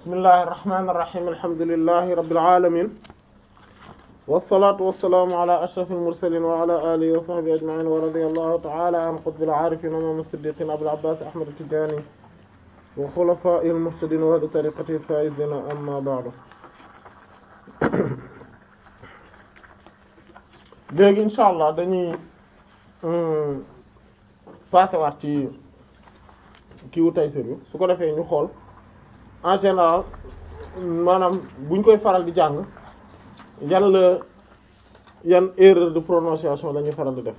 bismillahi irrahmani irrahim alhamdulillahi rabbil alamin wassalatu wassalamu ala ashrafil mursalin wa ala alihi wa sahbihi ajma'in wa radiyallahu ta'ala an qutbil arifin imam as-siddiqin abul abbas ahmad at-tijani wa khulafa'il muhtadin wa ahli tariqati al-faizin amma ba'du léegi insha allah dañuy hmm, passé waat ci kiiwu Taysir bi su ko defee ñu xool en général maanaam buñ koy faral di jàng yan yan erreur de prononciation lañuy ñuy faral di def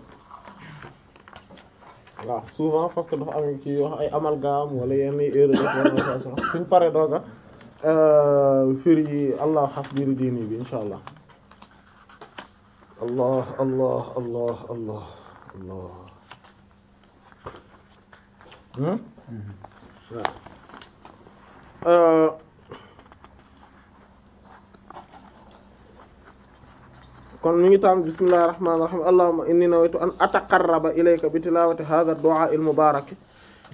waaw souvent parce que dafa am ci wax ay amalgame wala yenn erreur de prononciation suñ paree dooga euh, firi yi allah xas biiru diini bi insha allah allah allah allah allah allah hmm? Hmm. Euh, kon mi ngi taam bismillahir rahmanir rahim allahumma inni nawaytu an ataqarraba ilayka bi tilawati hadha ad-du'a al-mubarak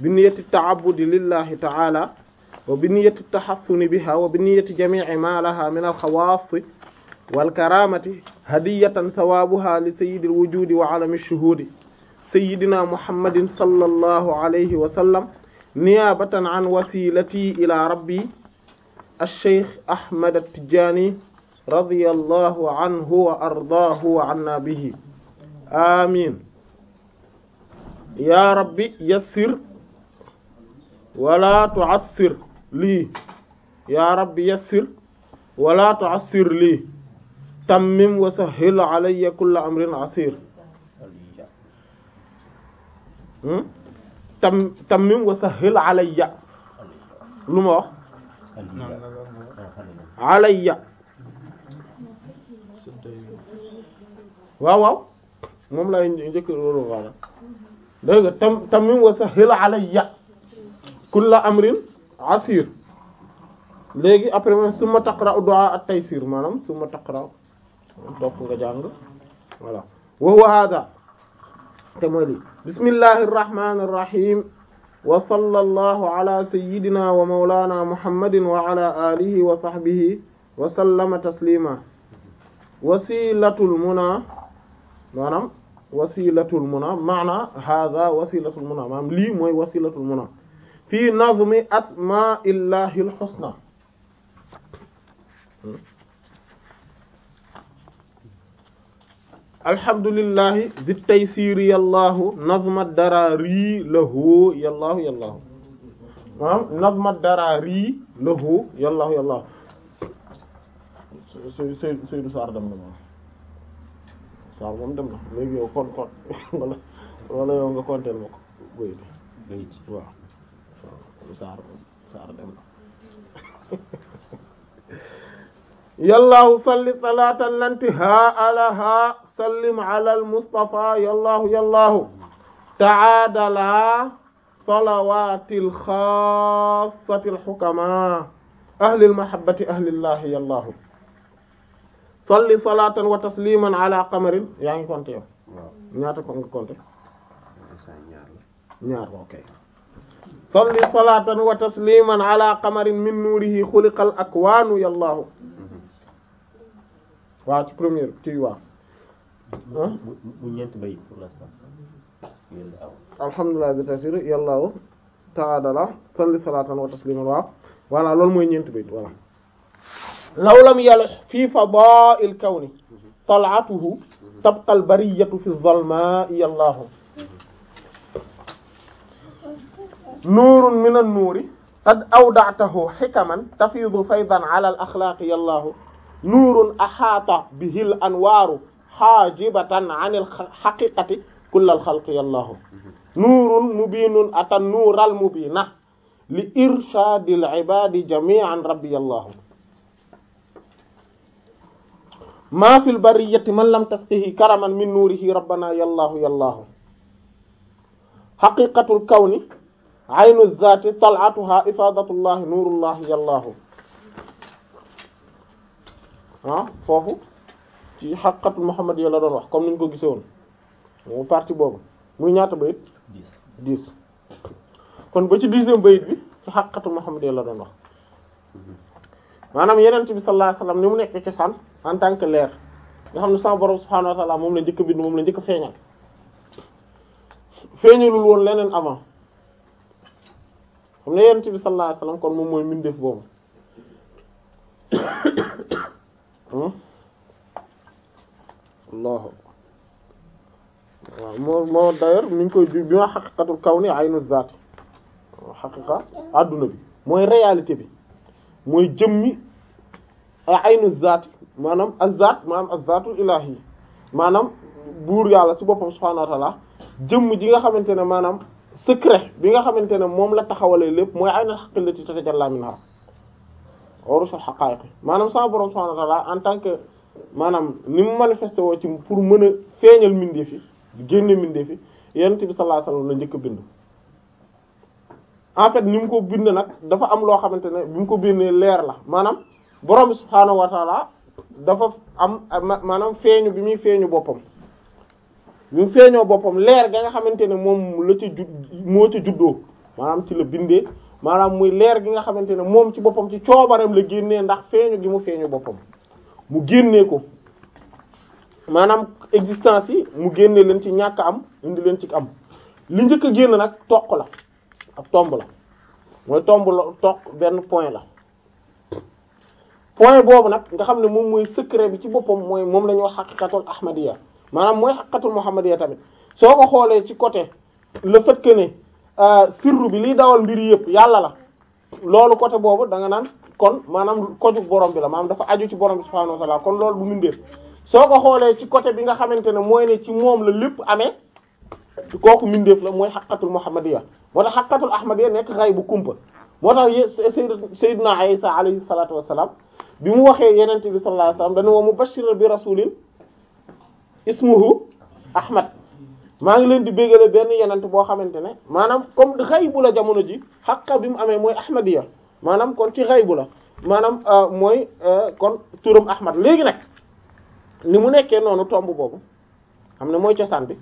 bi niyyati ta'abbudi lillahi ta'ala wa bi niyyati tahassuni biha wa bi niyyati jami'i ma laha min al-khawas wal karamati hadiyatan thawabuha li sayyidil wujudi wa alamish shuhudi sayyidina muhammadin sallallahu alayhi wa sallam niyaabatan an wasilati ila rabbi ash-shaykh Ahmad at-Tijaani radiyallahu anhu wa ardaahu wa anna bihi amiin yaa rabbi yassir wala tu'assir lii yaa rabbi yassir wala tu'assir lii tammim wa sahhil alayya kulla amrin asiir hmm tam tammim wa sahhil alayya lu ma wax alayya waaw waaw moom lay njëkk loolu wala dégg nga tam tammim wa sahhil alayya kulla amrin asir léegi après moom summa taqra'u du'a at-taysir maanaam summa taqra'u topp nga jàng voilà wa huwa hadha te mooy li bismillahir rahmanir rahim wa sallallahu ala sayyidina wa mawlana muhammadin wa ala alihi wa sahbihi wa sallama taslima wasilatul muna maanaam wasilatul muna maana hadha wasilatul muna maanaam lii mooy wasilatul muna fi nazmi asma'illahi al husna alhamdulillahi di tay siiri yallaahu nazma lahu yallaahu yallaahu maanaam nazma daraari lahu yallaahu yallaahu Seydou Sarr dem na ma Sarr dem na léegi yow kon wala yow nga konteel ma ko yallaahu salli salaatan lantihaa alahaa sallim alal mustafa yallaahu yallaahu taadala salawaatil xaasatil xukamaa ahlil mahabbati ahlillaahi yallaahu salli salaatan wa tasliman ala qamarin yaa ngi compté yow ñaata ko nga compté ñaar ok salli salaatan wa tasliman ala qamarin min nuurihi xuliqal akwaanu yallaahu waaw ci première ci waaw. bu ñeenti bay pour l'instant. alhamdulilah bi tasir yàllaaw taadala salli salaatan wa tasliman waaw voilà loolu mooy ñeenti bay voilà law lam yàlla fii fadaa'il kawni talaatuhu tabqal bariyatu fi zalmaa yàllaahu nuurun min an nuuri qad awda'tahu hikaman tafiidu faydan ala al axlaaqi yàllaahu nuurun axaata bihil anwaaru xaajibatan anil xaqiqati kullal xalqi yallaahu nuurun mubiinun atan nuural mubiina li irshaadil ibaadi jamii'an rabbi yallaahu maa fil bariyati man lam tasqihi karaman min nuurihi rabbana yallaahu yallaahu xaqiqatul kawni aynu zaati tal'atuha ifaadatullahi nuurullahi yallaahu ah foofu ci xaqiqatul Muhammad yo la doon wax comme ni ñu ko gisewoon mu partie boobu muy ñaata bayit dix kon ba ci dixième bayit bi ci xaqiqatul Muhammad yo la doon wax maanaam yeneen ci bi sallallahu ni mu nekk cosaan en tant que leer nga xam ne sama borom subhaanahu wa moom la njëkk bind moom la njëkk feeñal feeñalul woon leneen avant xam ne yeneen ci bi sallallahu kon moom mooy mbindeef boobu Hmm? hum waaw moo moo d'ailleurs mi ngi koy bi ma xaqiqatul kawni aynu zaati xaqiqa àdduna bi mooy réalité bi mooy jëmmi aynu zaati maanaam azzaat maanaam azzaatul ilaahi maanaam buur yàlla si boppam subhaanahu wa jëmm ji nga xamante ne maanaam secret bi nga xamante ne moom la taxawalee lépp mooy aynul haqqi allati tatajallaa minhaa urusul haqaa'iq maanaam sama borom subhaanahu wa ta'aala en tant que maanaam ni mu manifesté woo ci pour mën a feeñal mbindeef fi génne mbindeef fi yonent bi sallallahu alayhi wa sallam la njëkk a bind. en fait ni mu ko bind nag dafa am loo xamante ne bi mu ko bindee leer la maanaam borom subhaanahu wa ta'aala dafa am maanaam feeñu bi muy feeñu boppam. bi mu feeñoo boppam leer ga nga xamante ne moom la ca moo ca juddoo maanaam ci la bindee. maanaam muy leer gi nga xamante ne moom ci boppam ci coobaram la génnee ndax feeñu gi mu feeñu boppam mu génnee ko maanaam existence yi mu génne leen ci ñàkk am indi leen ci am li njëkk a génn nag toq la ak tomb la mooy tomb la toq benn point la point boobu nag nga xam ne moom mooy secret bi ci boppam mooy moom la ñuy wax xaqiqatul maanaam mooy xaqiqatul muhammadiyya tamit soo ko xoolee ci côté la fait que ne Euh, sirru bi liy dawal mbir yëpp yàlla la loolu côté boobu da nga naan kon maanaam koju borom bi la maanaam dafa aju ci borom bi subhaanahu wa ta'ala kon loolu bu mindeef soo ko xoolee ci côté bi nga xamante ne mooy ne ci moom la lépp amee kooku mindeef la mooy xaqatul muhammadiyya moo tax xaqatul ahmadiyya nekk ray bu kumpa moo tax sayyidina Isa alayhi salatu wassalam bi mu waxee yenente bi sallallahu alayhi wasallam dañu mu mubashiran bi rasulin ismuhu ahmad maa ngi leen di bégale benn yenent boo xamante ne maanaam comme xaybu la jamono ji xaqa bi mu amee mooy ahmadiya maanaam kon ci xaybu la maanaam euh, mooy euh, kon turam ahmad léegi nag ni mu nekkee noonu tomb boobu xam ne mooy cosaan bi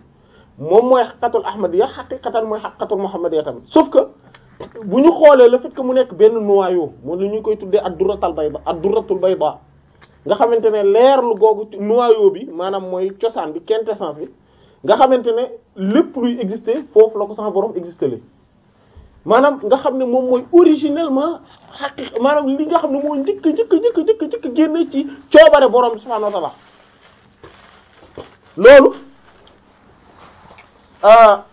moom mooy xaqatul ahmadiya xaqiqatan mooy xaqatul muhammadiya tamit sauf que bu ñu xoolee la fait que mu nekk benn noyau moom la ñu koy tuddee ak ad-durratul bayda ad bay bayda nga xamante ne leer lu googu noyau bi maanaam mooy cosaan bi quintessence bi nga xamante ne lépp luy exister foofu la ko sama borom exister li maanaam nga xam ne moom mooy originellement xaqiq maanaam li nga xam ne mooy njëkk njëkk njëkk njëkk njëkk génne ci coobare borom subhaanahu wa ta'ala loolu ah,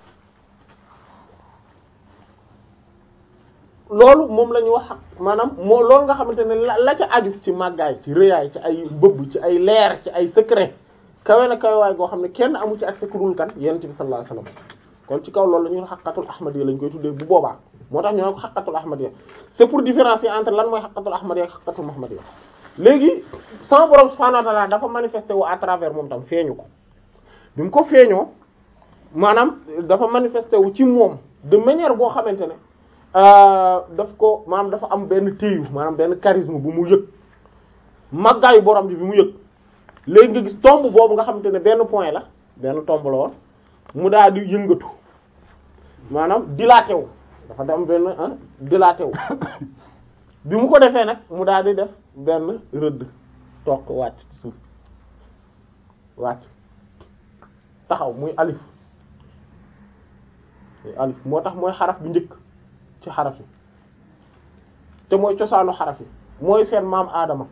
loolu moom la ñu wax maanaam moo loolu nga xamante ne la la ca aju ci màggaay ci rëyaay ci ay bëbb ci ay leer ci ay secret kawe na kawe waay goo xam ne kenn amu ci accès ku dul kan yonent bi sallallahu alayhi wasallam kon ci kaw loolu la ñuy xaqatul ahmadiyya lañ koy tuddee bu boobaa moo tax ñu ne ko xaqatul ahmadiyya c'est pour différencier entre lan mooy xaqatul ahmadiyya ak xaqatul muhammadiyya léegi sama borom subhanahu wa ta'ala dafa manifesté wu à travers moom tam feeñu ko bi mu ko feeñoo maanaam dafa manifesté wu ci moom de manière boo xamante ne euh, daf ko maanaam dafa am benn téyu maanaam benn charisme bu mu yëg màggaayu borom bi bi mu yëg léegi nga gis tomb boobu nga xamante ne benn point la benn tomb la woon mu daal di yëngatu maanaam dilaté wu dafa dem benn ah dilaté bi mu ko defee nag mu daal di def benn rëdd toq wàcc ci suuf taxaw muy alif muy alif moo tax mooy xaraf bu njëkk ci xaraf yi te mooy cosaanu xaraf yi mooy seen maam aadama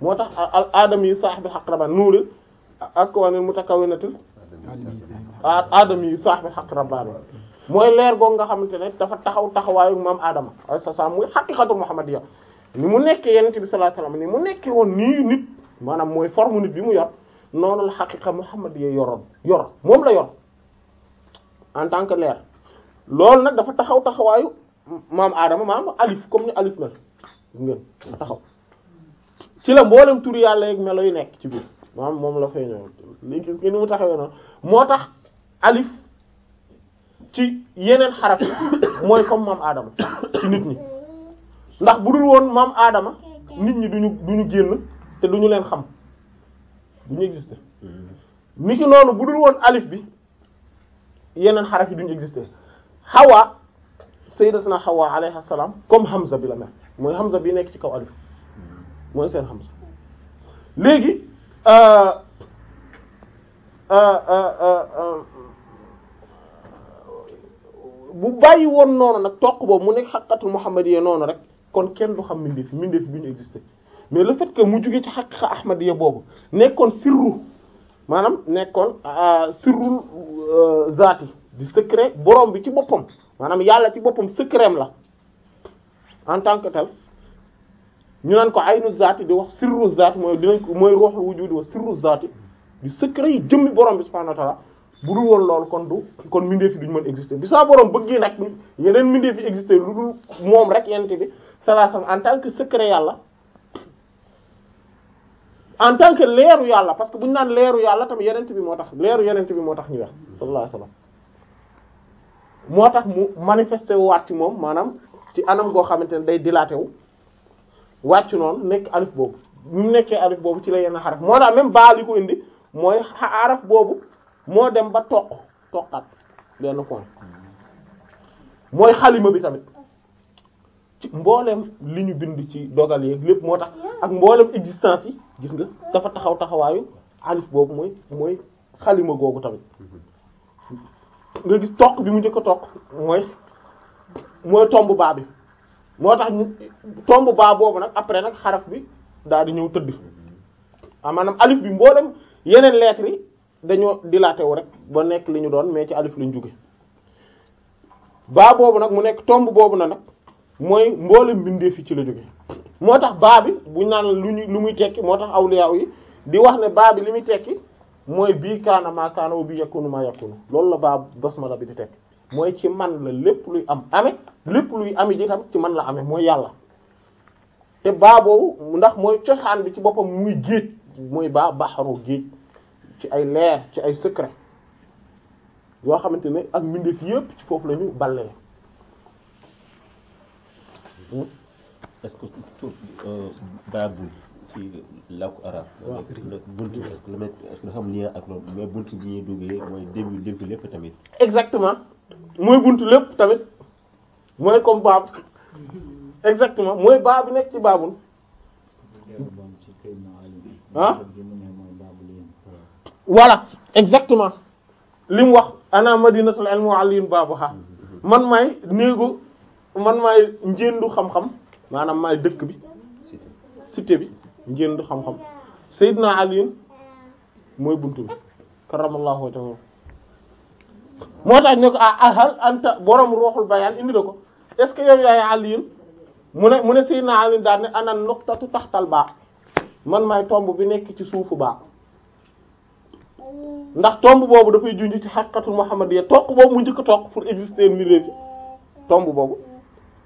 moo tax al aadam yi saax bi xaq rabaan nuuru ak wane mutakawinatul adam yi saax bi xaq rabaan mooy leer googu nga xamante ne dafa taxaw taxawaayu maam aadama ay sa sa muy xaqiqatu muhammadiyya ni mu nekkee yonent bi sallallahu alayhi wasallam mu nekkee woon nii nit maanaam mooy forme nit bi mu yor noonu la xaqiqa muhammadiyya yoroon yor moom la yor tant que leer loolu nag dafa taxaw taxawaayu maam aadama maam alif comme ni alif na ngeen taxaw ci la mboolem tur yàlla yeeg melo yi nekk ci biir maanaam moom la feeñoo léegi ni mu taxawee noonu moo tax alif ci yeneen xaraf mooy comme maam Adama nit ñi ndax bu dul woon maam Adama nit ñi duñu duñu génn te duñu leen xam duñu exister mm-hmm. nit ki noonu bu dul woon alif bi yeneen xaraf yi duñu exister Hawa sayyidatuna xawaa alayha salaam comme Hamza bi la mel mooy Hamza bi nekk ci kaw alif. mooy seen xam sa léegi euh, euh, euh, bu bàyyi woon noonu nag toq boobu mu nekk xaqatul muhammadiyya noonu rek kon kenn du xam mindeef mindeef bi ñu existé mais lu fait mu jugee ci xaqiqa ahmadiyya boobu nekkoon sirru maanaam nekkoon sirrul zaati di secret borom bi ci boppam maanaam yàlla ci boppam secret la en tant que tel ñu naan ko aynu zaati di wax sirru zaati mooy dinañ ko mooy ruuxul wujuud wa sirru zaati di secret yi jëmmi borom bi subhaanahu wa bu dul woon loolu kon du kon mindeef yi duñu mën exister bi saa borom bëggee nag yeneen mindeef fi exister lu dul moom rek yent bi salaasam en tant que secret yàlla en tant que leeru yàlla parce que bu ñu naan leeru yàlla tamit yenent bi moo tax leeru yenent bi moo tax ñu wax sallallahu alayhi wasallam moo tax mu manifesté waat ci moom maanaam ci anam goo xamante ne day dilaté wu wàcc noonu nekk alif boobu mu nekkee alif boobu ci la yenn xaraf moo tax même baal yi ko indi mooy xaraf boobu moo dem ba toq toqaat benn point mooy xalima bi tamit ci mboolem li ñu bind ci dogal yeeg lépp moo tax ak mboolem existence yi gis nga dafa taxaw taxawaayu alif boobu mooy mooy xalima googu tamit nga gis toq bi mu njëkk a toq mooy mooy tomb baa bi moo tax ñu tomb baa boobu nag après nag xaraf bi daal di ñëw tëdd ah manam alif bi mboolem yeneen lettres yi dañoo dilaté wu rek ba nekk li ñu doon mais ci alif lañ jóge baa boobu nag mu nekk tomb boobu na nag mooy mboolem mbindeef yi ci la jóge moo tax baa bi buñ naan lu ñu lu muy tekki moo tax aw awliyaaw yi di wax ne baa bi li muy tekki mooy bii kaana maa kaana bii yakunu maa yakunu loolu la baa basmala bi di tekki mooy ci man la lépp luy am ame lépp luy ame ji tam ci man la ame mooy yàlla te baa ndax mooy cosaan bi ci boppam muy géej mooy baa baxaru géej ci ay leer ci ay secret yoo xamante ne ak mbindeef yépp ci foofu la ñu ballee est-ce que tout euh, baa bu ci làkku arab bunt est ak loolu mais bunt bi ñuy duggee mooy début début lépp tamit exactement mooy bunt lépp tamit mooy comme baab exactement mooy baab bi nekk ci baabul ah exactement li wax ana madinatul ilmi wa aliyun baabuha man maay néegu man maay njëndu xam-xam maanaam maay dëkk bi cité bi njëndu xam-xam Seydina Aliyun mooy bunt bi karamallahu wajhahu moo tax ne ko ah ahal ah, anta borom ruuxul bayaan indi na ko est ce que yow yaay Aliyu mu ne mu ne Seydina Ali daan ne ana nuqtatu taxtal baax man maay tomb bi nekk ci suufu baax ndax tomb boobu dafay junj ci xaqiqatul muhammadiyya toq boobu mu njëkk toq pour exister ni léegi tomb boobu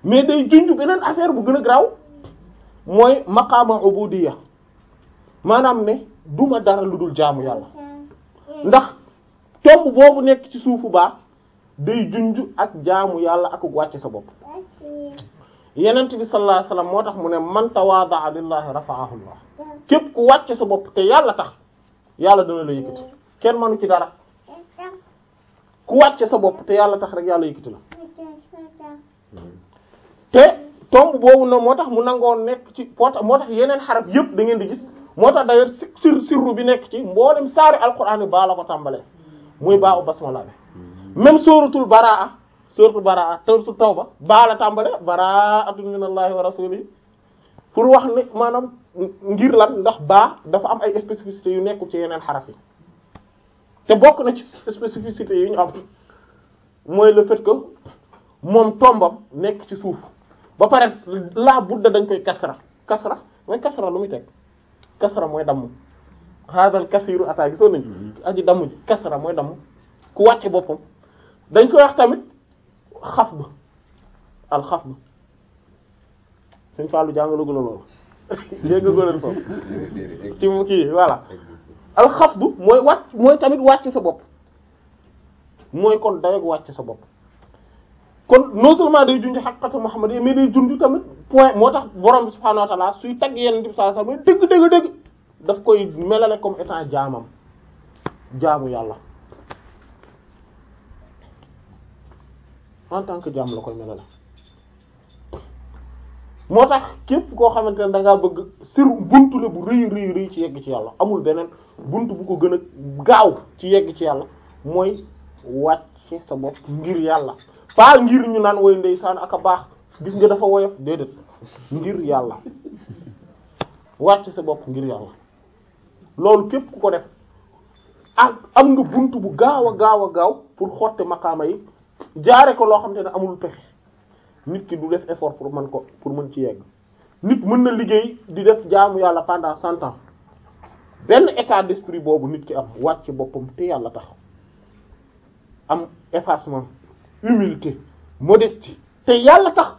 mais day junj beneen affaire bu gën a graw mooy maqaama ubudiyya maanaam ne duma dara lu dul jaamu yàlla ndax tomb boobu nekk ci suufu baax day junj ak jaamu yàlla ak wàcce sa bopp yenent bi sallallahu alayhi moo tax mu ne man tawaada'a képp ku wàcce sa bopp te yàlla tax yàlla dana la yëkkati ci dara ku wàcce sa bopp te yàlla tax rek yàlla yëkkati la te tomb boobu na moo tax mu nangoo nekk ci moo tax yeneen xarab yëpp da ngeen di gis moo tax d'ailleurs sirru bi nekk ci mboolem saari alquran yi baa la ko tàmbalee mooy baawu basmala bi mm-hmm. même sóoratul baraa sóoratul baraa sóoratul tawba baa la tàmbale baraatun minallahi wa rasulihi pour wax ne maanaam ngir lan ndax baa dafa am ay spécificité yu nekkul ci yeneen xaraf yi te bokk na ci spécificité yi ñu am mooy le fait que moom tombam nekk ci suuf ba pare laa budda dañ koy kasra kasra mooy kasra lu muy teg kasra mooy damm xaadal kasiiru ataa gisoon nañ mm-hmm. aji damm ji kasra mooy damm ku wàcce boppam dañ koy wax tamit xafd al xafd suñ fàllu jàngalagu la loolu léegi ko leen foofu ci mu kii voilà al xafd mooy wàcc mooy tamit wàcce sa bopp mooy kon dayeg wàcc sa bopp kon non seulement day junj xaqatu Muhammad mais day junj tamit point moo tax borom bi subhaanahu wa ta'ala suy tagg yenn bi sallallahu alayhi wasallam dëgg dëgg dëgg daf koy melale comme état jaamam jaamu yàlla en tant que jaam la koy melale moo tax képp koo xamante ne dangaa bëgg siru bunt la bu rëy rëy rëy ci yegg ci yàlla amul beneen bunt bu ko gën a gaaw ci yegg ci yàlla mooy wàcce sa bopp ngir yàlla pas ngir ñu naan woy ndeysaan ak a baax gis nga dafa woyof déedéet ngir yàlla wàcce sa bopp ngir yàlla loolu képp ku ko def ak am nga bunt bu gaaw a gaaw a gaaw pour xotti maqaama yi jaare ko loo xam te ne amul pexe nit ki du def effort pour mën ko pour mën ci yegg nit mën na liggéey di def jaamu yàlla pendant cent ans benn état d'esprit boobu nit ki am wàcc boppam te yàlla tax am effacement humilité modestie te yàlla tax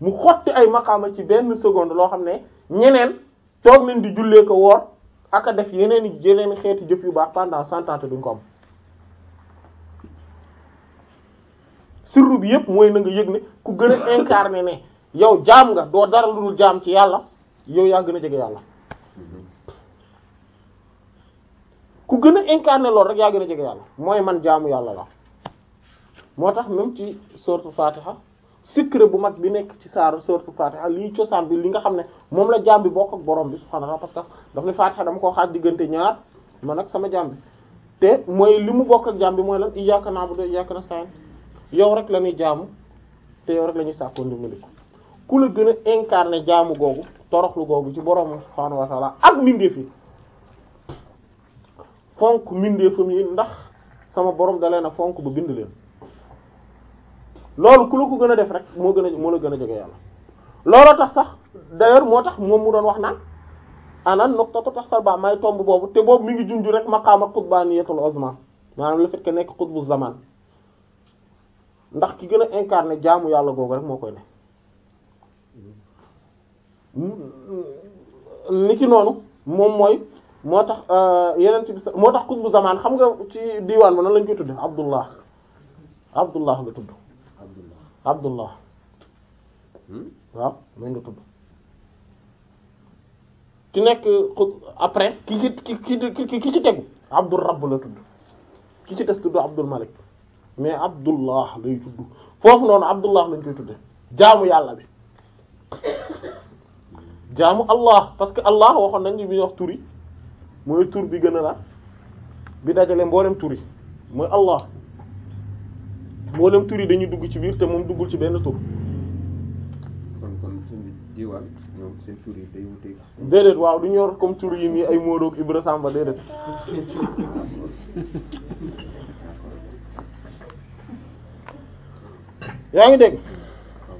mu xotti ay maqaama ci benn seconde loo xam ne ñeneen toog nañ di jullee ko woor aka def yeneen i yeneen xeeti jëf yu baax pendant cent ans te duñ ko am bi yëpp mooy nanga yëg ne ku gën a incarné ne yow jaam nga doo dara lu dul jaam ci yàlla yow yaa gën a jege yàlla ku gën a incarné loolu rek yaa gën a jege yàlla mooy man jaamu yàlla la moo tax même ci sourate Fatiha secret bu mag bi nekk ci saar sourate Fatiha lii cosaan bi li nga xam ne moom la jaam bi bokk ak borom bi subhaanahu parce que daf ne Fatiha dama koo xaaj diggante ñaar man ak sama jaam bi te mooy li mu bokk ak jaam bi mooy lan iyyaka na'budu wa iyyaka nasta'in yow rek la ñuy jaamu te yow rek la ñuy sàkkoo ku la gën a incarné jaamu googu toroxlu googu ci borom subhaanahu wa ta'ala ak mbindeef yi fonk mbindeefam yi ndax sama borom da leen a fonk ba bind leen. loolu ku la ko gën a def rek moo gën a moo la gën a jege yàlla looloo tax sax d'ailleurs moo tax moom mu doon wax naa naan ana nuqtatu tahtal ba may tomb boobu te boobu mi ngi junj rek maqaama qutbaniyatul uzma maanaam le fait que nekk qutbu zaman ndax ki gën a incarné jaamu yàlla googu rek moo koy ne noonu moom mooy moo tax euh, yeneen bi moo tax qutbu zaman xam nga ci diwaan ba nan lañ koy tudde abdullah abdullah la tudd abdullah hmm? waaw mën nga tudd ki nekk après ki ci ki ki ki ci tegu abdul rabb la tudd ki ci des tudd abdul malik mais abdullah lay tudd foofu noonu abdullah lañ koy tudde jaamu yàlla bi jaamu allah parce que allah waxoon nañ ni bi wax turi yi mooy tur bi gën a la bi dajale mboolem tur yi mooy allah mboolem tur yi dañuy dugg ci biir te moom duggul ci benn tur. kon kon suñu diwaan ñoom seen tur waaw du ñu yor comme yi ay Modou ak Ibra Samba déedéet. yaa ngi dégg ah,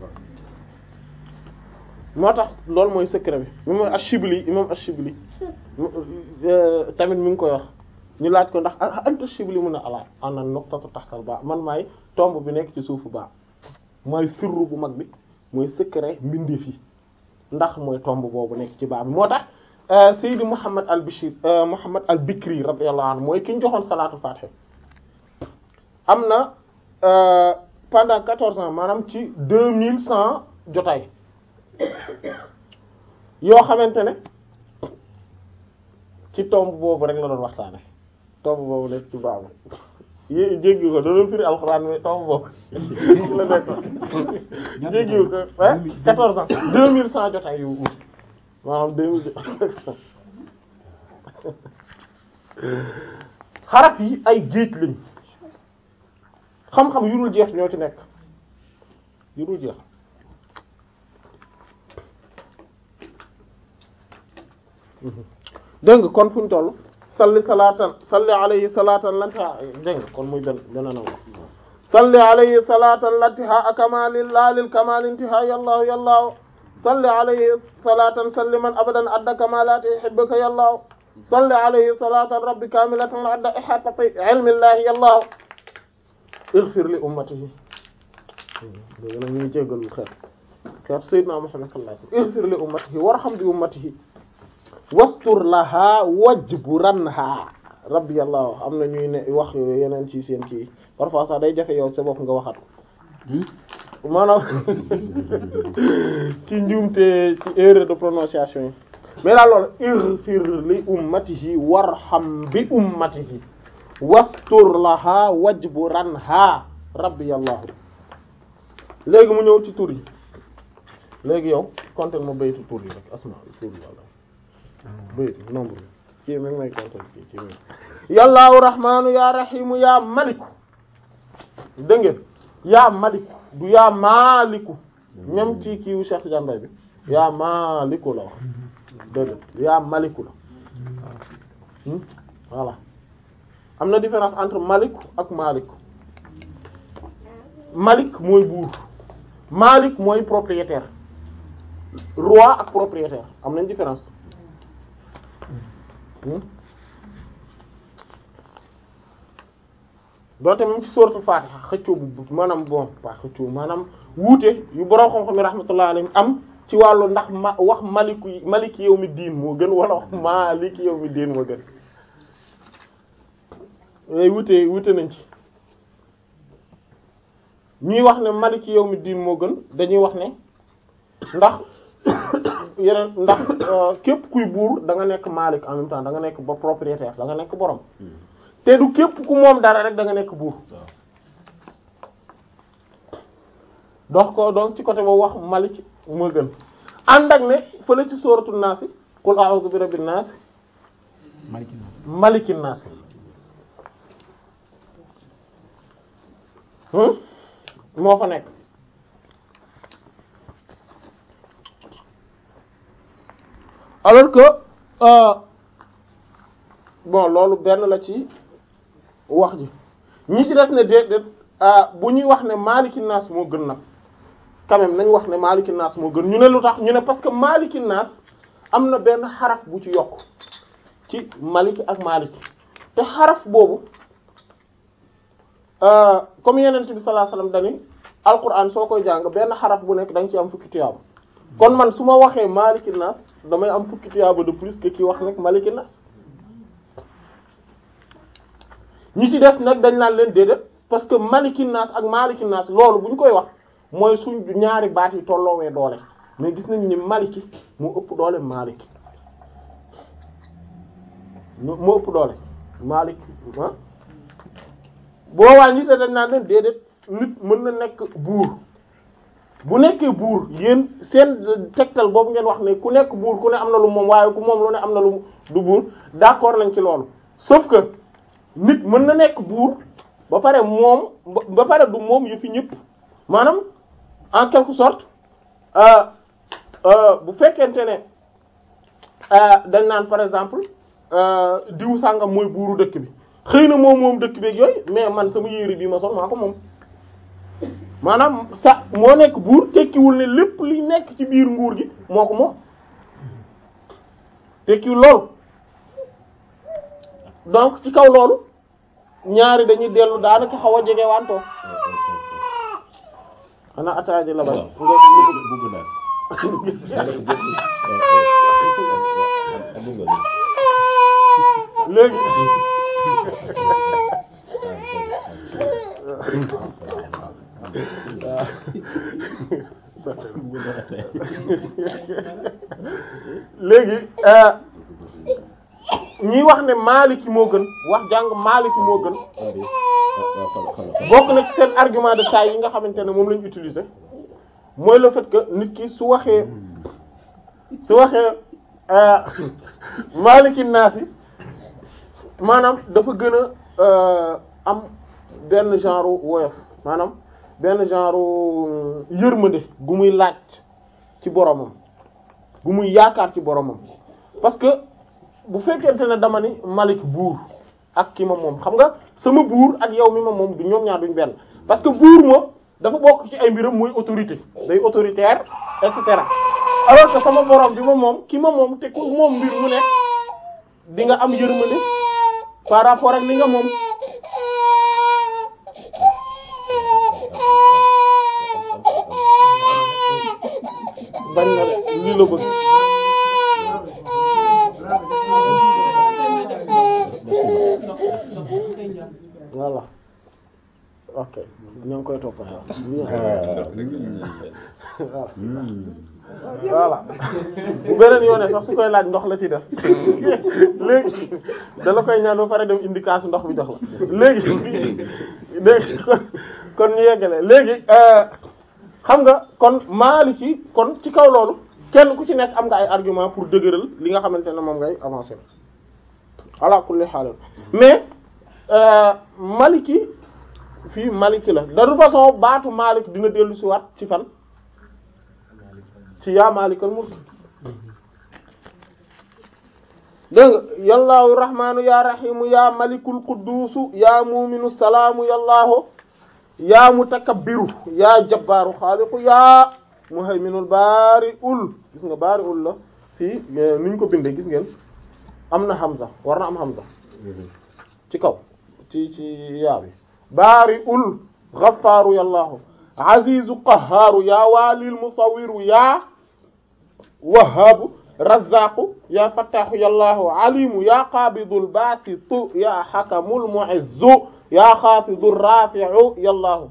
moo tax loolu mooy secret bi mi mooy Ashibli imam Ashibli euh, tamit mi ngi koy wax ñu laaj ko ndax ah, anta shibli mun a ala ana nuqtatu tahtal baax man maay tomb bi nekk ci suufu baax mooy sirru bu mag bi mooy secret mbindeef yi ndax mooy tomb boobu nekk ci baax bi moo tax euh, Seydi Mouhamed al Bachir euh, Mouhamed al Bikri radiyallahu anhu mooy ki ñu joxoon salaatul faatiha am na euh, pendant quatorze ans maanaam ci deux mille cent jotaay yoo xamante ne ci tomb boobu rek la doon waxtaane tomb boobu nekk ci baabu yé jéggi ko da doon firi alxuraan mais tomb boobu la nekk ko ah quatorze ans deux mille cent jotaay yu ut maanaam deux mille xaraf yi ay géej lañ xam-xam yu dul jeex ñoo ci nekk yu dul jeex nga kon fu ñu toll salli salaatan salli alayhi salaatan lantiha dégg nga kon muy benn beneen wax salli alayhi salaatan lantiha akamaalil laalil kamaal intiha yallaahu yallaahu salli alayhi salaatan salliman abadan adda kamalaati yuhibbuka yallaahu salli alayhi salaatan rabbi kaamilatan adda ihaatati ilmillaahi yallaahu ighfir li ummatihi dégg na ñuy jéggalul xeet xeet sayyidina Muhammad sallallahu alayhi wasallam ighfir li ummatihi warham bi ummatihi wastur laha wajburanha rabbiyallahu am na ñuy ne wax yooyu yeneen ci seen kii parfois sax day jafe yow sa bopp nga waxat ko hmm? maanaam ci njuumte ci erreur de prononciation yi mais daal loolu ighfir li ummatihi warham bi ummatihi wastur laha wajburanha rabbiyallahu léegi mu ñëw ci tur yi léegi yow compter ma baytu tur rek asma tur yi walla bëri nombre rahmaanu yaa rahimu yaa maliku dégg ngeen maliku du maaliku même ci kiiwu Cheikh Jambay bi yaa maaliku la wax maliku la hmm? am na différence entre maliku ak maaliku malik mooy buur malik mooy propriétaire roi ak propriétaire am nañ différence Hmm? doonte mu ci Fatiha xëccoo bu maanaam bon pas xëccoo maanaam wuute yu borom xam-xam yi rahmatullah alayhi am ci wàllu ndax ma wax maliku maliki yawmi diin moo gën wala wax maliki yawmi diin moo gën wute wuute wuute nañ ci ñuy wax ne maliki yawmi diin moo gën dañuy wax ne ndax yeneen ndax euh, képp kuy buur danga nekk malik en même temps da nga nekk ba propriétaire danga nga nekk borom hmm. te du képp ku moom dara rek da nga nekk buur dox ko donc ci côté boobu wax malik moo gën ànd ak ne fële ci sooratu naas yi qul a'udhu bi rabbin naas malikin naas hmm? moo fa nekk alors que euh, bon loolu benn la ci wax ji ñi ci def ne déedéet ah, bu ñuy wax ne Maliki moo gën nag quand même nañ wax ne Maliki moo gën ñu ne lu tax ñu ne parce que Maliki Naas am na benn xaraf bu ci yokk ci Maliki ak Maliki te xaraf boobu euh, comme yeneen bi sallallahu alayhi wasallam dañuy alquran soo koy jàng benn xaraf bu nekk da nga ci am fukki tuyaaba kon man su ma waxee Maliki damay am fukki tiyaaba de plus que ki wax nag maliki nas ñi ci def nag dañ naan leen déedéet parce que maliki ak maliki nas loolu bu ñu koy wax mooy suñ ñaari baat yi tolloowee doole mais gis nañ ni maliki moo ëpp doole maliki moo ëpp doole malik ah boobaa ñi se dañ naan leen déedéet nit mën na nekk buur bu nekkee buur yéen seen tegtal boobu ngeen wax ne ku nekk buur ku ne am na lu moom waaye ku moom lu ne am na lu du buur d'accord nañ ci loolu sauf que nit mën na nekk buur ba pare moom ba pare du moom yu fi ñëpp maanaam en quelque sorte euh, euh, bu fekkente ne euh, dañ naan par exemple diw sàngam mooy buuru dëkk bi xëy na moom moom dëkk beeg yooyu mais man sama yére bii ma sol maa ko moom maanaam sa moo nekk buur tekkiwul ne lépp li nekk ci biir nguur gi moo ko moom tekkiwul loolu donc ci kaw loolu ñaari dañuy dellu daanaka xaw a jege wanto xanaa attaaji la léegi euh, ñi wax ne Maliki moo gën wax jàng Maliki moo gën bokk na seen argument de taille yi nga xamante ne moom lañu utilise mooy le fait que nit ki su waxee su waxee euh, Maliki naas yi maanaam dafa gën a euh, am benn genre woyof maanaam benn genre yërmande gu muy laaj ci boromam gu muy yaakaar ci boromam parce que bu fekkente ne dama ni malik buur ak ki ma moom xam nga sama buur ak yow mi ma moom du ñoom ñaar duñ benn parce que buur moom dafa bokk ci ay mbiram muy autorité day autoritaire et cetera alors que sama borom bi ma moom ki ma moom te ku moom mbir mu ne di nga am yërmande par rapport ak li nga moom. bañ na de lii la bëgg. voilà ok ñoo ngi koy topp voilà bu beneen yoone sax su koy laaj ndox la ci def léegi dala pare dem indi kaasu ndox bi jox la kon ñu yeggale léegi euh, xam nga kon Maliki kon ci kaw loolu kenn ku ci nekk am nga ay argument pour dëgëral li nga xamante ne moom ngay avancer ala kulli haal mais euh, Maliki fii Maliki la de toute façon baatu Malik dina dellu si waat ci fan ci ya Malikal mulk dégg nga yallaahu ya yaa rahimu yaa malikul qudduusu yaa muuminu salaamu yallaahu yaa mutakabbiru yaa jabbaaru xaaliqu yaa muhayminul baari ul gis nga baari ul la fii ni ñu ko bindee gis ngeen am na hamza war na am hamza mhm. ci kaw ci ci yaa bi baari ul gaffaaru yallaahu azizu qahaaru yaa waalil musawiru yaa wahaabu razaqu yaa fattaaxu yallaahu alimu yaa qaabidul baasitu yaa xakamul mu'izzu yaa xaafidu rafiu yallaahu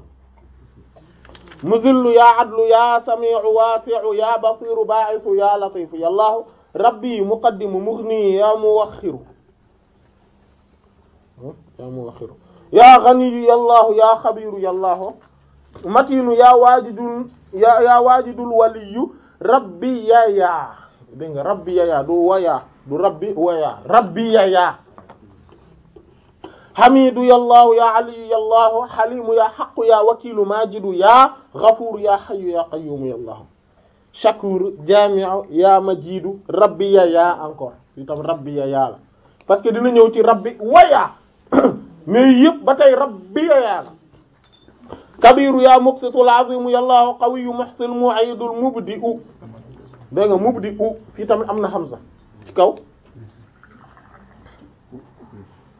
muzillu yaa adlu yaa samiu waasiu yaa basiru baa'isu yaa latifu yallaahu rabbi muqaddimu mughni yaa muwaxiru hmm? yaa muwaxiru yaa ghaniyu yallaahu yaa xabiru yallaahu matinu yaa waajidul yaa yaa waajidul waliyu rabbi yayaa dégg nga rabbi yayaa du wayaa du rabbi wayaa rabbi yayaa xamidu yallaahu yaa aliyu yallaahu xalimu yaa xaqu yaa wakiilu maajidu yaa xafuuru yaa xayu yaa qayumu yallaahu shakuru jamiu yaa majidu rabbi ya yaa encore itam rabbi ya yaa la parce que dina ñëw ci rabbi wayaa mais yëpp ba tey rabbi ya yaa la kabiru yaa muqsitul azimu yallaahu qawiyu muhsin mu'idul mubdi u dégg nga mubdi u fii tamit am na hamza ci kaw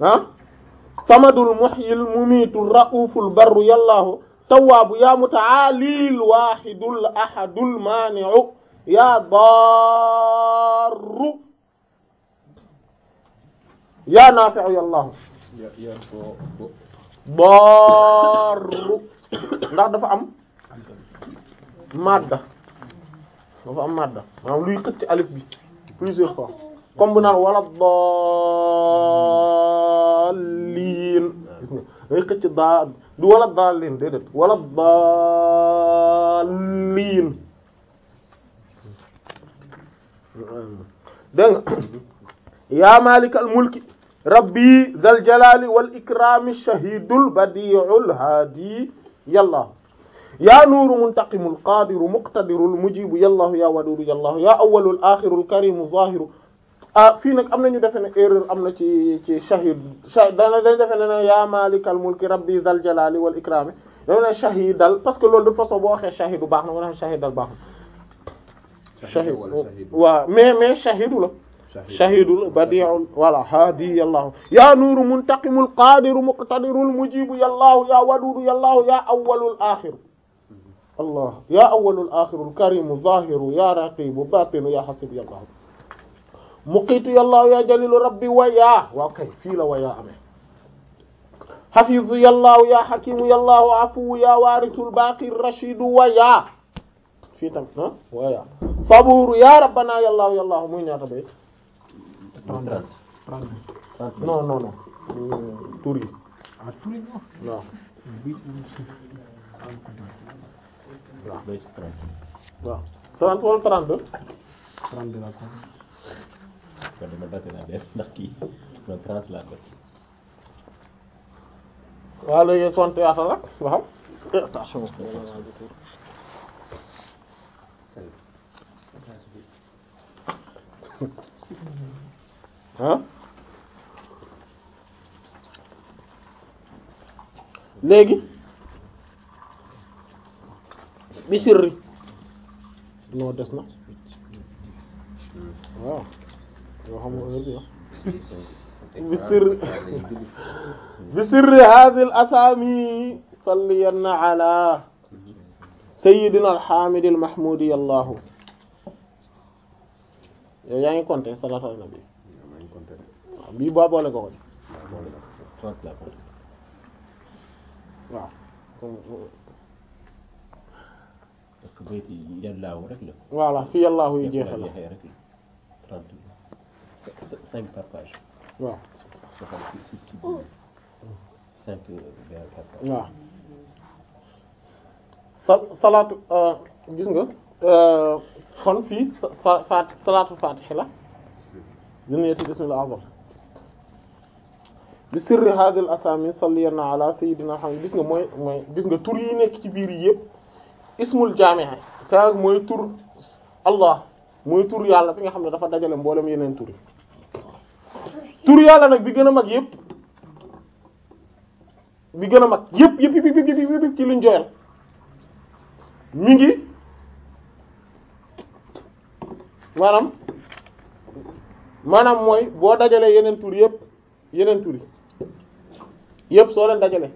ah samadul muhyil mumiitul rauful barru yallaahu tawaabu yaa mutaalil waahidul ahadul maaniu yaa darru yaa naafiu yallaahu barru ndax dafa am madda dafa am madda maanaam luy xëcc alif bi plusieurs fois comme bu naan wala door daalliin gis nga day xëcc daal du wala daalliin déedéet wala daalliin dégg nga yaa malikal mulki rabbi zal jalali wal ikrami shahidul badi'ul hadi yàlla yaa nuuru muntaqimul qaadiru muqtadirul mujibu yàlla yaa wadudu yàlla yaa awwalul aaxirul karimu zaahiru ah fii nag am na ñu defe ne erreur am na ci ci shahid dana dañ defe ne ne yaa maalikal mulki rabbi zal jalali wal ikrami dafa ne shahidal parce que loolu de façon boo waxee shahidu baax na nga ne shahidal baaxul shahid waaw mais mais shahidu la shahidul badi'ul wala hadi yallahu ya nuuru muntaqimul qadiru muqtadirul mujibu yallahu ya wadudu yallahu ya awwalul axiru mm-hmm. allah ya awwalul axiru al karimu zahiru ya raqibu batinu ya hasibu yallahu muqiitu yàllaahu yaa jalilu rabbi wayaa waaw kay fii la wayaa amee xafiisu yàllaahu yaa xakimu yàllaahu afuwu yaa waarisul baaqi rashidu wayaa fii tam ah wayaa sabuuru yaa rabbanaa yàllaahu yàllaahu muy ñaata bay non non non tur yi ah, waaw waaw 30 wala 32 32 la walo dama date naa leen ndax kii man translateur waaw léegi kon théâtre la waaw attention na yow xamoo heure bi yow bi sirri asami salliyanna ala sayyidina al hamid al bi ba ko ko waaw parce que la cinq par page. waaw soxal si si cinq benn par page. waaw sa salaatu ah, gis nga ah, kon fii fa fa salaatu faatihi la. dina yeti bismillah azam bi sirri hadil asami salliyan ala sayidina xam gis nga mooy mooy gis nga tur yi nekk ci biir yi yëpp ismul jaami'a sa mooy tur allah mooy tur yàlla fi nga xam ne dafa dajale mboolem yeneen tur yi tur yàlla nag bi gën a mag yëpp bi gën a mag yëpp yëpp yëpp yëpp yëpp ci luñ joyal mi ngi maanaam maanaam mooy boo dajale yeneen tur yëpp yeneen tur yi soo leen dajale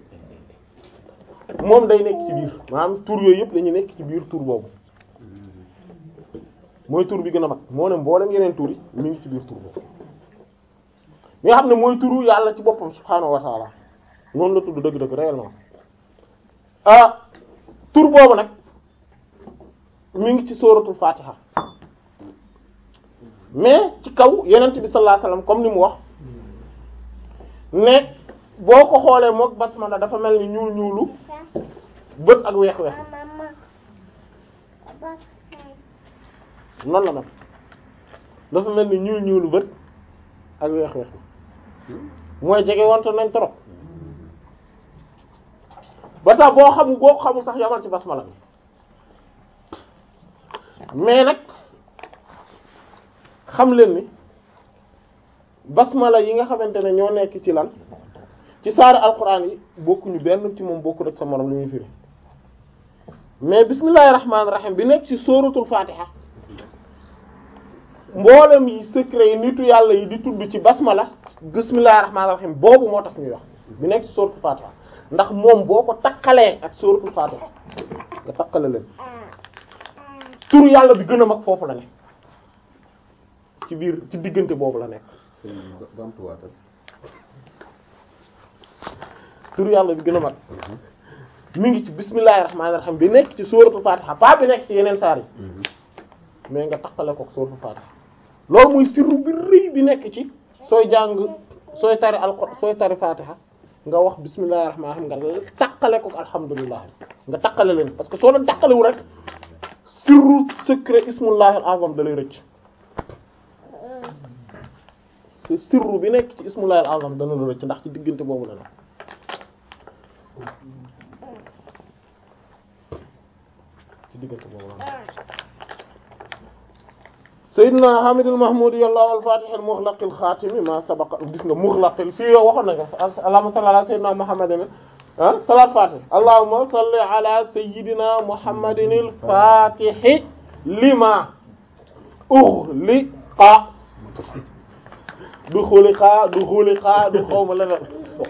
moom day nekk ci biir maanaam tur yooyu yëpp dañuy nekk ci biir tur boobu mooy tur bi gën a mag moo ne mboolem yeneen tur yi ngi ci biir tur boobu. nga xam ne mooy turu yàlla ci boppam subhaanahu wa taala noonu la tudd dëgg-dëgg réellement ah tur boobu nag mu ngi ci sóoratul fatiha mais ci kaw yenent bi sallallahu comme ni mu wax ne boo ko xoolee mook basmala dafa mel ni ñuul ñuulu bët ak weex weex noonu la nag dafa mel ni ñuul ñuulu bët ak weex weex mooy jege wante nañ trop ba boo xam boo xamul sax yamal ci basmala mais nag xam leen ni basmala yi nga xamante ne ñoo nekk ci lan ci saar alquran yi bokkuñu benn ci moom bokku rek sa morom lu ñuy firi mais bismillahir rahmanir rahim bi nekk ci sóoratul fatiha mboolem yi secret yi nitu yàlla yi di tudd ci basmala bismillahir rahmanir rahim boobu moo tax ñuy wax bi nekk ci suratul fatiha ndax moom boo ko takkalee ak suratul fatiha nga takkale leen yàlla bi gën a mag foofu la ci biir ci diggante boobu la nekk tur yàlla bi gën a mag ngi ci bismillahir rahmanir rahim bi nekk ci suratul fatiha pas bi nekk ci yeneen saar yi mhm. nga takkale ko ak suratul fatiha loolu mooy sirru bi bi nekk ci sooy jàng sooy tari alqur sooy tari fatiha nga wax bismillah rahmanir rahim nga taqale ko alhamdulilah nga taqale leen parce que soo leen taqalewu rek sirru secret ismullahil azam da lay ci ismullahil dana la rëcc ndax ci diggante boobu la na Seydina Hamidul Mahmoudi yàllaahu al-Fatih al-Mughlaq al-Khatim ma sabaqa gis nga Mughlaq fii yow waxoon na nga allahumma salli ala Seydina Muhammadin ah salaat Fatih allahumma salli ala Seydina Muhammadin al-Fatih lima ughliqa du xuliqa du xuliqa du xawma la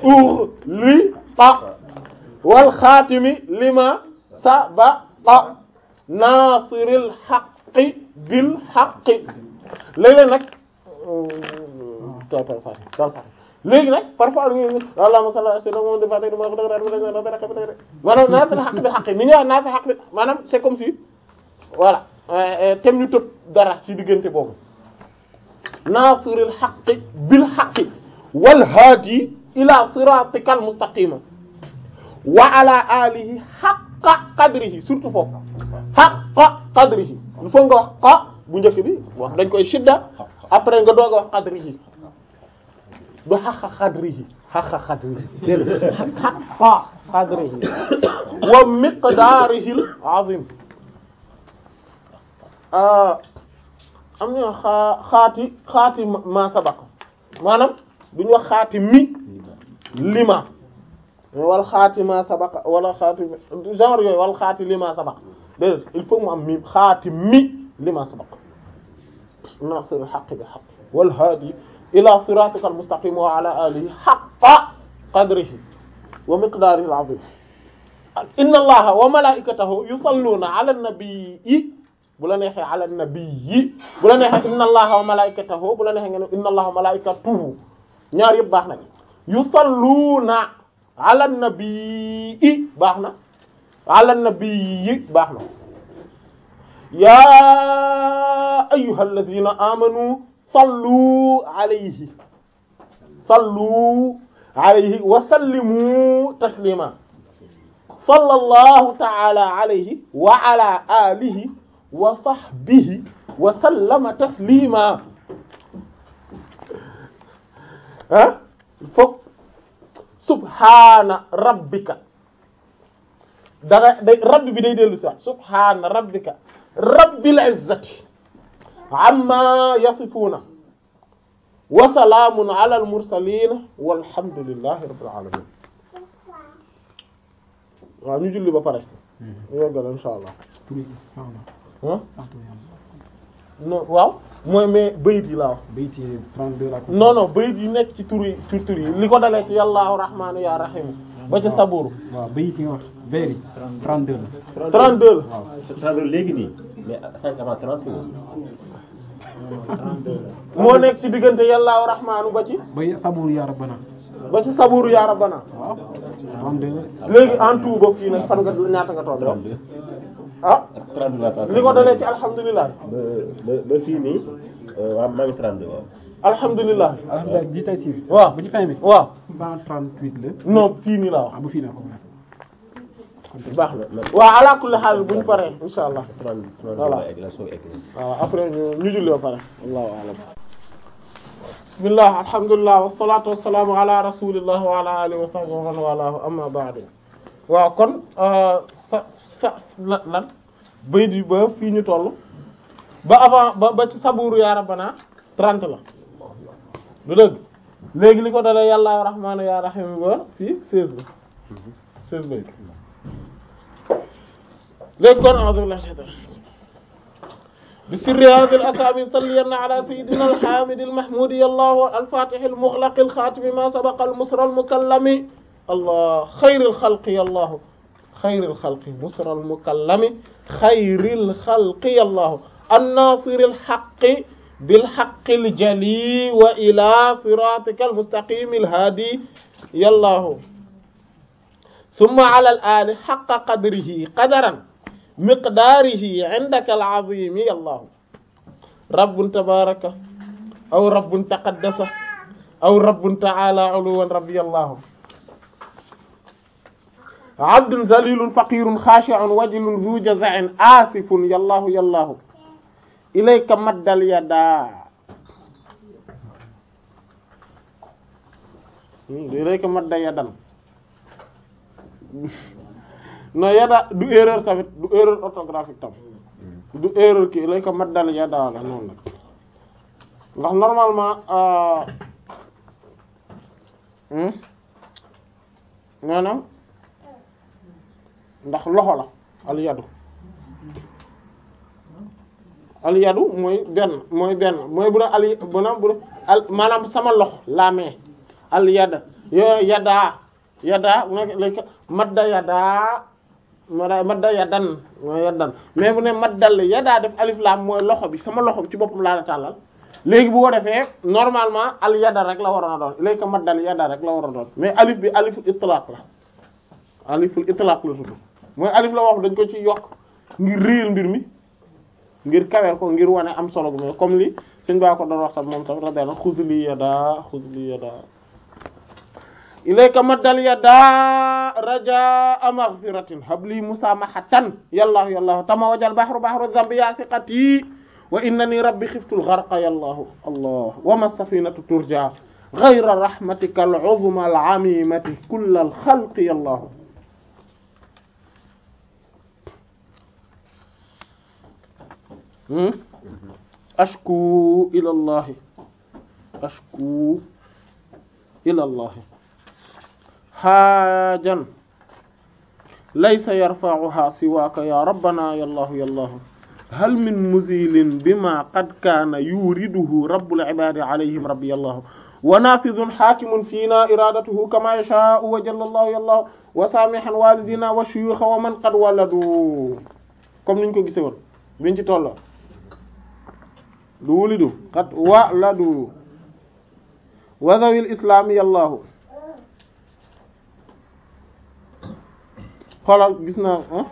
ughliqa wal khatimi lima sabaqa nasiril haqq xi bil xaqi léeg-léeg nag euh, léegi nag parfois ñu allahumma salli ala sayyidina Muhammad fatih ma ko dëgg maanaam naatal xaq bi xaq ni ñu wax naatal xaq bi maanaam c'est comme si voilà euh, euh, tem ñu tëb dara ci diggante boobu naasiril xaqi bil xaqi wal haadi ila siratikal mustaqima wa ala alihi xaqa qadrihi surtout foofu xaqa qadrihi il faut nga ah, bu njëkk bi wax dañ koy shidda après nga doog a wax qadrihi du xaqa qadrihi xaqa qadrihi dégg wa miqdaarihi al-azim ah, am na xaa xaati xaati ma sabaq maanaam duñu wax xaati mi lima wala xaati ma sabaq wala xaati genre yooyu wala xaati lima sabaq déedéet il faut mu am miim xaati mi li ma sabaq nasiril haqqi bil haqqi wal haadi ila siratikal mustaqim wa ala alihi haqqa qadrihi wa miqdarihil azim inna allaha wa malaikatahu yusalluna ala nabiyyi bu la neexee ala nabiyyi bu la neexee inna allaha wa malaikatahu bu la neexee ngeen inna allaha wa malaikatahu ñaar yëpp baax na yusalluuna ala nabiyyi baax na ala nabi baax na yaa ayyuhal ladina amanu sallu alayhi sallu alayhi wa sallimu taslima sallallahu ta'ala alayhi wa ala alihi wa sahbihi wa sallama taslima ah foog subhana rabbika danga day rabbi bi day dellu si waat subhaana rabbika rabbil izzati amma yasifuuna wa salaamun ala al mursaliin walhamdulillahi rabbil alamin waaw ñu julli ba pare mm-hmm. ñu yeggal insha allah ah, non waaw mooy mais bayit yi laa wax bayit yi 32 la non non bayit yi nekk ci tur yi tur tur yi li ko dalee ci yàllaahu rahmaanu yaa rahiim ba ca saburu. waaw ba yi wax vers yi. 32 la 32 la. la. moo nekk ci diggante yàllaaw rahmaanu ba ci. ba saburu yaa rabbana. ba ci saburu yaa rabbana. léegi en tout ba fii nag fan nga ñaata nga toll. Ah? li ko dalee ci alhamdulilah. ba fii nii euh, waaw maa ngi 32 waaw. alhamdulilah. alhamdulilah gis nañ si. waaw bu ci fin bi waaw. 38 la. non fii nii laa wax. ah bu fii la ko bu baax la. waaw ala kulli xaal bu ñu paree incha allah. voilà waaw après euh, ñu julli ba pare. allahu alam. bismillah alhamdulilah wasalaatu wasalaamu ala rasulillah wa ala alihi wa sahbihi wa man walaahu amma ba'du. waaw kon euh, sa sa lan bayit bi ba fii ñu toll ba avant ba ba ci saburu yaa rabbana 30 la. du dëgg léegi li ko dalee yàlla ya rahmaanu ya rahiim ba fii seize ba seize ba léegi kon a'uuzu billahi shaytaan bi sirri haazihil asaabi salliyanna ala sayyidina al-haamidi al-mahmuudi yallahu al-faatihi al-mughlaqi al-xaatimi maa sabaqa al-musri al-mukallami allah xayril xalqi yallahu xayril xalqi musri al-mukallami xayril xalqi yallahu an-naasiril haqqi bil haqqil jali wa ila siratikal mustaqimil hadi yallaahu summa alal aali haqqa qadrihi qadaran miqdaarihi indakal azimi yallaahu rabbun tabaraka aw rabbun taqaddasa aw rabbun ta'ala uluwan rabbiyallaahu abdun zalilun faqirun khashi'un wajilun zu jaza'in asifun yallaahu yallaahu ilayka maddal yada ilayka madda yadan non yada du erreur tamit du erreur orthographique tam du erreur ki lay maddal mat la noonu nag ndax normalement euh, hmm? maanaam ndax loxo la al yadu al yadu mooy benn mooy benn mooy bu doon sama lox la main al yada yo yadaa yadaa bu nekk léegi madda mais bu ne maddal yadaa def alif laam mooy loxo bi sama loxo bi ci boppam laa léegi bu defee normalement al rek la waroon a doon léegi maddal yada rek la waroon a doon mais alif bi aliful itlaq la aliful itlaq la tudd mooy alif la wax dañ ko ci yokk ngir réer mbir mi ngir kaweel ko ngir wane am solo gu comme li sëñ baa ko doon wax tam moom tam radiyallahu xuzli yada xuzli yada ilayka maddal yada rajaa maghfiratin habli musamahatan yallahu yallahu tama wajal bahru bahru dhanbi ya thiqati wa innani rabbi xiftul gharqa yallahu allah wa ma safinatu turja ghayra rahmatika al-'uzma al-'amimati kull al-khalqi yallahu Hmm? ashku ilallahi ashku ilallahi xaajan laysa yarfa'uha siwaaka ya rabbana yallahu yallahu hal min muzilin bima qad kaana yuriduhu rabbul ibadi alayhim rabbi yallahu wa naafidun xaakimun fiina iraadatuhu kama yashaa'u wa jalla allahu yallahu wa saamihan walidina wa shuyuuxa wa man qad waladu comme niñ ko gise woon biñ ci tolloo du wulidu xat wa la du wa zawil islaam yallaahu xoolal gis naa ah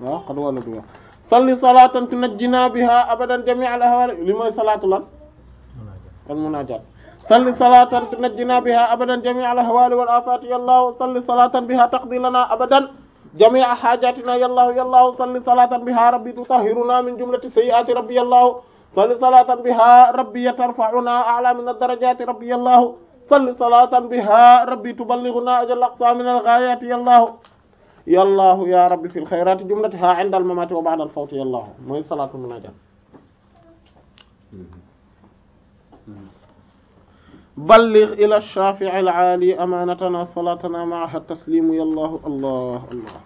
waaw xat wa la du wax salli salaatan tunajjinaa bihaa abadan jamii al ahwaal li mooy salaatu lan al munaajaat salli salaatan tunajjinaa bihaa abadan jamii al ahwaal wal aafaat yallaahu salli salaatan bihaa taqdi lanaa abadan jamii haajatina yallaahu yallaahu salli salaatan bihaa rabbi tutahhirunaa min jumlati sayyi'aati rabbi yallaahu salli salatan biha rabbiya tarfa'una a'la min ad-darajati rabbiya allah salli salatan biha rabbi tuballighuna ajalla aqsa min al-ghayati ya allah ya allah ya rabbi fil khayrati jumlatiha 'inda al-mamati wa ba'da al-fawti ya allah mooy salatu munajat balligh ila ash-shafi'i al-'ali amanatana salatana ma'aha at-taslimu ya allah allah allah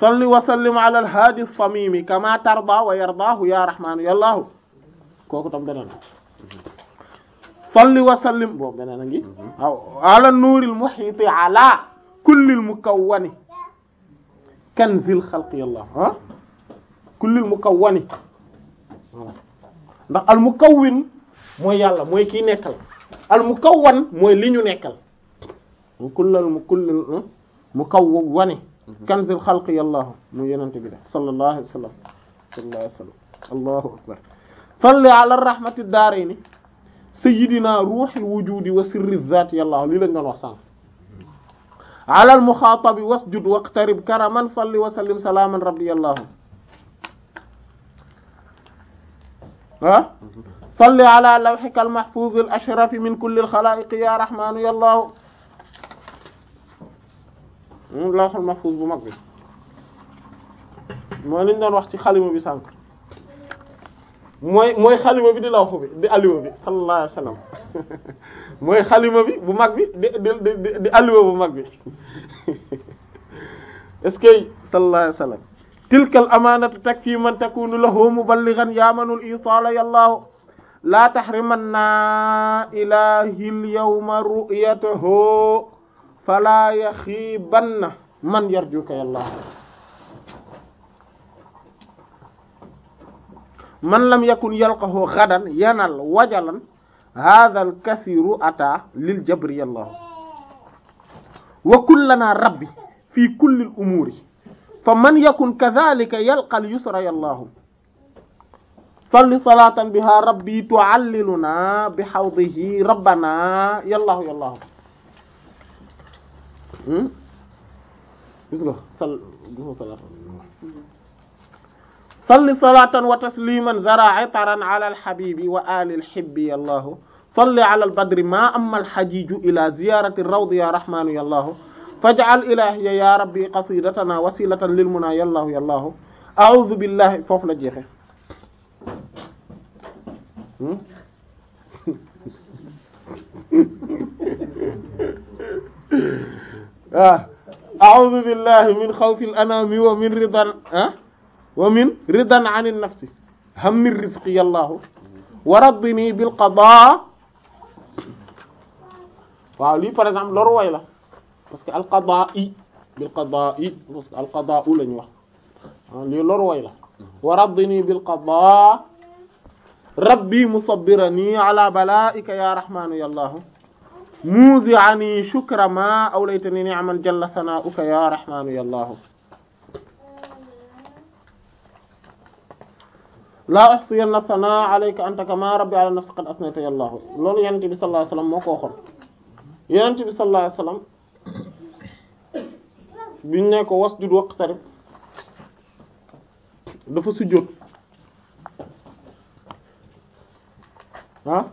salli wa sallim ala alhaadi samimi kama tarda wa yardahu ya rahmaanu yallaahu kooku tam beneen salli wa sallim boobu beneen a ngi waaw ala nuuril muhiiti ala kullil mukawwani kanzil xalqi yallaahu ah kullil mukawwani ndax al mukawwin mooy yàlla mooy kii nekkal al mukawwan mooy li ñu nekkal kullal mu kullil hmm? mukawwani kanzil xalq yàllaahu mu yenente bi de sallallahu alayhi wa sallam sallallahu alayhi wa sallam allahu akbar salli ala rahmati daarayni sayyidina ruuxil wujudi wa sirri zaati yàllaahu lii lañ doon wax sànq alal muxaatabi wasjud waqtarib karaman salli wa sallim salaaman rabbi yàllaahu ah mm-hmm. salli ala lawxika almahfuuz al ashrafi min kulli al xalaa'iq ya rahmaanu yàllaahu moom lawhul mahfuz bu mag bi mooy li ñu doon wax ci xalima bi sànq mooy mooy xalima bi di lawhu bi di aliwa bi sallallahu alayhi wasallam mooy xalima bi bu mag bi di di di aliwa bu mag bi est-ce que sallallahu alayhi wasallam tilkal amaanatu takfi man takunu lahu muballighan yamanul isala yallahu la tahrimanna ilahil yawma ru'yatahu falaa yaxiibanna man yarjuka yàlla man lam yakun yalqahu xadan yanal wajalan hadal kasiru ata lil jabri yàlla wa kullana rabbi fi kulli umuuri fa man yakun kadhalika yalqal yusra yàlla salli salaatan biha rabbi tu'alliluna bi hawdihi rabbana yàlla yàlla Hmm? gis nga sal gis nga salaat salli salatan wa tasliman zara itaran ala alhabibi wa ali alhibbi yallahu salli ala albadri ma amma alhajiju ila ziyarati rawdi ya rahmanu yallahu faj'al ilahiya ya rabbi qasidatana wasilatan lilmuna yallahu yallahu a'udhu billahi foofu la jeexe hmm? waaw ah, a'udhu billahi min xawfil anami wa min ridan ah wa min ridan anil nafsi hammi rizqi yallaahu wa raddini bil qadaa waaw lii par exemple loru way la parce que al qadaa i bil qadaa i parce que al qadaa u lañu wax ah, lii loru way la wa raddini bil qadaa rabbi musabbirani ala bala'ika ya rahmanu yallaahu muzi'ani shukra ma awlaytani ni'man jalla sana'uka ya rahmanu ya allah laa uhsiyanna sanaa alayka anta kama rabbi ala nafsi qad asnayta ya allah loolu yonent bi sallallahu alayhi wasallam moo ko waxoon yonent bi sallallahu alayhi wasallam biñ ne ko wasjud waqtarib dafa sujjóot ah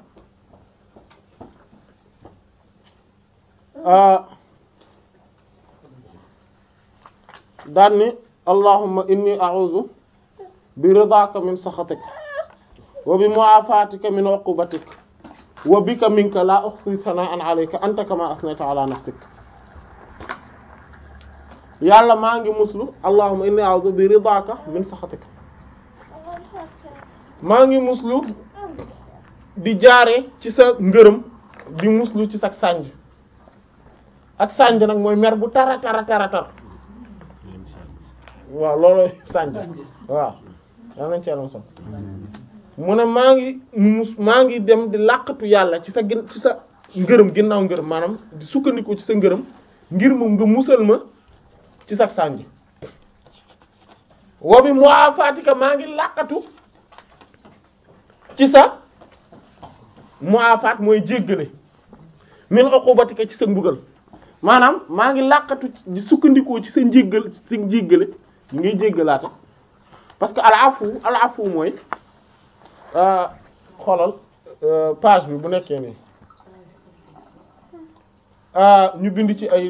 daan ni allahumma inni a'udhu bi ridaaka min saxatik wa bi mu'afatika min uqubatik wa bika minka la uhsi sana'an alayka anta kama asnayta ala nafsik yàlla maa ngi muslu allahumma inni a'udhu bi ridaaka min saxatik maa ngi muslu di jaare ci sa ngërëm di muslu ci sa sànj ak sànj nag mooy mer bu tara tara tara tar waaw loolu sànj waaw daa nañ ceelam sax mu ne maa ngi mus maa ngi dem di làqatu yàlla ci sa gin ci sa ngërëm ginnaaw ngërëm maanaam di sukkandiku ci sa ngërëm ngir moom nga musal ma ci sax sànj wa bi mu afaatika maa ngi làqatu ci sa mu afaat mooy jéggale min uqubatika ci sa mbugal maanaam maa ngi làqatu di sukkandikoo ci sa njéggal sa njéggale mu ngay jéggalaate parce que alafu alafu mooy euh, xoolal euh, page bi bu nekkee nii ah, ñu bind ci ay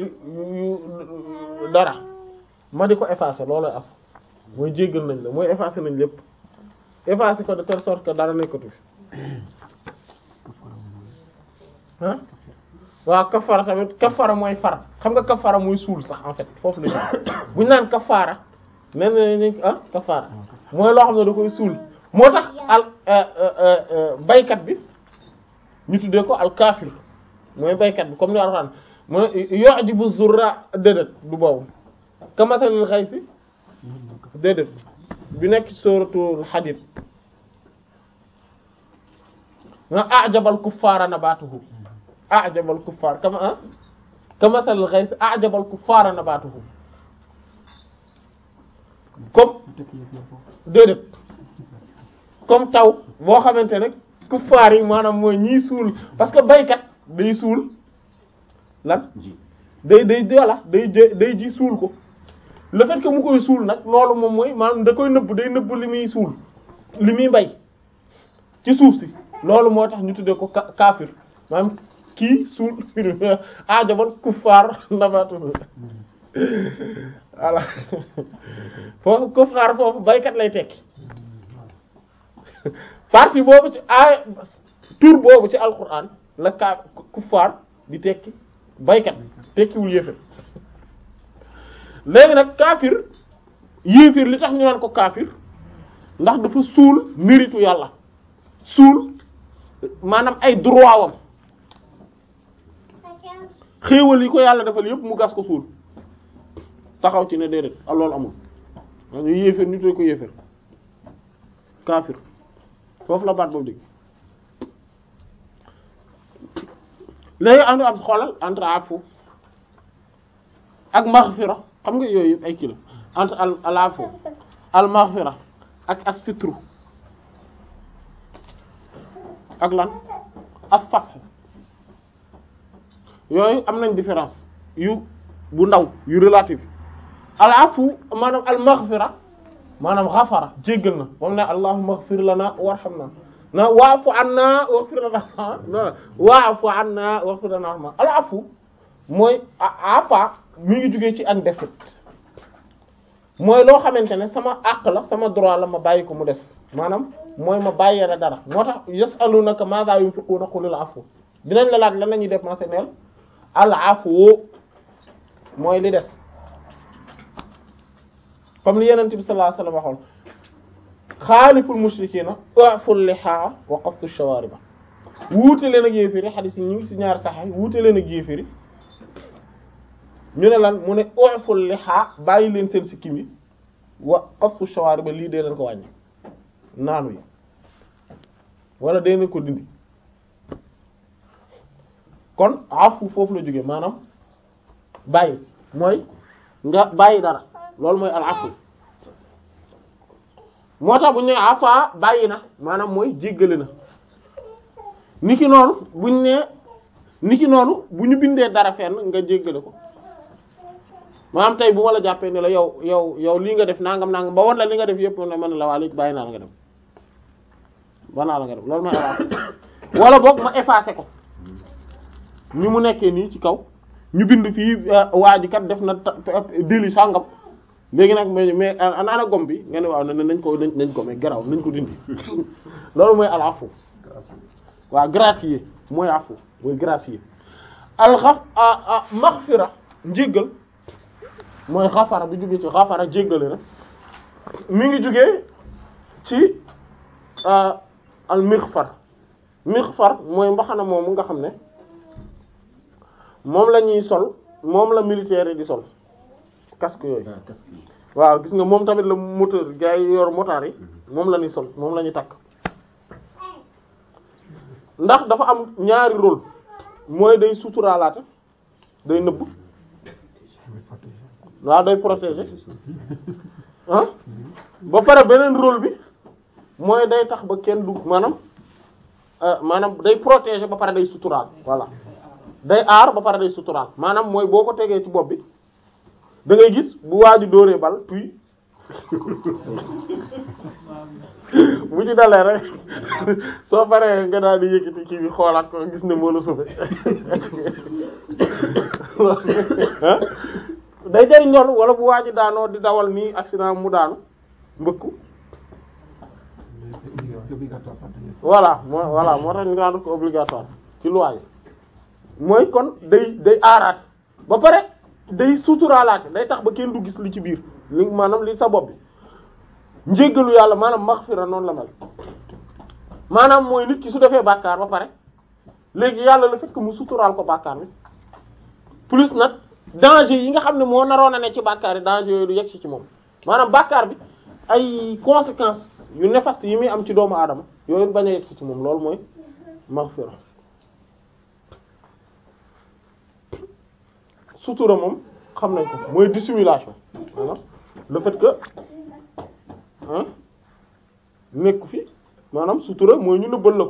dara ma di ko effacer loolooy am mooy jéggal nañ la mooy effacer nañ lépp effacer ko de telle sorte que dara nekkatu fi ah waaw kafara tamit kafara mooy far xam nga kafara mooy suul sax en fait foofu la bu ñu naan kafara nee nañ ah kafara mooy loo xam da koy suul moo tax al euh, euh, euh, baykat bi ñu tuddee ko al kaafir mooy baykat bi comme ni Alxuraan mooy yu'jibu zurra déedéet du boobu kamasalil ghaysi déedéet bi nekk suratul hadid nga a'jabal kuffaara nabaatuhu a'jabal kuffaar kama ah kamasal ghayth a'jabal kuffaara nabaatuhu comme déedéet comme taw boo xamante ne kuffaar yi maanaam mooy ñiy suul parce que baykat day suul lan day day voilà day day ji suul ko le fait mu koy suul nag loolu moom mooy maanaam da koy nëbb day nëbb li muy suul li muy bay ci suuf si loolu moo tax ñu tuddee ko kaafir maanaam kii suul ajaban kuffaar nabatu voilà foofu kuffaar foofu baykat lay tekki partie boobu ci aay tur boobu ci alquran la kuffaar di tekki baykat tekkiwul yéefér léegi nag kaafir yéefér li tax ñu naan ko kaafir ndax dafa suul méritu yàlla suul maanaam ay droit wam xéewal yi ko yàlla defal yëpp mu gas ko suul taxaw ci ne déedéet ak ah, loolu amul ñu yéeféer ñu tooy ko yéeféer kaafir foofu la baat boobu dégg léegi am ab xoolal entre afu ak maghfira xam nga yooyu yëpp ay kilo entre al al afu al ak as sitru ak lan as safu yooyu am nañ différence yu bu ndaw yu relative al afu maanaam al maghfira maanaam xafara jéggal na moom ne allahumma ighfir lana warhamna na waafu anna waghfir lana waafu anna waghfir lana warhamna al afu mooy apa mi ngi jugee ci ak defet mooy loo xamante ne sama àq la sama droit la ma bàyyi ko mu des maanaam mooy ma bàyyee la dara moo tax yasalunaka ma za yunfiquna qulil afu dinañ la laaj lan la ñuy dépenser neel al afwu mooy li des comme li yenent bi sallallahu alayhi wasallam waxoon xaaliful mushrikiina uful lihaa wa qaftu shawaariba wuute leen ak yéeféri xadis yi ñu ci ñaar saxee wuute leen ak yéeféri ñu ne lan mu ne uful lihaa bàyyi leen seen sikkim yi wa qaftu shawaariba lii dee leen ko wàññi naanu yi wala dee leen ko dindi kon afu foofu la jógee maanaam bàyyi mooy nga bàyyi dara loolu mooy al afu moo tax bu ñu nee afa bàyyi na maanaam mooy jéggale na niki noonu bu ñu niki noonu bu ñu bindee dara fenn nga jéggale ko maanaam tey bu ma la jàppee ne la yow yow yow lii nga def nangam nangam ba wan la li nga def yëpp man la waa léegi bàyyi naa la nga dem ba naa la nga dem loolu mooy al afu boog ma effacé ko. ni mu nekkee nii ci kaw ñu bind fii eh, waa ji kat def na déli sàngam léegi nag mais mais ana gom bi nga ne waaw nañ ko nañ nañ gome garaw nañ ko dindi loolu mooy alafu waaw gracier mooy afu mooy gracier alxaf maxfira njégal mooy xafara bi jógee ci xafara jéggale na mi ngi jógee ci eh, al mixfar mixfar mooy mbaxana moomu nga xam ne moom la ñuy sol moom la militaire yi di sol casque yooyu ah, waaw gis nga moom tamit la moteur gars yi yor motard yi mhm. moom la ñuy sol moom la ñuy takk ndax dafa am ñaari rôle mooy day suturaalaate day nëbb waaw day protéger ah ba pare beneen rôle bi mooy day tax ba kenn du maanaam euh, maanaam day protéger ba pare day suturaal voilà day aar ba pare day suturaal maanaam mooy boo ko tegee ci bopp bi da ngay gis bu waaju dóoree bal puis bu ci dalee rek soo paree nga daal di yëkkati kii bi xoolaat ko gis ne moo la sufe day jariñ loolu wala bu waaju daanoo di dawal nii accident mu daanu mbëkku voilà moo moo tax ñu ko obligatoire ci loi yi mooy kon day day aaraat ba pare day suturaalaate day tax ba kenn du gis li ci biir li maanaam li sa bopp bi njéggalu yàlla maanaam maxfira noonu la mel maanaam mooy nit su defee bàkkaar ba pare léegi yàlla la fekk mu suturaal ko bàkkaar bi plus nag danger yi nga xam ne moo naroon a ne ci bàkkaar yi danger yooyu du yegg si ci moom maanaam bàkkaar bi ay conséquences yu néfaste yi muy am ci doomu aadama yooyu bañ a yegg ci moom loolu mooy maxfira sutura moom xam nañ ko mooy dissimulation maanaam le fait que ah fi maanaam sutura mooy ñu nëbbal la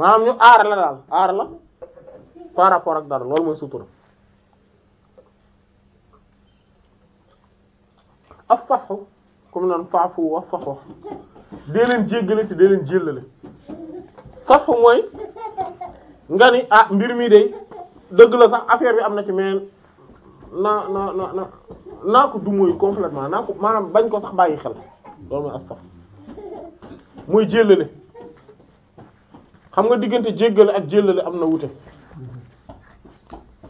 maanaam ñu aar la daal aar la par rapport ak dara loolu mooy sutura af saxu comme naan faafu wa saxu dee leen jéggale te dee leen jéllale saxu mooy nga ni ah mbir mi de dëgg la sax affaire bi am na ci mais naa na naa ko dumóoyu complètement naa ko maanaam bañ ko sax bàyyi xel loolu mooy astaf xam nga diggante jéggale ak jéllale am na wute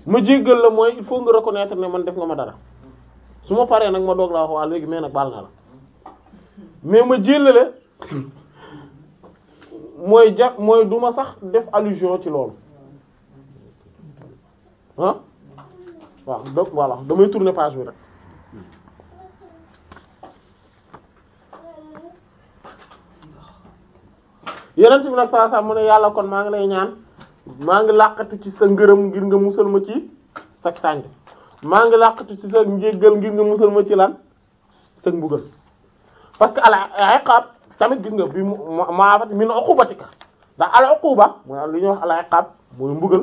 ma jéggal la mooy il faut nga reconnaître ne man def nga ma dara su ma paree nag ma doog laa wax waa léegi mais nag baal naa la mais ma jéllale mooy ja mooy du ma sax def allusion ci loolu ah waaw donc voilà damay tourner page rek yeneen bi nag saa saa mu ne yàlla kon maa ngi lay ñaan maa ngi làqatu ci sa ngërëm ngir nga musal ma ci sa sàng maa ngi làqatu ci sa njéggal ngir nga musal ma ci lan sa mbugal parce que al iqab tamit gis nga bi mu maafat min uqubatika ndax al uquba mooy li ñuy wax al iqab mooy mbugal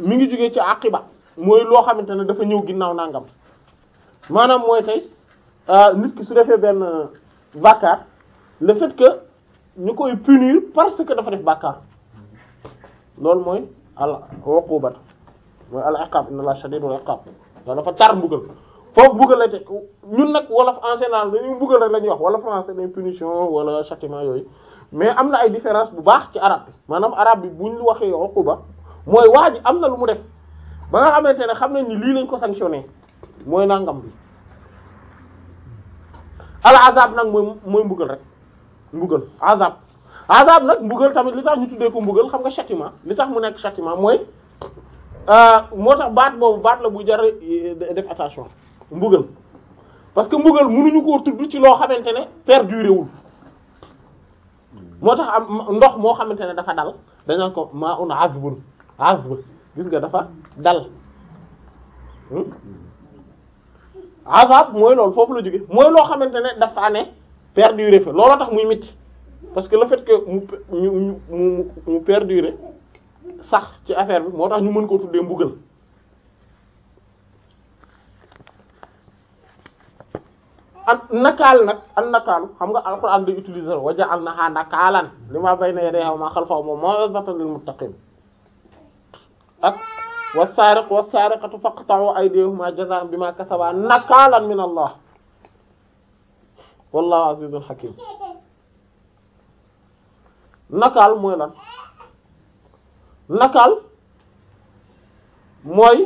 mi ngi jógee ci aqiba mooy loo xamante ne dafa ñëw ginnaaw nangam maanaam mooy tey euh, nit ki su defee benn bàkkaar le fet que ñu koy punir parce que dafa def bàkkaar loolu mooy al uqubat mooy al iqab inna la shadidul iqab dafa tar mbugal foofu mbugal la te ñun nag wolof en général dañuy mbugal rek la ñuy wax wala français dañuy punition wala châtiment yooyu mais am na ay différence bu baax ci arabe bi maanaam arabe bi buñ waxee uquba mooy waa ji am na lu mu def ba nga xamante ne xam nañ ni lii lañ ko sanctionné mooy nangam bi al azab nag mooy mooy mbugal rek mbugal azab azab nag mbugal tamit li tax ñu tuddee ko mbugal xam nga châtiment li tax mu nekk châtiment mooy euh, moo tax baat boobu baat la bu jar euh, def attention mbugal parce que mbugal mënuñu koo tudd ci loo xamante ne perdurer wul moo tax am ndox moo xamante ne dafa dal dañu ko ma un azbun azb nga dafa dal hmm? azab mooy loolu foofu la jóge mooy loo xamante ne dafa ne perdurer fa looloo tax muy métti parce que la fait que mu mu mu mu perdurer sax ci affaire bi moo tax ñu mën koo tuddee mbugal ak nakaal nag ak nakaalu xam nga alxuraan day utiliser wa ja'alnaha nakaalan lima bayna yadayha wa ma xalfaha maw'izatan lil muttaqin ak was-saariq was-saariqatu faqta'u aydiyahumaa jazaa'an bimaa kasabaa nakaalan min allah wallahu azizun hakim nakaal mooy lan nakaal mooy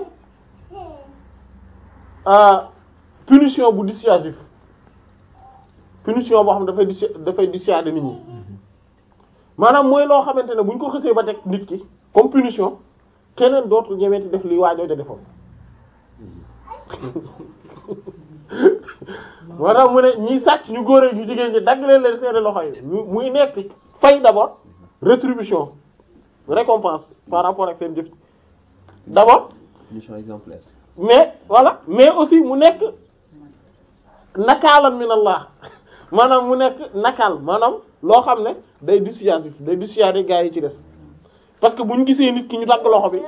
euh, punition bu dissuasif punition boo xam dafay dis dafay dissuader nit ñi mm-hmm. maanaam mooy loo xamante ne bu ko xësee ba teg nit comme punition keneen dootul ñemeeti def li waajoo ja defoon moo tax mu ne ñi sàcc ñu góor ñu jigéen ñi dagg leen leen seeni loxo yi muy nekk fay d'abord rétribution récompense par rapport ak seen jëf d'abord mission exemplaire mais voilà mais aussi mu nekk nakaalan min Allah maanaam mu nekk nakaal maanaam loo xam ne day dissuasif day de gaa yi ci des parce que bu ñu gisee nit ki ñu dagg loxo bi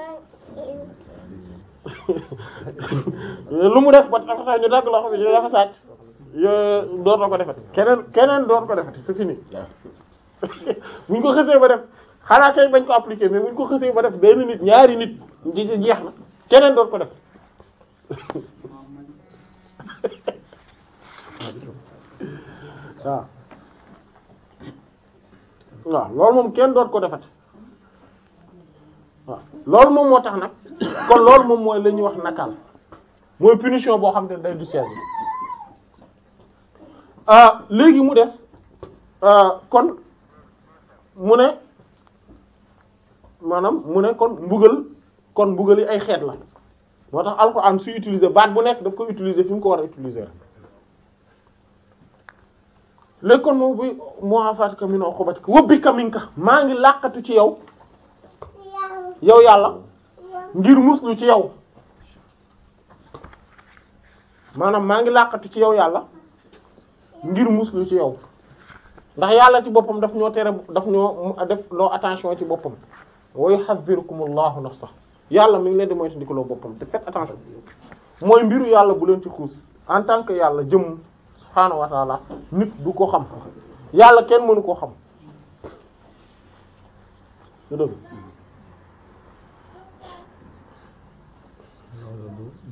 lu mu def ba tax ñu dagg loxo bi ñu dafa sàcc dootoo ko defati keneen keneen doot ko defati c'est fini bu ko xësee ba def xanaa kay bañ ko appliquer mais bu ko xësee ba def benn nit ñaari nit di jeex na keneen doot ko def waaw moom kenn doot ko defati waaw loolu moom moo tax nag kon loolu moom mooy la ñuy wax nakaal mooy punition boo xam ne day du siège ah léegi mu des ah, kon mu ne maanaam mu ne kon mbugal kon mbugal yi ay xeet la moo tax alxuraan su utiliser baat bu nekk daf ko utiliser fi mu ko war a utiliser léegi kon moom bi moo xam fàttali ko mi noo xobati ko wëbbi ka minka maa ngi làqatu ci yow. yow yàlla ngir muslu ci yaw maanaam maa ngi làqatu ci yow yàlla ngir muslu ci yow ndax yàlla ci boppam daf ñoo tere daf ñoo def loo attention ci boppam wa yuhadhdhirukumullahu sax yàlla mu ngi leen di moytandiku loo boppam te faites attention mooy mbiru yàlla bu leen ci xuus en tant que yàlla jëm subhaanahu wa ta'ala nit du ko xam yàlla kenn mënu koo xam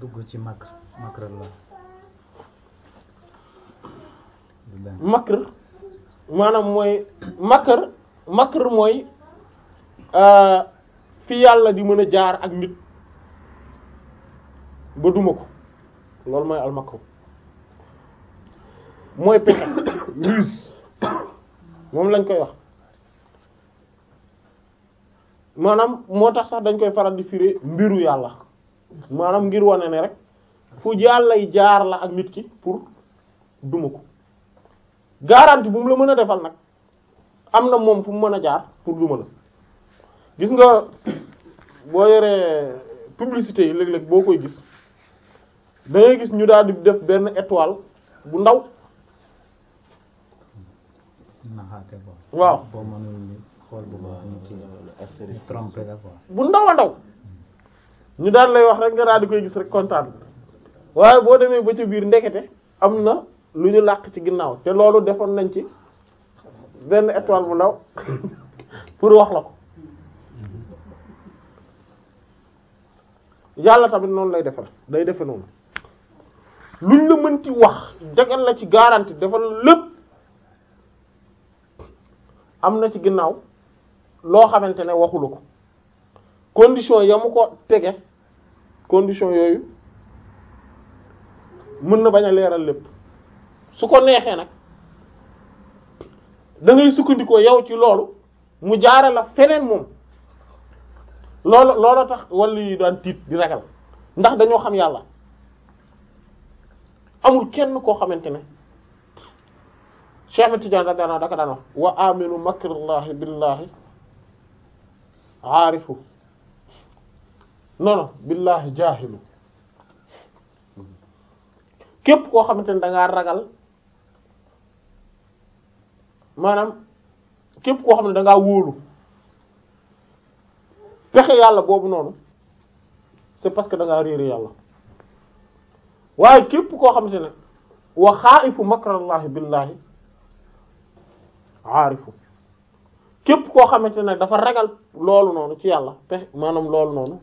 dugg ci makr makr la makr maanaam mooy makr makr mooy euh, fi yàlla di mën a jaar ak nit ba duma ko loolu mooy almakru mooy pexe moom lañ koy wax maanaam moo tax sax dañ koy faral di firi mbiru yàlla maanaam ngir wane ne rek fu yàllay jaar la ak nit ki pour duma ko garantie bu mu la mën a defal nag am na moom fu mu mën a jaar pour duma la gis nga boo yoree publicité yi léeg-léeg boo koy gis da ngay gis ñu daal def benn étoile bu ndaw waaw bu ndaw a ndaw ñu daal lay wax rek nga daan di koy gis rek kontaan waaye boo demee ba ci biir ndekete am na lu ñu làq ci ginnaaw te loolu defoon nañ ci benn étoile bu ndaw pour wax la ko yàlla tamit noonu lay defal day defe noonu luñ la mënti wax jagal la ci garantie defal lépp am na ci ginnaaw loo xamante ne waxulu ko condition yamu ko tege condition yooyu mën na bañ a leeral lépp su ko neexee nag dangay sukkandikoo yow ci loolu mu jaare la feneen moom loolu loolu tax wàllu daan tiit di ragal ndax dañoo xam yàlla amul kenn koo xamante ne Cheikh tijaan radiyallahu anhu daka daan wax wa aminu makrullahi billahi aarifu non non billaahi jaahilu képp koo xamante ne da ragal maanaam képp koo xam ne da ngaa wóolu pexe yàlla boobu noonu c'est parce que da ngaa réer yàlla waaye képp koo xamante ne wa xaa'ifu makrallahi billaahi aarifu képp koo xamante ne dafa ragal loolu noonu ci yàlla pexe maanaam loolu noonu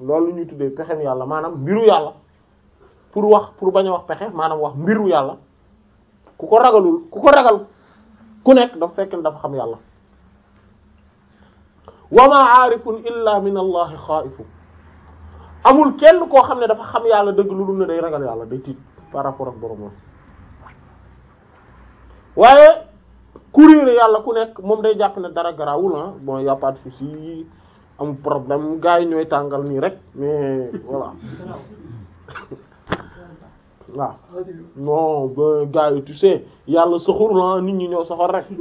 loolu la ñuy tuddee pexem yàlla maanaam mbiru yàlla pour wax pour bañ a wax pexe maanaam wax mbiru yàlla ku ko ragalul ku ko ragal ku nekk dafa fekk ne dafa xam yàlla wama aarifun illa min allahi kenn koo xam ne dafa xam yàlla dëgg lu day ragal yàlla day tiit par rapport ak borom yàlla ku nekk moom day jàpp ne dara garaawul ah bon y a pas am problème gaa yi ñooy tàngal nii rek mais voilà waaw non ba yi tu sais yàlla soxor la ah, nit ñi ñoo soxor rek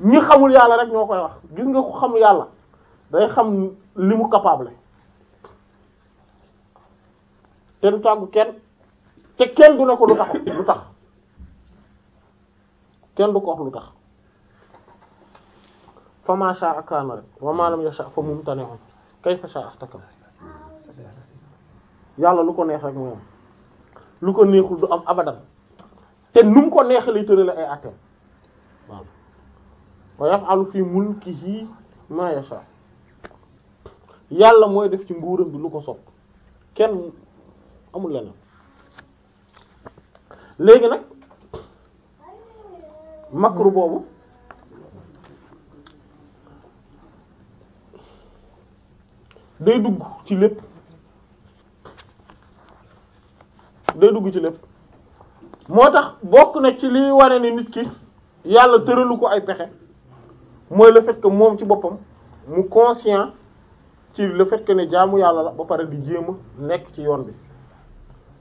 ñi xamul yàlla rek ñoo koy wax gis nga ko xamul yàlla day xam li mu capable te du tàggu kenn te kenn du ne ko lu tax lu tax kenn du ko wax lu tax fa maa sha'a kaana rek wa maa lam yasha' fa mumtani'un kayfa sha'a ihtakam yàlla lu ko neex rek moom lu ko neexul du am abadan te num ko neex lay ay atem waaw wa yaf'alu fi mulkihi maa yasha' yàlla mooy def ci nguuram bi lu ko sopp kenn amul leneen léegi nag makru boobu day dugg ci lépp day dugg ci lépp moo tax bokk na ci liy wane ni nit ki yàlla tëralu ko ay pexe mooy la fait moom ci boppam mu conscient ci la fait ne jaamu yàlla la ba pare di jéem a nekk ci yoon bi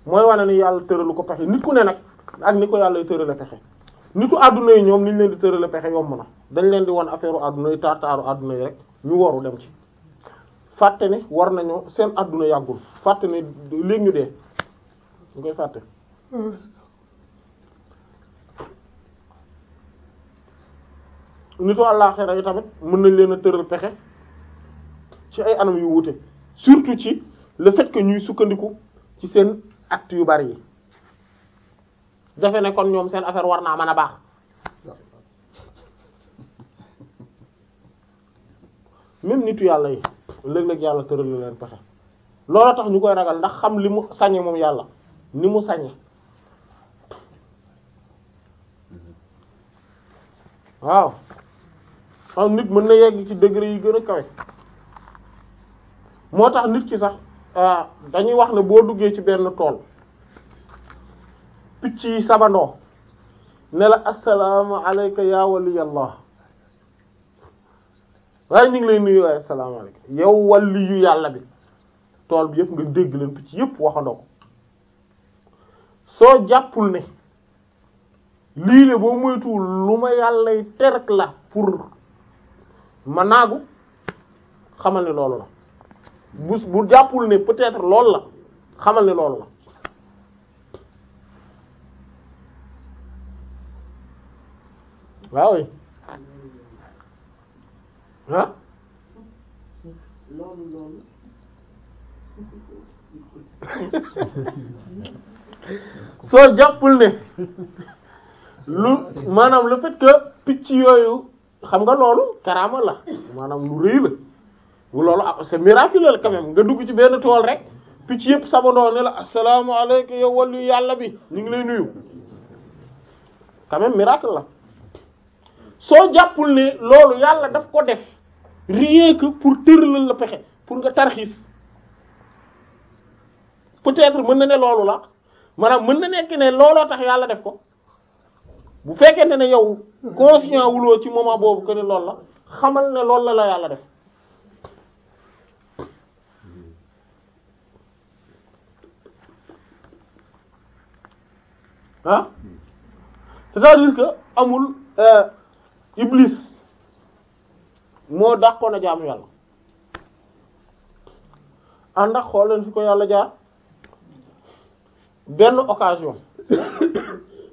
mooy wane ni yàlla tëralu ko pexe nit ku ne nag ak ni ko yàlla tërale pexe nitu àdduna yi ñoom niñ leen di tërale pexe yomb na dañ leen di wan affaire u àdduna yi taar taaru àdduna yi rek ñu waru dem ci fàtte ne war nañoo seen adduna yàggul fàtte ne léegi ñu dee ñu koy fàtte nitu àllaaxira yi tamit mën nañ leen a tëral pexe ci ay anam yu wuute surtout ci le fait ñuy sukkandiku ci seen acte yu bari yi dafe ne kon ñoom seen affaire war naa mën a baax même nitu yàlla yi léeg-léeg yàlla tëral na leen pexe loolu tax ñu koy ragal ndax xam li mu sañe moom yàlla ni mu sañe waaw am nit mën na yegg ci degré yi gën a kawe moo tax nit ki sax euh, dañuy wax ne boo duggee ci benn tool picc yi sabandoo ne la assalaamu alayka yaa waliyallah waaye ñu ngi lay nuyu waaye asalaamaaleykum yow wàllu yu yàlla bi tool bi yëpp nga dégg leen picc yëpp waxandoo soo jàppul ne lii de boo moytuwul lu ma yàllay terk la pour ma naagu xamal ne loolu la bu bu jàppul ni peut-être loolu la xamal ne loolu la waaw ah loolu loolu soo jàppul ne lu maanaam le picc yooyu xam nga loolu karaama la maanaam lu rëy la bu loolu ah c'est miraculeux quand même nga dugg ci benn tool rek picc yëpp sabandoo ne la asalaamaaleykum yow wàllu yàlla bi ñu ngi lay nuyu quand même miracle la soo jàppul ne loolu yàlla daf ko def rien que pour tëralal la pexe pour nga tarxiis peut-être mën na ne loolu la maanaam mën na nekk ne looloo tax yàlla def ko bu fekkente ne yow conscient wuloo ci moment boobu que ne loolu la xamal ne loolu la la yàlla def ah c'est-à-dire que amul euh, iblis moo dàqoon a jaamu yàlla ànd xool leen fi ko yàlla jaar benn occasion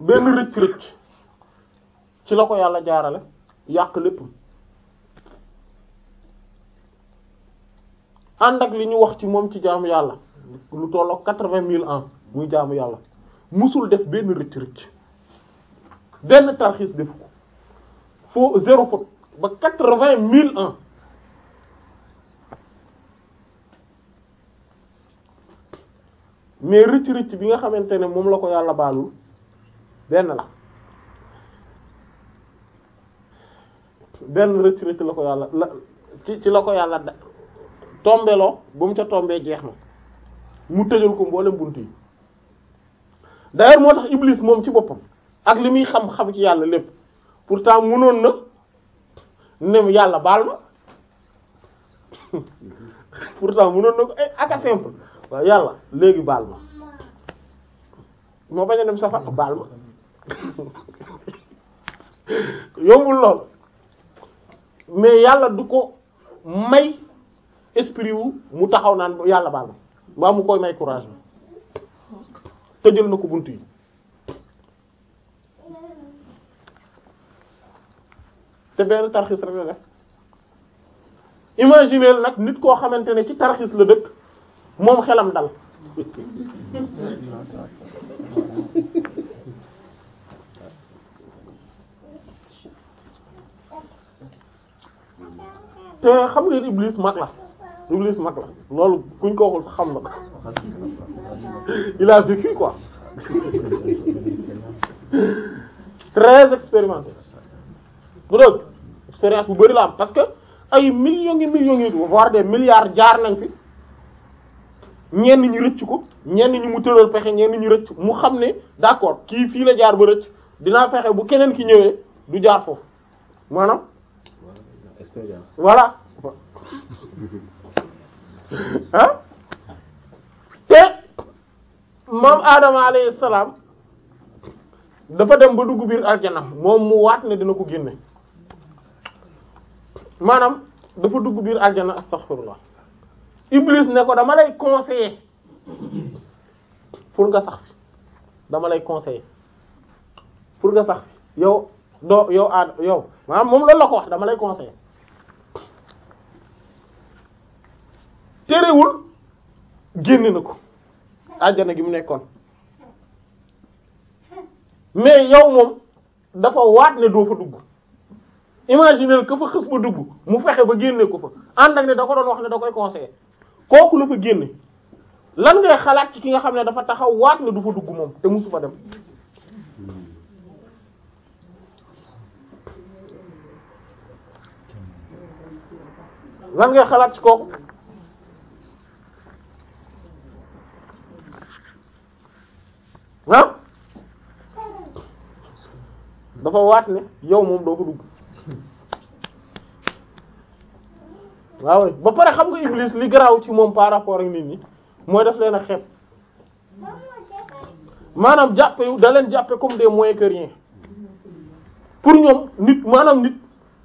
benn rëcc rëcc ci la ko yàlla jaarale yàq lépp ànd ak li ñu wax ci moom ci jaamu yàlla lu tolloo quatre-vingt mille ans muy jaamu yàlla musul def benn rëcc rëcc benn tarxiis def ko foo zéro faute ba quatre-vingt mille ans mais rëcc rëcc bi nga xamante ne moom la ko yàlla baalul benn la benn rëcc rëcc la ko yàlla la ci la ko yàlla da tombeloo ba mu ca tombee jeex na mu tëjal ko mboolem bunt yi d'ailleurs moo tax Iblis moom ci boppam ak li muy xam-xam ci yàlla lépp pourtant mënoon na ne yàlla baal ma pourtant mënoon na ko ay eh, aka simple yàlla léegi baal ma moo bañ a dem safar baal ma yombul lool mais yàlla du ko may esprit wu mu taxaw naan yàlla baal ma mbaa mu koy may courage bi tëjal na ko bunt yi te benn tarxis rek la imagineel nag nit koo xamante ne ci tarxis la dëkk moom xelam dal te xam ngeen iblis mag la iblis mag la loolu kuñ ko waxul xam na il a vécu quoi très expérimenté bu dëgg expérience bu bari la am parce que ay millions ngi millions ngi voire des milliards jaar nañ fi ñenn ñu rëcc ko ñenn ñu mu tëral pexe ni ñu rëcc mu xam ne d'accord kii fii la jaar ba rëcc dinaa fexe bu keneen ki ñëwee du jaar foofu maanaam expérience voilà ah te moom Adama alayhi salaam dafa dem ba dugg biir aljana moom mu waat ne dina ko génne maanaam dafa dugg biir aljana astaghfirullah iblis ne ko dama lay conseiller pour nga sax fi dama lay conseiller pour nga sax fi yow doo yow aad yow maanaam moom loolu la ko wax dama lay conseiller terewul génne na ko aljana gi mu nekkoon mais yow moom dafa waat ne doo fa dugg imaginer ko fa xës ba dugg mu fexe ba génne ko fa ànd ak ne da ko doon wax ne da koy conseiller kooku la fa génne lan ngay xalaat ci ki nga xam ne dafa taxaw waat ne du fa dugg moom te musu fa ngay xalaat ci kooku ah dafa waat ne yow moom doo ko dugg waaw ba pare xam nga Iblis li garaaw ci moom par rapport ak nit ni mooy daf leen a xeeb maanaam jàppe da leen jàppe comme des moyens que pour ñoom nit maanaam nit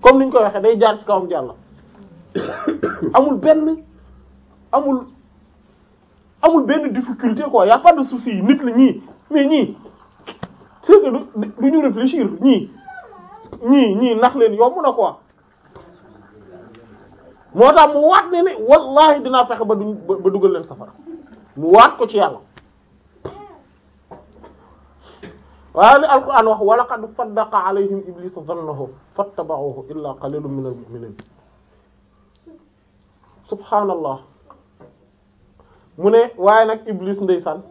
comme ni ko koy waxee day jaar ci kawam jàll amul benn amul amul benn difficulté quoi y a pas de souci nit la ñii mais ñii c'est que du ñu réfléchir ñii ñii ñii nax leen yomb na ko moo tax mu waat ne ne wallaahi dinaa fexe ba duñ ba dugal leen safara mu waat ko ci yàlla waaye li alquran wax wa laqad saddaqa alayhim iblisu zannahu fattaba'uhu illa qalilun minal mu'minin subhaanallah mu ne waaye nag iblis ndeysaan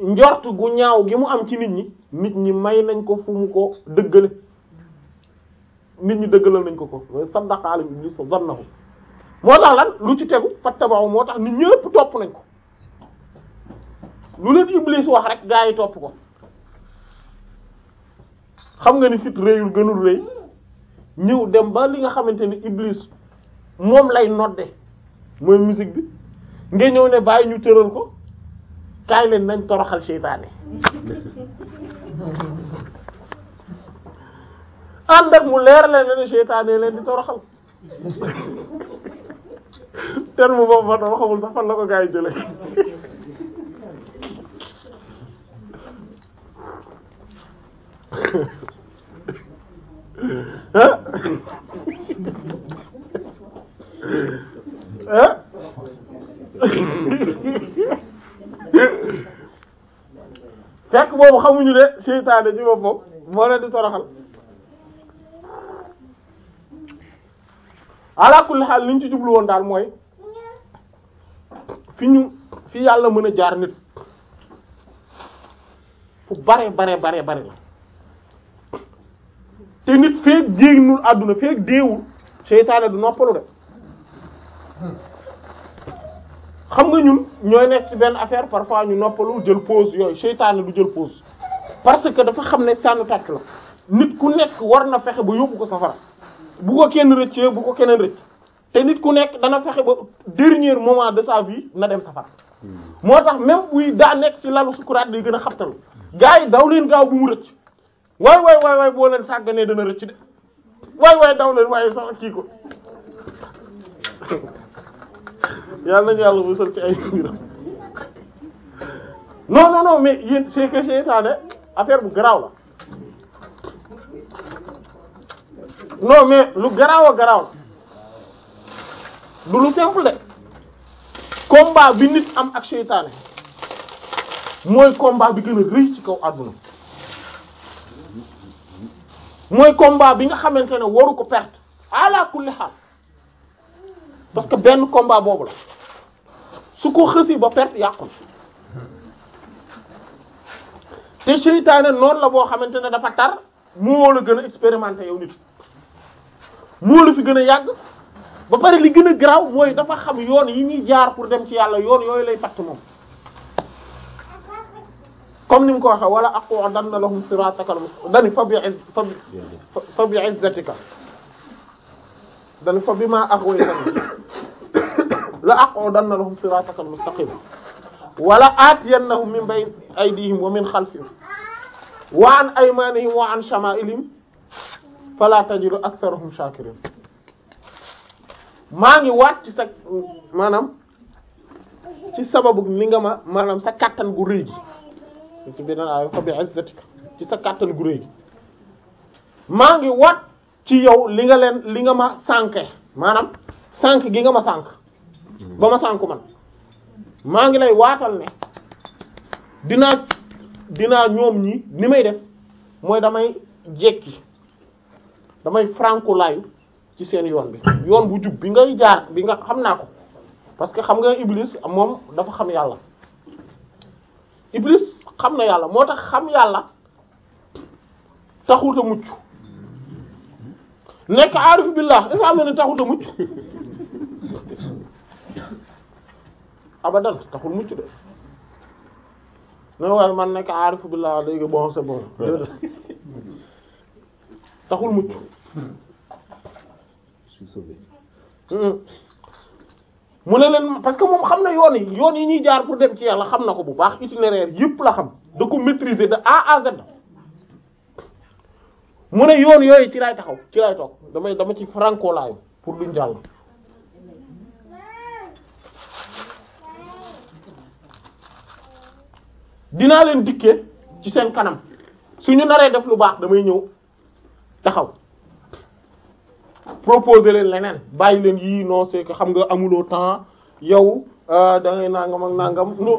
njort gu ñaaw gi mu am ci nit ñi nit ñi may nañ ko fu mu ko dëggale nit ñi dëggalal nañ ko ko saddaqa alayhi iblis zannahu moo tax lan lu ci tegu fattaba'u moo tax nit ñëpp topp nañ ko lu leen iblis wax rek gaa yi topp ko xam nga ni fit réyul gënul réy ñëw dem ba li nga xamante ni iblis moom lay nodde mooy musique bi nga ñëw ne bàyyi ñu tëral ko kaay leen nañ toroxal seytaane ànd ak mu leer la ne seytaane leen di toroxal terme boobu ma dama xamul sax fan la ko gaa yi jële ah fekk boobu xamuñu de seytaane ci boppam moo leen di toroxal ala kulli xaal li ñu ci jublu woon daal mooy fi ñu fi yàlla mën a jaar nit fu bare bare bare bare la te nit feek jéegnul àdduna feek deewul seytaane du noppalu de xam nga ñun ñooy nekk ci benn affaire parfois ñu noppalu jël pause yooyu seytaane du jël pause parce que dafa xam ne sànnu tàkk la nit ku nekk war na fexe ba yóbbu ko safara bu ko kenn rëccee bu ko keneen rëcc te nit ku nekk dana fexe ba dernier moment de sa vie na dem safara hmm. moo tax même buy daa nekk ci lalu sukuraat day gën a xabtalu gaa yi daw leen gaaw bu mu rëcc waay waaye waay waay boo leen sàgganee dana rëcc de waay waay daw leen waaye sax kii ko yàlla nañu yàlla musal ci ay mbiram non non mais yéen c'est que affaire bu garaaw la non mais lu garaaw a garaaw du lu simple de combat bi nit am ak seytaane mooy combat bi gën a rëy ci kaw àdduna mooy combat bi nga xamante ne waru ko perte ala kulli xaal parce que benn combat boobu la su ko xësi ba perte yàqul te seytaane noonu la boo xamante ne dafa tar moo la gën a expérimenté yow nit moo la fi gën a yàgg ba pare li gën a garaaw mooy dafa xam yoon yi ñuy jaar pour dem ci yàlla yoon yooyu lay fatt moom comme ni mu ko waxee wala aqudanna lahum siratakal mustaqim dani fa bi fa bi izzatika dani fa bi ma aghwaytani la aqudanna lahum siratakal mustaqim wala atiyannahum min bayni aydihim wa min khalfihim wa an aymanihim wa an shama'ilihim fala tajidu aktharahum shakirin maa ngi waat ci sa maanaam ci sababu li nga ma maanaam sa kàttan gu rëy gi ci sa kàttan gu rëy maa ngi waat ci yow li nga leen li nga ma sànke maanaam sànk gi nga ma sànk ba ma sànku man maa ngi lay waatal ne dinaa dinaa ñoom ñi ni may def mooy damay jekki damay franco laayu ci seen yoon bi yoon bu jub bi ngay jaar bi nga xam naa ko parce que xam nga iblis moom dafa xam yàlla iblis xam na yàlla moo tax xam yàlla taxut a mucc nekk aarif billah dafa abadan taxul mucc de man nekk aarif billah léegi bon taxul mucc je suis mu ne leen parce que moom xam na yoon yi yoon yi ñuy jaar pour dem ci yàlla xam na ko bu baax itinéraire yëpp la xam da ko maîtriser de A à Z. mu ne yoon yooyu ci laay taxaw ci lay toog damay dama ci franco laayu pour duñ jàll. dinaa leen dikkee ci seen kanam suñu naree def lu baax damay ñëw taxaw proposer leen leneen bàyyi leen yii non c'est xam nga amuloo temps yow euh, da ngay nangam ak nangam lu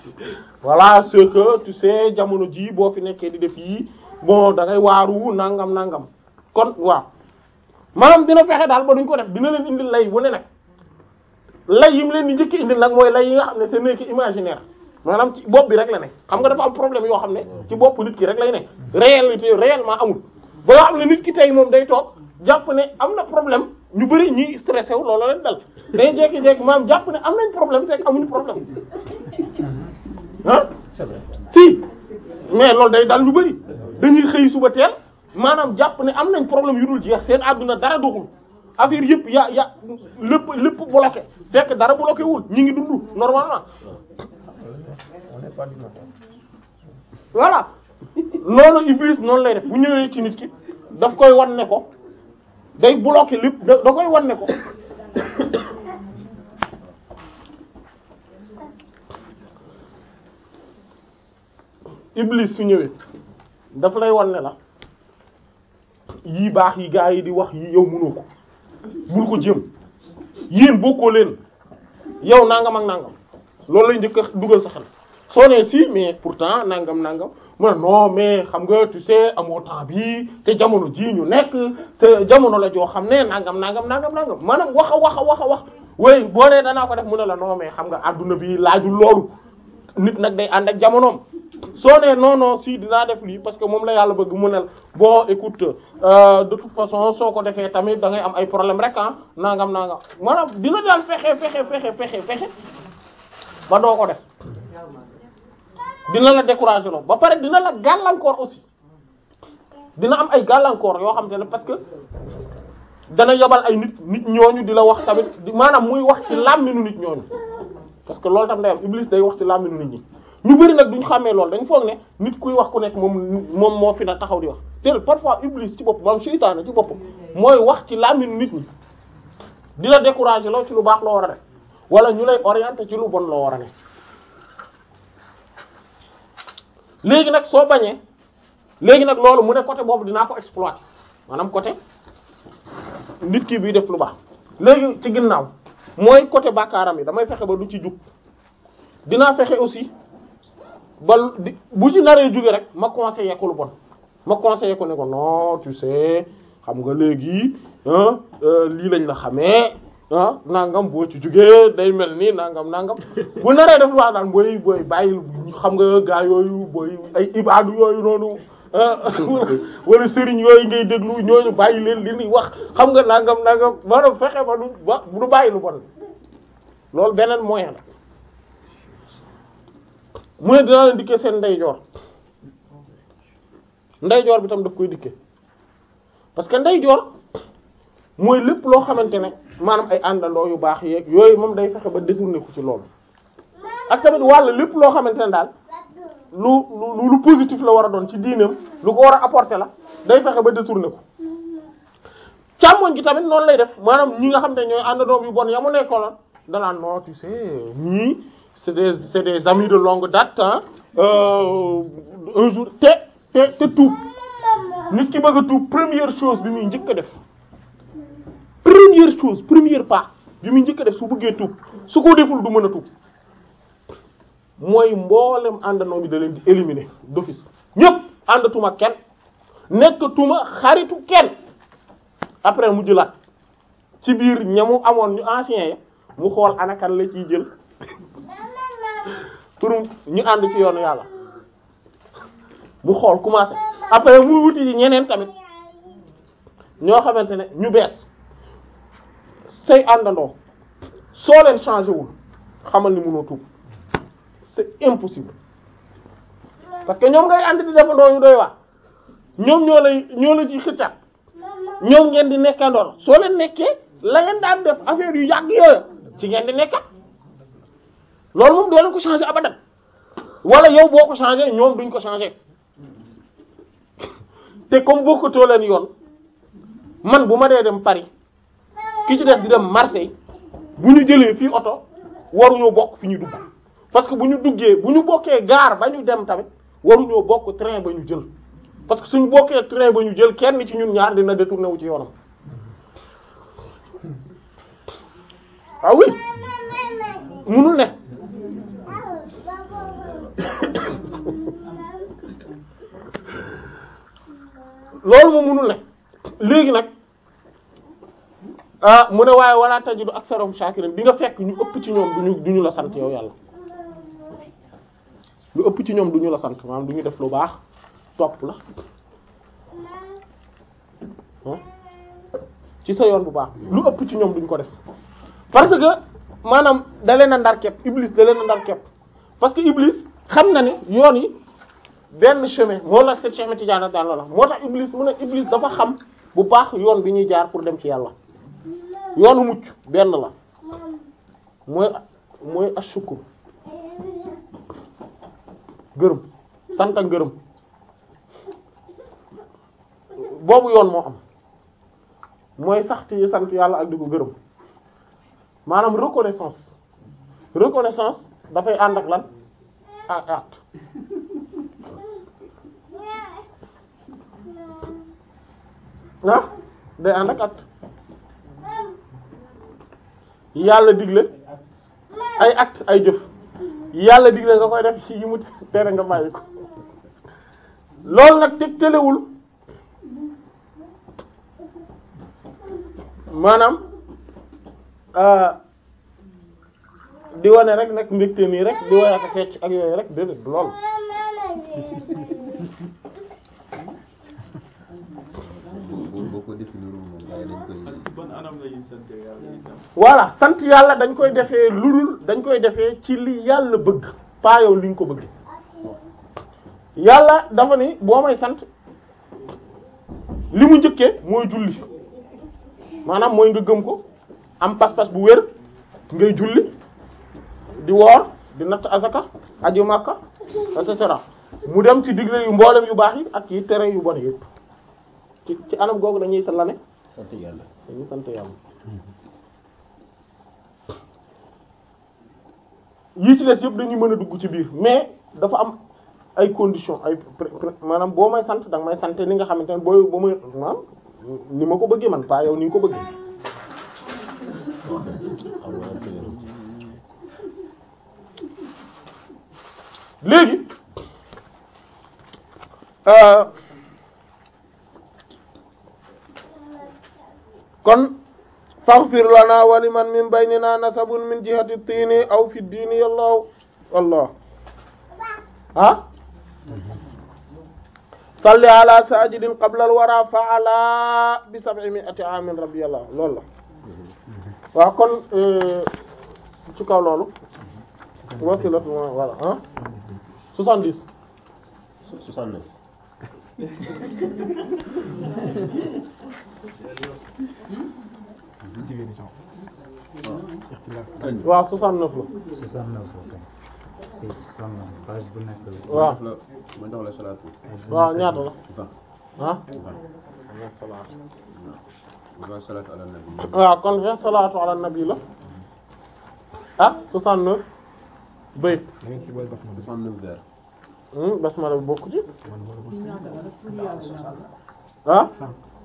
voilà c'est que tu jamono jii boo fi nekkee di def yii bon dangay ngay waaru nangam nangam kon waaw maanaam dina fexe daal ba duñ ko def dina leen indil lay wane nag lay yim leen di njëkk indil nag mooy lay yi nga xam ne c'est nekk imaginaire maanaam ci bopp bi rek la xam nga dafa am problème yoo xam ne ci bopp nit ki rek lay nekk réalité réellement amul ba nga nit ki tey moom day toog jàpp ne am na problème ñu bari ñuy stressé wu loolu leen dal day jékki-jékki maam jàpp ne am nañ problème fekk amuñu problème mhm. ah. c'est vrai si mais loolu day dal ñu bari dañuy xëy suba teel maanaam jàpp ne am nañ problème yu dul jeex seen àdduna dara doxul affaire yëpp ya ya lépp lépp bloqué fekk dara bloqué wul ñu ngi dund normalement. voilà loolu Iblis noonu lay def bu ñëwee ci nit ki daf koy wan ne ko. day bloquer lépp da koy wan ne ko iblis su ñëwee dafa lay wan ne la yii baax yi gaa yi di wax yi yow mënoo ko bul ko jëm yéen bokkoo leen yow nangam ak nangam loolu lay njëkk dugal sa xel soo nee si mais pourtant nangam nangam mu ne non mais xam nga tu sais amoo temps bii te jamono jii ñu nekk te jamono la joo xam ne nangam nangam nangam nangam maanaam wax a wax a wax a boo nee danaa ko def mu ne la non mais xam nga adduna bi laajul loolu nit nag day ànd ak jamonoom. soo nee non non dinaa def lii parce que moom la yàlla bëgg mu ne bon écoute euh, de toute façon soo ko defee tamit da ngay am ay problème rek ah nangam nangam maanaam dina daal fexe fexe fexe fexe fexe ba ko def. dina la décourager loo ba pare dina la gàllankoor aussi dina am ay gàllankoor yoo xam te ne parce que dana yobal ay nit nit ñooñu di la wax tamit maanaam muy wax ci làmminu nit ñooñu parce que loolu tam day am iblis day wax ci làmminu nit ñi ñu bëri nag ñu xàmmee loolu dañ foog ne nit kuy wax ku nekk moom moom moo fi na taxaw di wax te parfois iblis ci bopp moom seytaane ci bopp mooy wax ci làmminu nit ñi di la décourager loo ci lu baax loo a def wala ñu lay orienter ci lu bon loo war a def léegi nag soo bañee léegi nag loolu mu ne côté boobu dinaa ko exploiter maanaam côté nit kii bii def lu baax léegi ci ginnaaw mooy côté bàkkaaram yi damay fexe ba du ci jug dinaa fexe aussi ba bu ci naree jóge rek ma conseiller ko lu bon ma conseiller ko ne ko non xam nga léegi euh, lii lañ la xamee ah nangam boo ci jugee day mel nii nangam nangam bu naree def lu baax daal booy booy bàyyi xam nga gaa yooyu booy ay ibaadu yooyu noonu ah, wala sëriñ yooyu ngay déglu ñooñu bàyyi leen li ñuy wax xam nga nangam nangam maanaam fexe ba du ba du loolu beneen moyen la mu ne dinaa dikkee seen ndeyjoor ndeyjoor bi tam daf koy dikkee parce que ndeyjoor mooy lépp loo xamante ne. maanaam ay àndandoo yu baax yeeg yooyu moom day fexe ba détourné ku ci loolu ak tamit wàll lépp loo xamante ne daal lu lu lu positif la war a doon ci diinam lu ko war a apporter la day fexe ba détourné ko càmmoñ gi tamit noonu lay def maanaam ñi nga xam ne ñooy àndandoo yu bon yamu nekkoloon danaa non tu sais ñii c'est des c'est des amis de longue date hein euh, un jour te te te tuub nit ki bëgg a tuub première chose bi muy njëkk a def première chose première pas bi mu njëkk a def su bëggee tuub su ko deful du mën a tuub mooy mboolem àndandoo bi da leen di éliminer d'office ñëpp àndatuma kenn nekkatuma xaritu kenn après mu jëlaat ci biir ñamu amoon ñu ancien ya mu xool anakan la ciy jël pour ñu ànd ci yoonu yàlla mu xool commencé après mu wuti ñeneen tamit ñoo xamante ne ñu bees say àndandoo soo leen changé wul xamal ni mënoo tuub c'est impossible parce que ñoom ngay ànd di defandoo yu doy waar ñoom ñoo lay ñoo la ciy xëccaat ñoom ngeen di nekkandoor soo leen nekkee la ngeen daan def affaire yu yàgg yooyu ci ngeen di nekkat loolu moom doo ko changé abadan wala yow boo ko changé ñoom duñ ko changé te comme bokkutoo leen yoon man bu ma dee dem pari ki ci def di dem Marseille bu ñu jëlee fii oto waruñoo bokk fi ñu dugg parce que bu ñu duggee bu ñu bokkee gaar ba ñu dem tamit waruñoo bokk train ba ñu jël parce que suñu bokkee train ba ñu jël kenn ci ñun ñaar dina détourné ci yoonam ah oui munul ne loolu moom munul ne léegi nag ah mu ne waaye wala tajidu aktharahum shakirin di nga fekk ñu ëpp ci ñoom duñu ñu la sant yow yàlla lu ëpp ci ñoom duñu la sant maanaam duñu def lu baax topp la ci sa yoon bu baax lu ëpp ci ñoom duñ ko def parce que maanaam dalee na a ndar kepp iblis da leen a ndar parce que iblis xam na ne yoon yi benn chemin moo la set chemin ci jaana daan loola moo tax iblis mu ne iblis dafa xam bu baax yoon bi ñuy jaar pour dem ci yàlla yoonu mucc benn la mooy mooy ashukur gërëm sant ak gërëm boobu yoon moo am mooy sax sant yàlla ak di gërëm maanaam reconnaissance reconnaissance dafay ànd ak lan ak at ah day ànd ak at yàlla digle ay acte ay jëf yàlla digle nga koy def yi mu tere nga bàyyi ko loolu nag te telewul maanaam euh, di wane rek nag mbégte nii rek di woy ak fecc ak yooyu rek déedéet lool voilà sant yàlla dañ koy defee lu dul dañ koy defee ci li yàlla bëgg pas yow li ñu ko bëgg yàlla dafa ni boo may sant li mu njëkkee mooy julli maanaam mooy nga gëm ko am pas-pas bu wér ngay julli di woor di natt azaka aju makka et cetera mu dem ci digle yu mboolem yu baax yi ak yi tere yu bon yëpp ci ci anam googu dañuy sa lane sant yàlla dañuy sant yàlla yii ci yëpp dañuy mën a dugg ci biir mais dafa am ay conditions ay maanaam boo may sant danga may sant ni nga xamante ne boo boo may maanaam ni ma ko bëggee man paa yow ni ko bëggee. léegi euh, kon. faghfir lana wa liman min baynina nasabun min jihati tiini aw fi diini yàlla wallah ah salli ala sajidin qabla al wara faala bi sab'i mi'ati amin rabbi yàlla loolu la waaw kon e, ci kaw loolu wasilatu voilà ah soixante-dix soixante-neuf jigéen ñi sax. Ah, waaw 69 la. 69 la si 69 page bu nekk. waaw ma jox la salaatu. waaw ñaata la. ah. vingt salaatu ala nabi. waaw kon vingt salaatu ala nabi la. ah 69. bayt. 69 vers. basmala bokku ci. ah.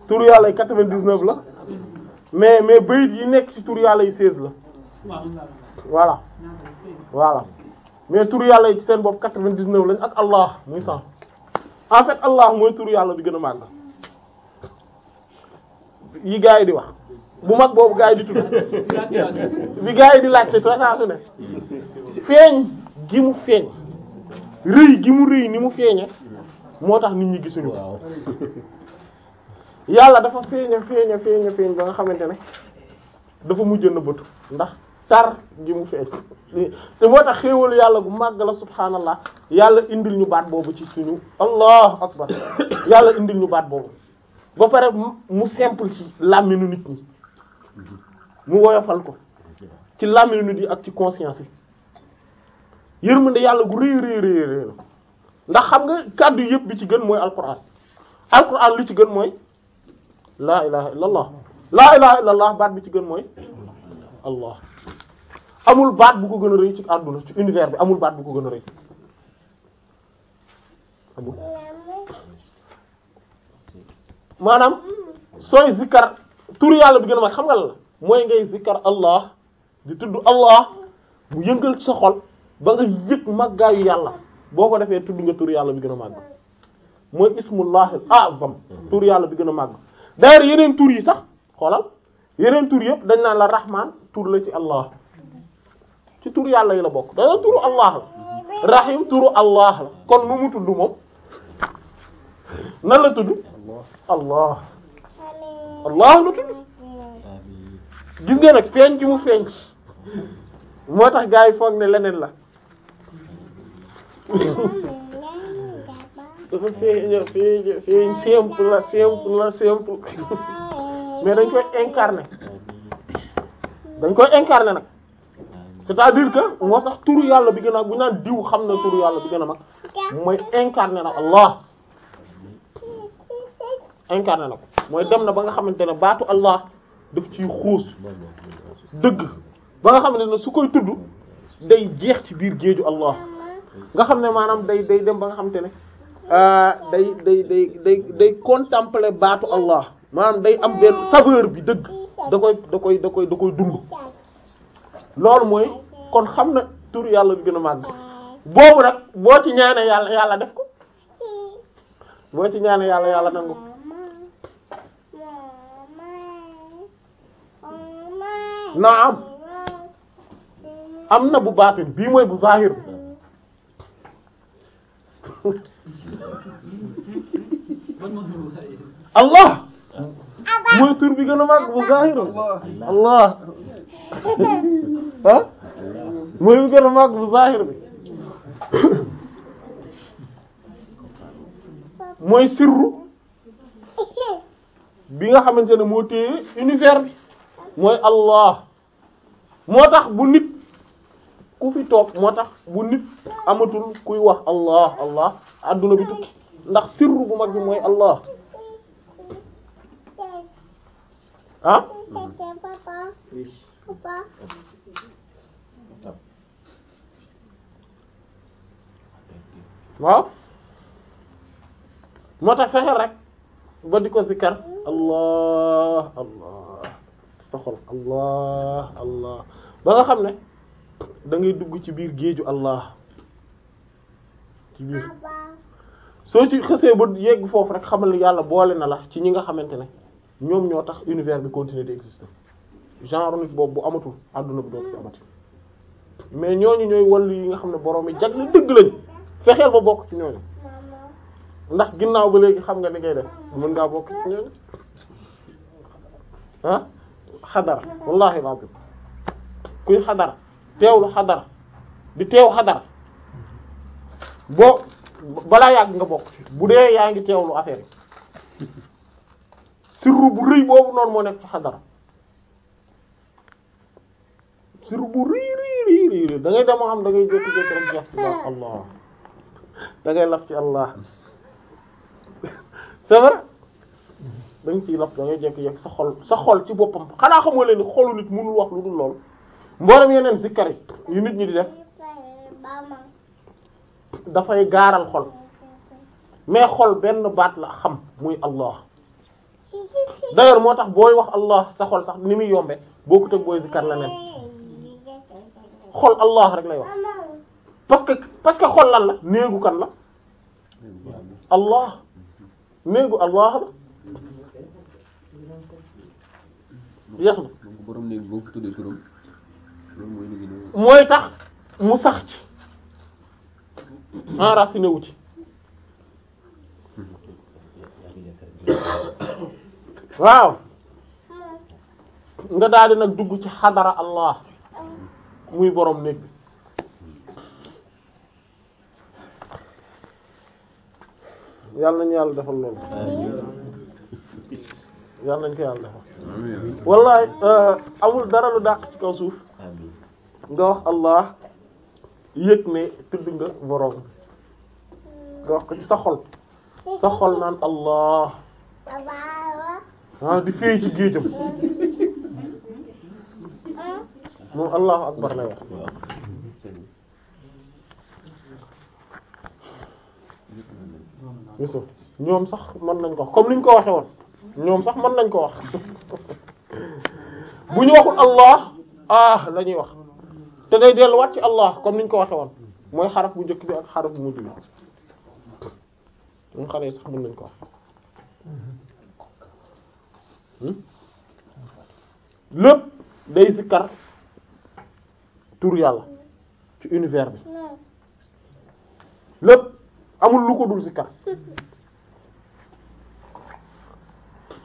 tur yàlla 99 la. mais mais bayit yi nekk ci tur yàlla yi seize la voilà voilà mais tur yàlla yi ci seen bopp quatre-vingt-dix-neuf lañ ak allah muy cent en fait allah mooy tur yàlla bi gën a màgg yi gars yi di wax bu mag boobu gars yi di tudd bi gars yi di laajte saa su ne feeñ gi mu feeñ rëy gi mu rëy ni mu feeñe moo tax nit ñi gisuñu ko yàlla dafa feeña feeña feeña feeñ ba nga xamante ne dafa mujj nëbbatu ndax tar gi mu feeñ te moo tax xéewalu yàlla gu màgg la subhaanallah yàlla indil ñu baat boobu ci suñu allahu akbar yàlla indil ñu baat boobu ba pare mu simple ci làmminu nit ñi mu woyofal ko ci làmminu nit yi ak ci conscience yi ne yàlla gu rëy rëy rëy rëy ndax xam nga kàddu yëpp bi ci gën mooy alquran alquran lu ci gën mooy laa ilaha illa allah laa ilaha baat bi ci gën mooy allah amul baat bu ko gën a rëy ci àdduna ci univers bi amul baat bu ko gën a rëy amul maanaam sooy zikkar tur yàlla bi gën a mag xam nga la mooy ngay zikkar allah di tudd allah mu yëngal ci sa xol ba nga yëg màggaayu yàlla boo ko defee tudd nga tur yàlla bi gën a màgg mooy ismullahil azam tur yàlla bi gën a màgg d'ailleurs yeneen tur yi sax xoolal yeneen tur yëpp dañ naan la rahman tur la ci allah ci tur yàlla yi la bokk dana turu allah la rahim turu allah la kon nu mu tudd moom nan la tudd allah allah la tudd gis nga nag feeñ ci mu feeñ moo tax gaa yi foog ne leneen la dafa feeñ feeñ feeñ simple la simple la simple mais dañ koy incarner dañ koy incarner nag c'est-à-dire que moo tax turu yàlla bi gën a bu naan diw xam na turu yàlla bi gën a mag mooy incarner na Allah incarner na mooy dem na ba nga xamante ne baatu Allah daf ciy xuus dëgg ba nga xamante ne su koy tudd day jeex ci biir géeju Allah nga xam ne maanaam day day dem ba nga xamante ne Euh, day day day day day contempler baatu Allah maanaam day am benn saveur bi dëgg da koy da koy da koy dund loolu mooy kon xam na tur yàlla bi gën a màgg boobu nag boo ci ñaane yàlla yàlla def ko boo ci ñaane yàlla yàlla nangu naam am na bu baatin bii mooy bu zahir allah mooy tur bi gën a mag bu zahiru mooy bi bi mooy sirru bi nga xamante ne moo téye univers bi mooy allah moo tax bu nit ku fi toog moo tax bu nit amatul kuy wax allah allah adduna bi tukki ndax sirru bu mag bi mooy allah ah waaw moo tax fexeel rek ba di zikkar allah allah ba nga xam ne da ngay dugg ci biir géeju Allah ci biir soo ci xësee ba yegg foofu rek xamal yàlla boole na la ci ñi nga xamante ne ñoom ñoo tax univers bi continuer d'exister genre nit boobu bu amatul àdduna bi dootul amati mais ñooñu ñooy wàllu yi nga xam ne borom jag jagle dëgg lañ fexeel ba bokk ci ñooñu ndax ginnaaw ba léegi xam nga ni ngay def mën ngaa bokk ci ñooñu ah xadara wallahi lazim kuy xadara teewlu xadara di teew xadara boo balaa yàgg nga bokk bu dee yaa ngi teewlu affaire yi sirru bu rëy boobu noonu moo nekk ci xadara sirru bu rëy rëy rëy rëy da ngay dem xam da ngay jékki-jékki rek jeex ci Allah da ngay laf ci Allah c'est vrai da nga ciy sa xol sa xol ci boppam xanaa xamoo leen ni xolu nit mënul wax lu dul lool. mboolem yeneen sikkar yu nit ñi di def dafay gaaral xol mais xol benn baat la xam muy allah d'ailleurs moo tax booy wax allah sa xol sax ni muy yombe bokkut ak booy sikkar la nen xol allah rek la wax parce que xol lan la néegu kan la allah néegu allah la jeex na mooy tax mu sax ci enraciné wu ci waaw nga daal di nag dugg ci xadara allah muy borom nekk yàlla nañu yàlla defal loolu yàlla nañu ko yàlla defal wallaay euh, amul dara lu dàq ci kaw suuf nga wax allah yëg ne tudd nga boroom nga wax ko ci saxol naan allah ah di fey ci géejam moom allahu akbar lay wax ñoom sax mën nañ ko wax comme niñ ko waxe woon ñoom sax mën nañ ko wax bu ñu waxul allah ah la ñuy wax te day delluwaat ci allah comme niñ ko waxe woon mooy xaraf bu jëkk bi ak xaraf bu mujj bi ñun xale sax mën nañ ko wax hmm? lépp day sikkar tur yàlla ci univers bi lépp amul lu ko dul sikkar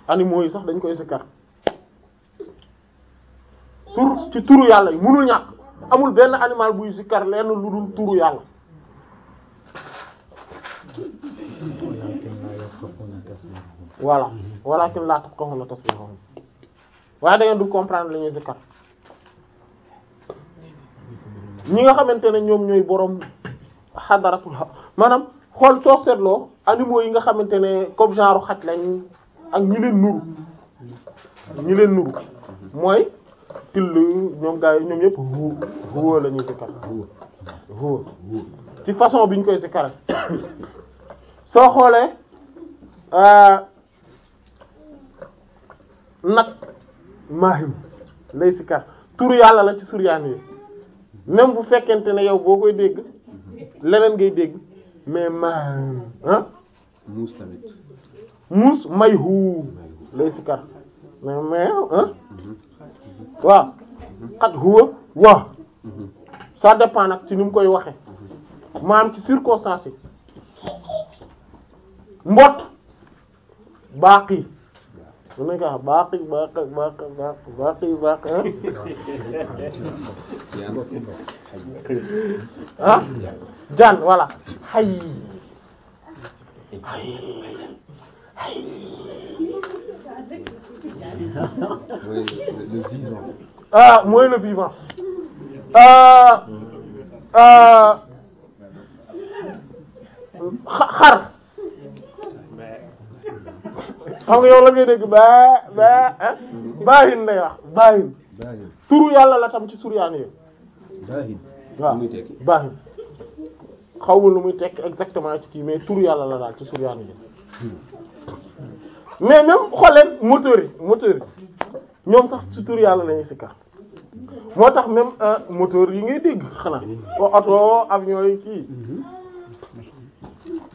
animaux yi sax dañ koy sikkar tur ci turu yàlla yi mënul ñàkk amul benn animal buy sikkar lenn lu dul turu yàlla voilà walakin laa tafqahuna tasbihahum waaye da ngeen du comprendre la ñuy sikkar ñi nga xamante ne ñoom ñooy borom xadaratul maanaam xool soo seetloo animaux yi nga xamante ne comme genre xaj lañ ak ñi leen nuru ñi leen nuru mooy till ñoom gaa yi ñoom yëpp hu huwa la ñuy sikkar huwa ci façon bi ñu koy sikkar soo xoolee euh, nag maahim lay sikkar tur yàlla la ci suryaan yi même bu fekkente ne yow boo koy dégg leneen ngay dégg mais maahim muus may huu lay sikkar mais mais ah waaw xat huwa waaw mhm. ça dépend nag ci ni koy waxe mhm. maanaam ci circonstance yi mbott baaqi mun nañ ko wax baaqi baaqi baaqi baaqi baaqi ah jaan voilà Ah, mooy la vivant. ah ah xar. xam yow la ngay dégg ba ba ah. baahin lay wax baahin. turu yàlla la tam ci suryaani yi. baahin. waaw baahin. xaw ma lu muy tekk exactement ci kii mais turu yàlla la daal ci suryaani yi. Hmm. mais même xooleen moteur yi moteur yi ñoom sax ci tur yàlla lañuy sikkar moo tax même ah, moteur yi ngay dégg xanaa oto avion yi kii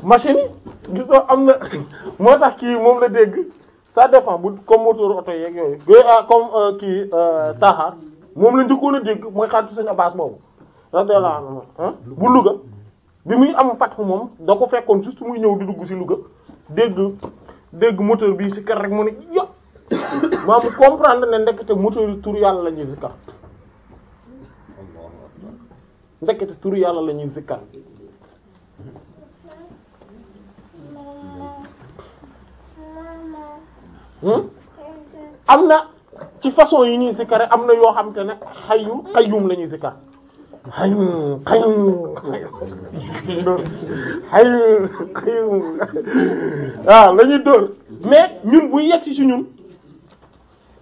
machine gis nga am na moo tax kii moom la dégg ça dépend bu comme moteur oto yeeg yooyu ah, comme euh, kii euh, taaxaar moom la njëkkoon a dégg mooy xaatu seen abbas boobu radiyallahu anhu bu Louga bi muy am fat moom da ko fekkoon juste muy ñëw di dugg si Louga dégg dégg moteur bi si kar rek mu ne yo maam comprendre ne ndekete moteur yi yàlla la ñuy zikkar ndekete tur yàlla la ñuy zikkar hmm? am na ci façon yi ñuy zikkare am na yoo xam te ne xayu xayum lañuy ñuy xayma xayma xayma dóor xayma xayma waaw la ñuy dóor ñun buy yegg si ñun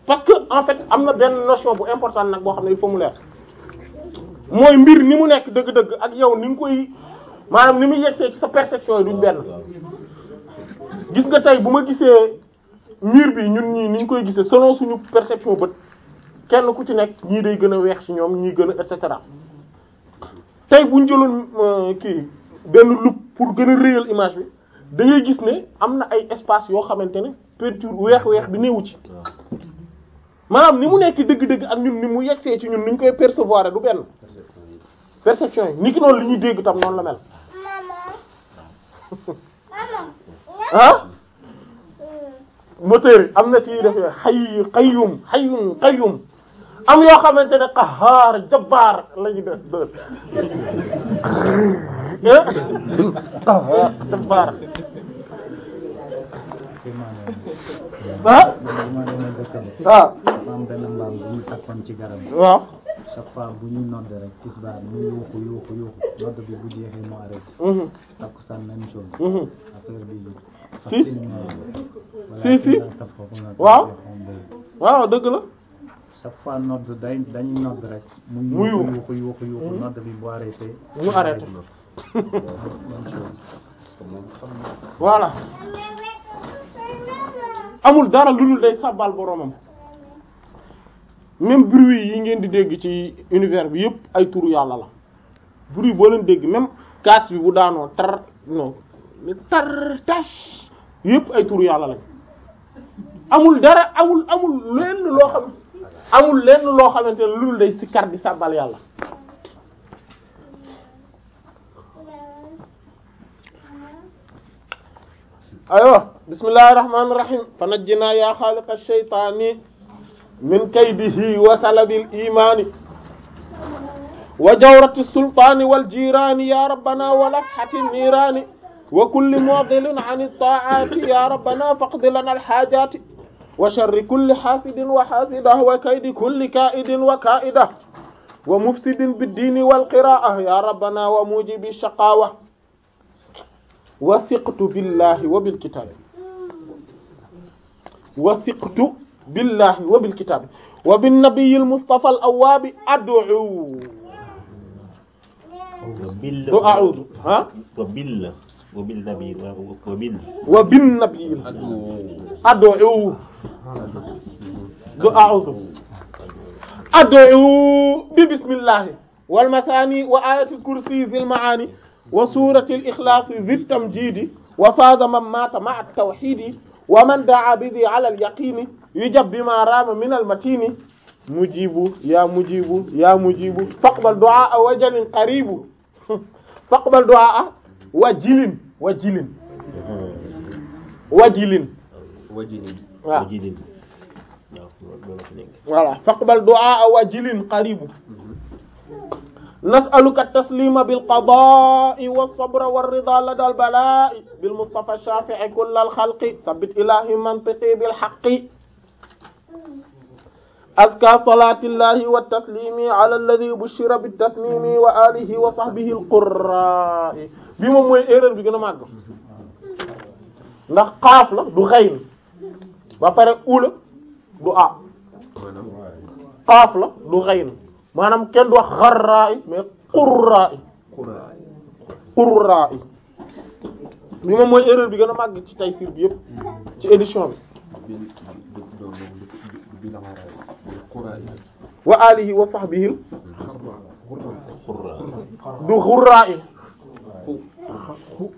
parce que en fait am na benn notion bu important nag boo xam ne il faut mu leer mooy mbir ni mu nekk dëgg-dëgg ak yow ni nga koy maanaam ni muy yegsee ci sa perception yi duñ benn gis nga tey bu ma gisee mur bi ñun ñii ni ñu koy gisee solo suñu perception bët kenn ku ci nekk ñii day gën a weex ci ñoom ñuy gën a et cetera tey bu ñu jëloon euh, kii benn loupe pour gën a réyal image bi da gis ne am na ay espace yoo xamante ne perture weex-weex bi néewu ci maanaam ni mu nekk dëgg-dëgg ak ñun ni mu yegsee ci ñun ni ñu koy percevoir du benn perception yi ni ki noonu li ñuy dégg tam noonu la mel ah moteur am na ci def xay xay xayum xayum xayum am yoo xamante ne qahaar jabbaar la ñu def doon qahaar jabbaar ah, ah. waaw bu ñu takkoon ci garab waaw bu ñu nodd rek tisbaar mu yuuxu yuuxu yuuxu nodd bi bu jeexee mu arrêté mhm. takkusaan même chose mhm. affaire bi si si si waaw waaw dëgg la chaque fois nodd day dañuy nodd rek. muy yuuxu yuuxu yuuxu hmm? nodd bi bu arrêté. ñu arrêté voilà amul dara lu dul day sàbbal boromam même bruit yi ngeen di dégg ci univers bi yépp ay turu yàlla la bruit boo leen dégg même kaas bi bu daanoo tar non tar yépp ay turu yàlla lañ amul dara amul amul lenn loo xam. amul lenn loo xamante ne lu day sikkar di sàbbal yàlla aywa bismillahir rahmanir rahim fanajjina ya khaliqa ash-shaytani min kaydihi wa salabil imani wa jawrati sultani wal jirani ya rabbana wa lafhati nirani wa kulli mu'dilin 'ani at-ta'ati ya rabbana faqdi lana al-hajati wa sharri kulli hasidin wa hasida wa kaydi kulli kaidin wa kaida wa mufsidin biddiini wal qira'a ya rabbana wa mujibi shaqawa wasiqtu billahi wa bil kitabi wasiqtu billahi wa bil kitabi wa bin nabiyil mustafa al awwabi ad'u wa billah wa a'udhu ha wa billah wabilnabil wabilnabil addo e wu do a'udhu addo e wu bi bismillahi wal masani wa ayatul kursi zil maani wa suratil ikhlasi zit tamjidi wa faza man mata ma'a tawhidi wa man da'a bihi ala al yaqini yujab bima rama min al matini mujibu ya mujibu ya mujibu faqbal du'a wajalin qaribu faqbal du'a wajilin wajilin wajilin wajilin waaw voilà faqbal du'a wajilin qaribu mm-hmm. nasaluka taslima bil qada'i was sabra war rida lada al bala'i bil mustafa shafi'i kull al khalqi thabbit ilahi mantiqi bil haqqi azka salatillahi wa taslimi ala alladhi bushira bit taslimi wa alihi wa sahbihi al qurra'i bii moom mooy erreur bi gën a màgg ndax xaaf la du xay ba pare u la du a xaaf la du xay maanaam kenn du wax xarraa i mais xurraa i xurraa bi moom mooy erreur bi gën a màgg ci Tayssîr bi ci édition bi wa alihi wa sahbihi du xurraa i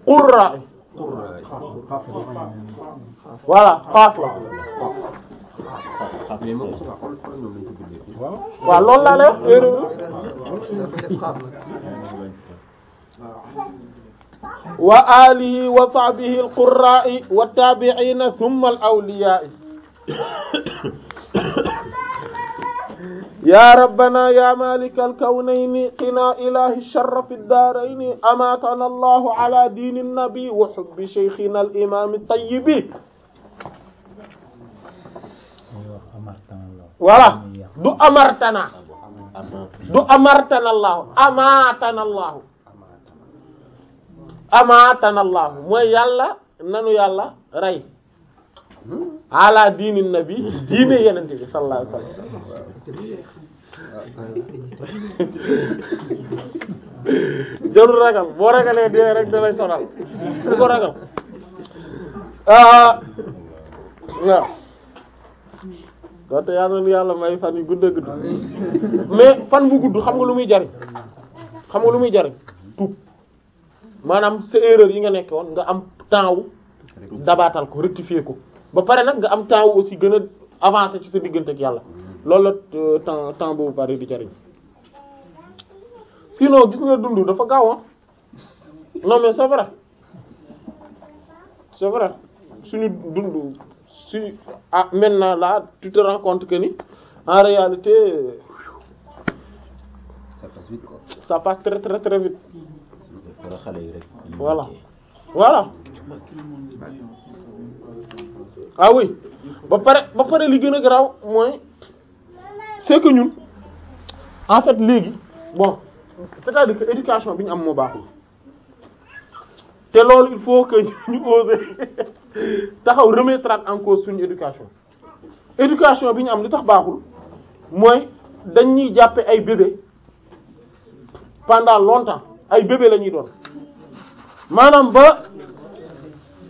qurra voilà xaaf la waaw loolu laa lay wax wa alihi wa sahbihi al qurra'i wa tabi'ina thumma al awliya'i يا ربنا يا مالك الكونين قنا إله الشر في الدارين أماتنا الله على دين النبي وحب شيخنا الإمام الطيب voilà du amartana du amartana allah amatana allah amatana allah mooy yàlla nanu yàlla rey ala diini nabi diine yenente bi sallallahu alayhi wasallam jarul ragal boo ragalee dee rek dalay sonal bu ko ragal ah. waaw doonte yàlla yàlla may fan yu gudd gudd mais fan bu gudd xam nga lu muy jariñ xam nga lu muy jariñ tuub maanaam sa erreur yi nga nekk woon nga am temps dabaatal ko rectifier ko ba pare nag nga am temps wu aussi gën a avancé ci sa diggante ak yàlla loolu la euh, temps temps boobu bari di jariñ sinon gis nga dund dafa gaaw non mais c'est vrai c'est vrai suñu dund si ah maintenant la tu te rends ni en réalité ça passe vite quoi ça passe très très ah oui ba pare ba pare li gën a garaaw c'est que ñun en léegi bon c'est-à-dire que bi ñu am moo baaxul te loolu il faut que ñu oser taxaw remettre en cause suñu éducation éducation bi ñu am li tax baaxul mooy dañ ñuy jàppe ay bébé pendant longtemps ay bébé la ñuy doon maanaam ba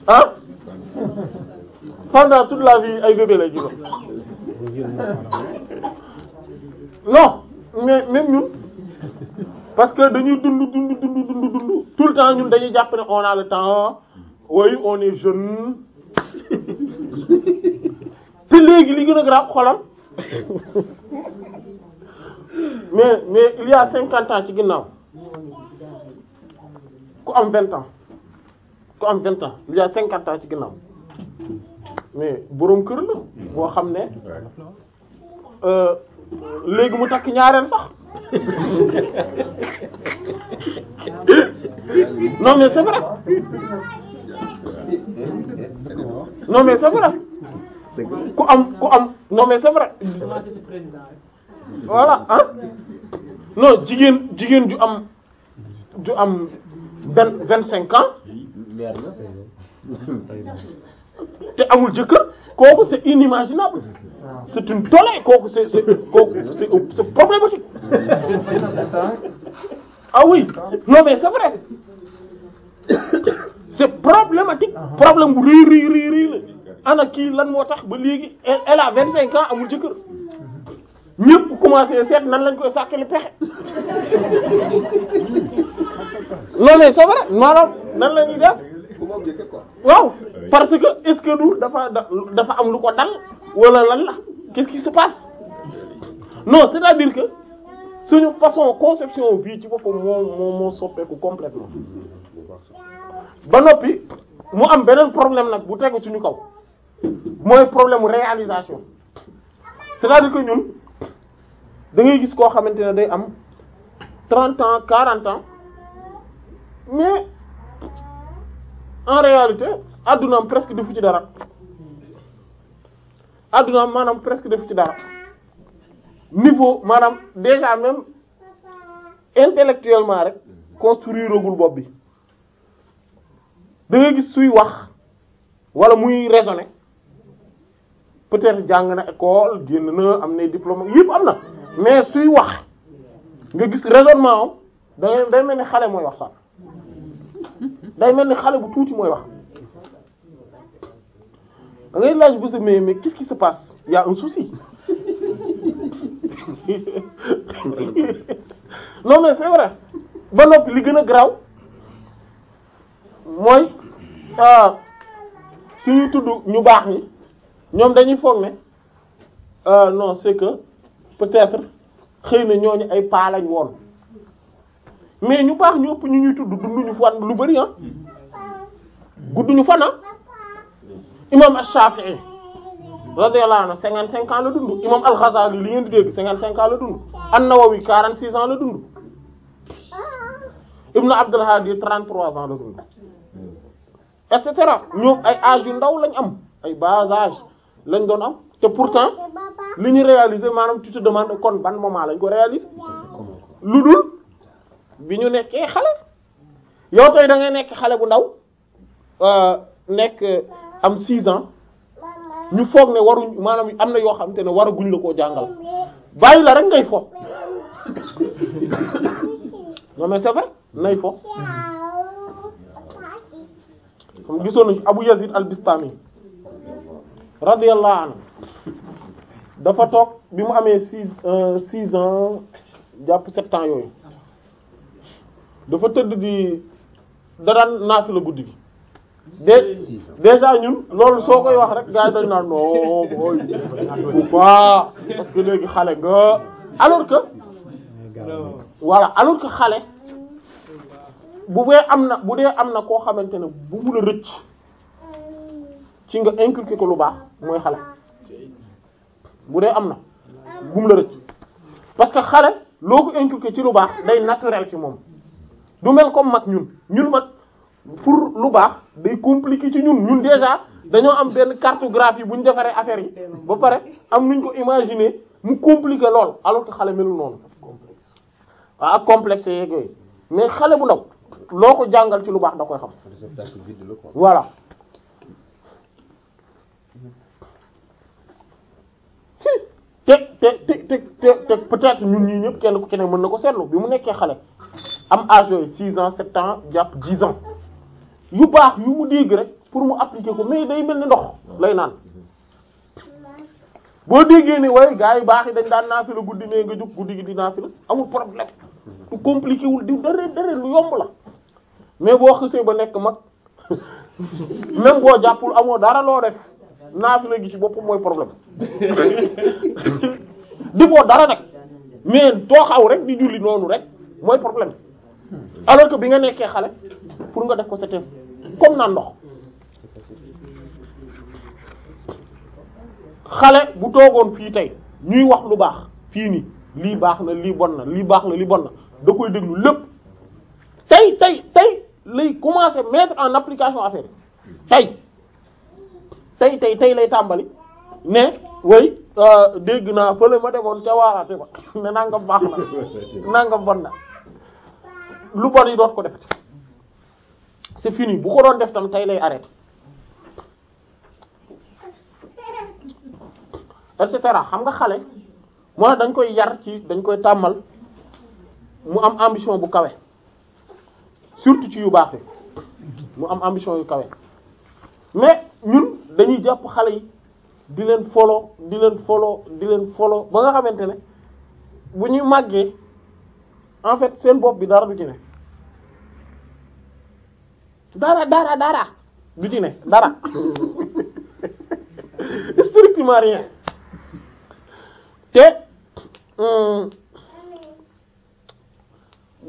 ah pendant toute la vie ay bébé la ñuy doon non mais même ñun parce que dañuy dund dund dund tout le temps ñun dañuy jàpp ne on a le temps oui on jeune te léegi li gën a xolal mais mais il y a cinquante ans ci ginnaaw ku am vingt ans ku am vingt ans il y a cinquante ans ci ginnaaw mais boroom kër la boo xam ne. Euh, léegi mu takk ñaareel sax non mais c'est vrai non am ku am non mais c'est vrai non jigéen jigéen ju am ju am vingt vingt cinq ans te amul jëkkër kooku c'est inimaginable c'est une tollé kooku c'est c'est kooku c'est c'est problématique ah oui non mais c'est vrai c'est bu rëy ana kii lan moo tax ba léegi elle a vingt cinq ans amul jëkkër ñëpp commencé seet nan lañ koy sàkkali pexe non mais c'est nan la ñuy def moom njëkk waaw parce que est-ce que du dafa dafa am lu ko dal wala lan la qu'est-ce qui se passe non c'est-à-dire que suñu façon conception vie ci boppa moo moo soppeeku complètement ba noppi mu am beneen problème nag bu tegu ñu kaw mooy problème réalisation c'est-à-dire que ñun da gis koo xamante ne day am trente ans quarante ans mais. en réalité addunaam presque defu ci dara addunaam maanaam presque def ci dara niveau maanaam déjà même intellectuellement rek construire bopp bi da ngay gis suy wax wala muy raisonner peut-être jàng na école génn na am na diplôme yëpp am na mais suy wax nga gis raisonnement am da ngay day mel ni xale mooy wax sax day mel ni xale bu tuuti mooy wax da ngay laaj bés mais mais qu'est-ce qui se passe y un souci non mais c'est ba noppi li gën a garaaw mooy ah su ñuy tudd ñu baax ni ñoom dañuy foog ne ah, non c'est que peut-être xëy na ñooñu ay paa lañ woon mais ñu baax ñu ëpp ñu ñuy tudd dunduñu fan lu bari ah. gudduñu fan ah imam Ash-Shafi'i radiyallahu anhu cinquante cinq la dund imam Al-Ghazali li ngeen di dégg cinquante cinq ans la dund An-Nawawi quarante six ans la dund Ibn Abdul Hadi trente trois ans la dund et cetera ñoom ay âge yu ndaw lañ am ay bas âge lañ doon am te pourtant li ñu réaliser maanaam tu te demandes kon ban moment lañ ko réaliser lu dul bi ñu nekkee xale yow tey da ngay nekk xale bu ndaw euh, nekk euh, am 6 ans ñu foog ne waruñ maanaam am na yoo xam te ne waraguñ la koo jàngal bàyyi la rek ngay fo non mais c'est nay fo comme gisoon nañu Abu Yazid al-Bistami radiyallahu anhu dafa toog bi mu amee six euh, six ans jàpp sept yooyu dafa tëdd bi da daan naafi la guddi gi de déjà ñun loolu soo koy wax rek gars yi dañ naan non oh, oh, oh, parce que léegi xale nga alors que voilà alors que xale bu dee am na bu dee am na koo xamante ne bu mu la rëcc ci nga inculquer ko lu baax mooy xale bu dee am na bu la rëcc parce que xale loo ko inculquer ci lu baax day naturel ci moom du mel comme mag ñun ñun mag pour lu baax day compliqué ci ñun ñun déjà dañoo am benn cartographie bu ñu defaree affaire yi ba pare am ñu ko imaginer mu compliqué lool alors xale melul noonu waaw ah, ak complexe mais xale bu ndaw loo ko jàngal ci lu baax da koy xam voilà si te te te te te peut-être ñun ñii ñëpp kenn ku ci mën na ko seetlu bi mu nekkee xale am âge yooyu six ans sept ans jàpp dix ans yu baax yu mu dégg rek pour mu appliquer ko mais day mel ni ndox lay naan boo déggee ne waaye gars yi baax dañ daan naafila guddi mais nga jóg guddi gi di naafila amul problème du compliqué wul di dara dara lu yomb la mais boo xësee ba nekk mag même boo jàppul amoo dara loo def naafila gi ci boppam mooy problème di dara nag mais too xaw rek di julli noonu rek mooy problème alors que bi nga nekkee xale pour nga def ko sa c'était comme naan ndox xale bu toogoon fii tey ñuy wax lu baax fii nii lii baax na lii bon na lii baax na lii bon na da koy déglu lépp tey tey tey lay commencer mettre en application affaire tey tey tey tey lay tàmbali ne way euh, dégg naa fële ma demoon ca waaraate ba ne nangam baax na nangam bon na lu bon yi doot ko defati c'est fini bu ko doon def tam tey lay arrêté et cetera xam nga xale moo dañ koy yar ci dañ koy tàmmal mu am ambition bu kawe surtout ci yu baax bi mu am ambition yu kawe mais ñun dañuy jàpp xale yi di leen folo di leen folo di leen folo ba nga xamante ne bu ñuy màggee en fait seen bopp bi dara du ci ne dara dara du ci ne dara strictement rien te hmm,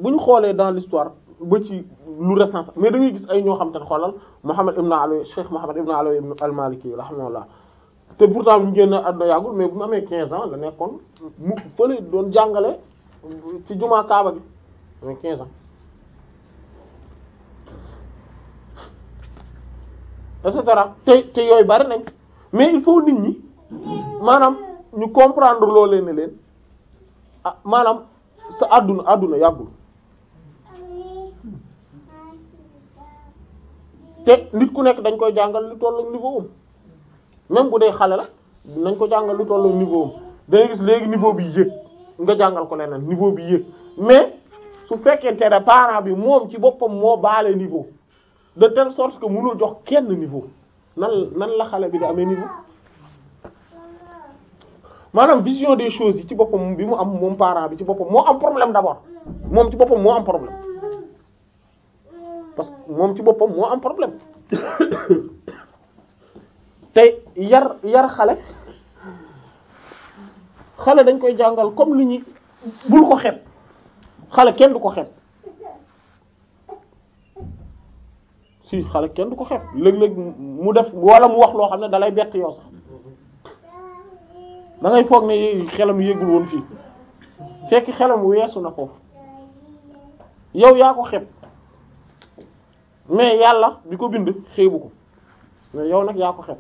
bu ñu xoolee dans l'histoire ba ci lu récent mais da gis ay ñoo xam te ne xoolal Muhammad ibn Alawi Cheikh Muhammad ibn Alawi al-Maliki rahimahullah te pourtant bu ñu génn àdduna yàggul mais bu mu amee 15 ans la nekkoon mu fële doon jàngale ci jumaa Kaaba bi mooy quinze ans et cetera te te yooyu bari nañ mais il faut nit ñi maanaam ñu comprendre loolee ne leen ah maanaam sa àdduna àdduna yàggul te nit ku nekk dañ koy jàngal lu tollu niveau am même bu dee xale la nañ ko jàngal lu tollu niveau am day gis léegi niveau bi yéeg nga jàngal ko leneen niveau bi yéeg mais su fekkente ne parent bi moom ci boppam moo baale niveau de telle sorte que mënul jox kenn niveau nan nan la xale bi di amee niveau maanaam vision de choses yi ci boppam bi mu am moom parent bi ci boppam moo am problème d'abord moom ci boppam moo am problème parce que moom ci boppam moo am problème te yar yar xale xale dañ koy jàngal comme li ñuy bul ko xet xale kenn du ko xet si xale kenn du ko xet léeg-léeg mu def wala mu wax loo xam ne dalay bett yow sax da ngay foog ne xelam yéegul woon fii fekk xelam wu weesu na foofu yow yaa ko xeeb mais yàlla bi ko bind xeebu ko yow nag yaa ko xeeb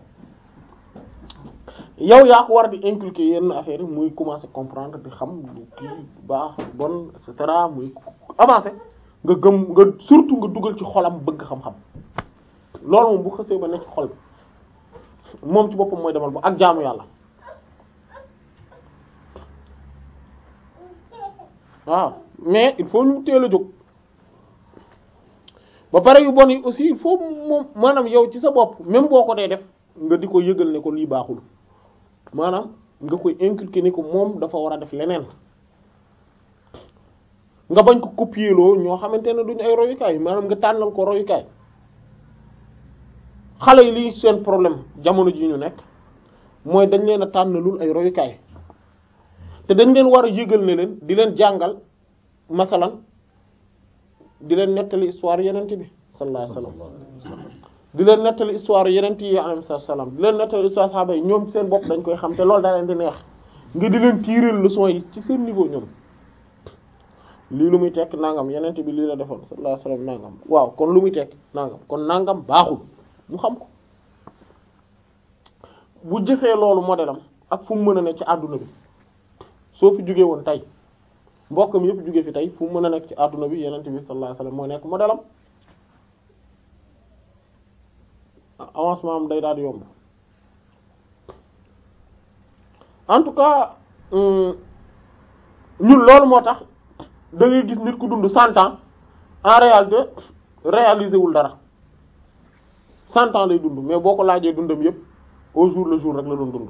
yow yaa ko war di inculquer yenn affaire yi muy commencer comprendre bi xam bu kii baax bon et cetera muy avancer nga gëm nga surtout nga dugal ci xolam bëgg xam-xam loolu moom bu xësee ba nekk xol moom ci boppam mooy demal ba ak jaamu yàlla waaw mais il faut ñu teel a jóg ba pare yu bon aussi il moom maanaam yow ci sa bopp même boo ko dee def nga di ko yëgal ne ko lii baaxul maanaam nga koy inculquer ni ko moom dafa war a def leneen nga bañ ko copier ñoo xamante ne duñ ay royukaay maanaam nga tànnal ko royukaay xale yi lii seen problème jamono ji ñu nekk mooy dañ leen a tànnalul ay royukaay te dañ leen war a yëgal ne leen di leen jàngal masalan di leen nettali histoire yenente bi sallallahu alayhi wasallam di leen nettali histoire yeneen yi alayhi salaam di leen nettali histoire saxaaba yi ñoom seen bopp dañ koy xam te loolu da leen di neex nga di leen tirer leçon yi ci seen niveau ñoom lii lu muy tekk nangam yeneen bi lii la defoon sallallahu alayhi wasallam nangam waaw kon lu muy tekk nangam kon nangam baaxul mu xam ko bu jëfee loolu modèle am ak fu mu mën a nekk ci àdduna bi soo fi jugee woon tey mbokkam yëpp jugee fi tey fu mu mën a nekk ci àdduna bi yeneen bi sallallahu alayhi wasallam moo nekk modèle am avancement am day daal di yomb en tout cas hmm, ñun loolu moo tax da gis nit ku dund cent ans en réalité réalisé wul dara cent ans lay dund mais boo ko laajee dundam yépp au jour le jour rek la doon dund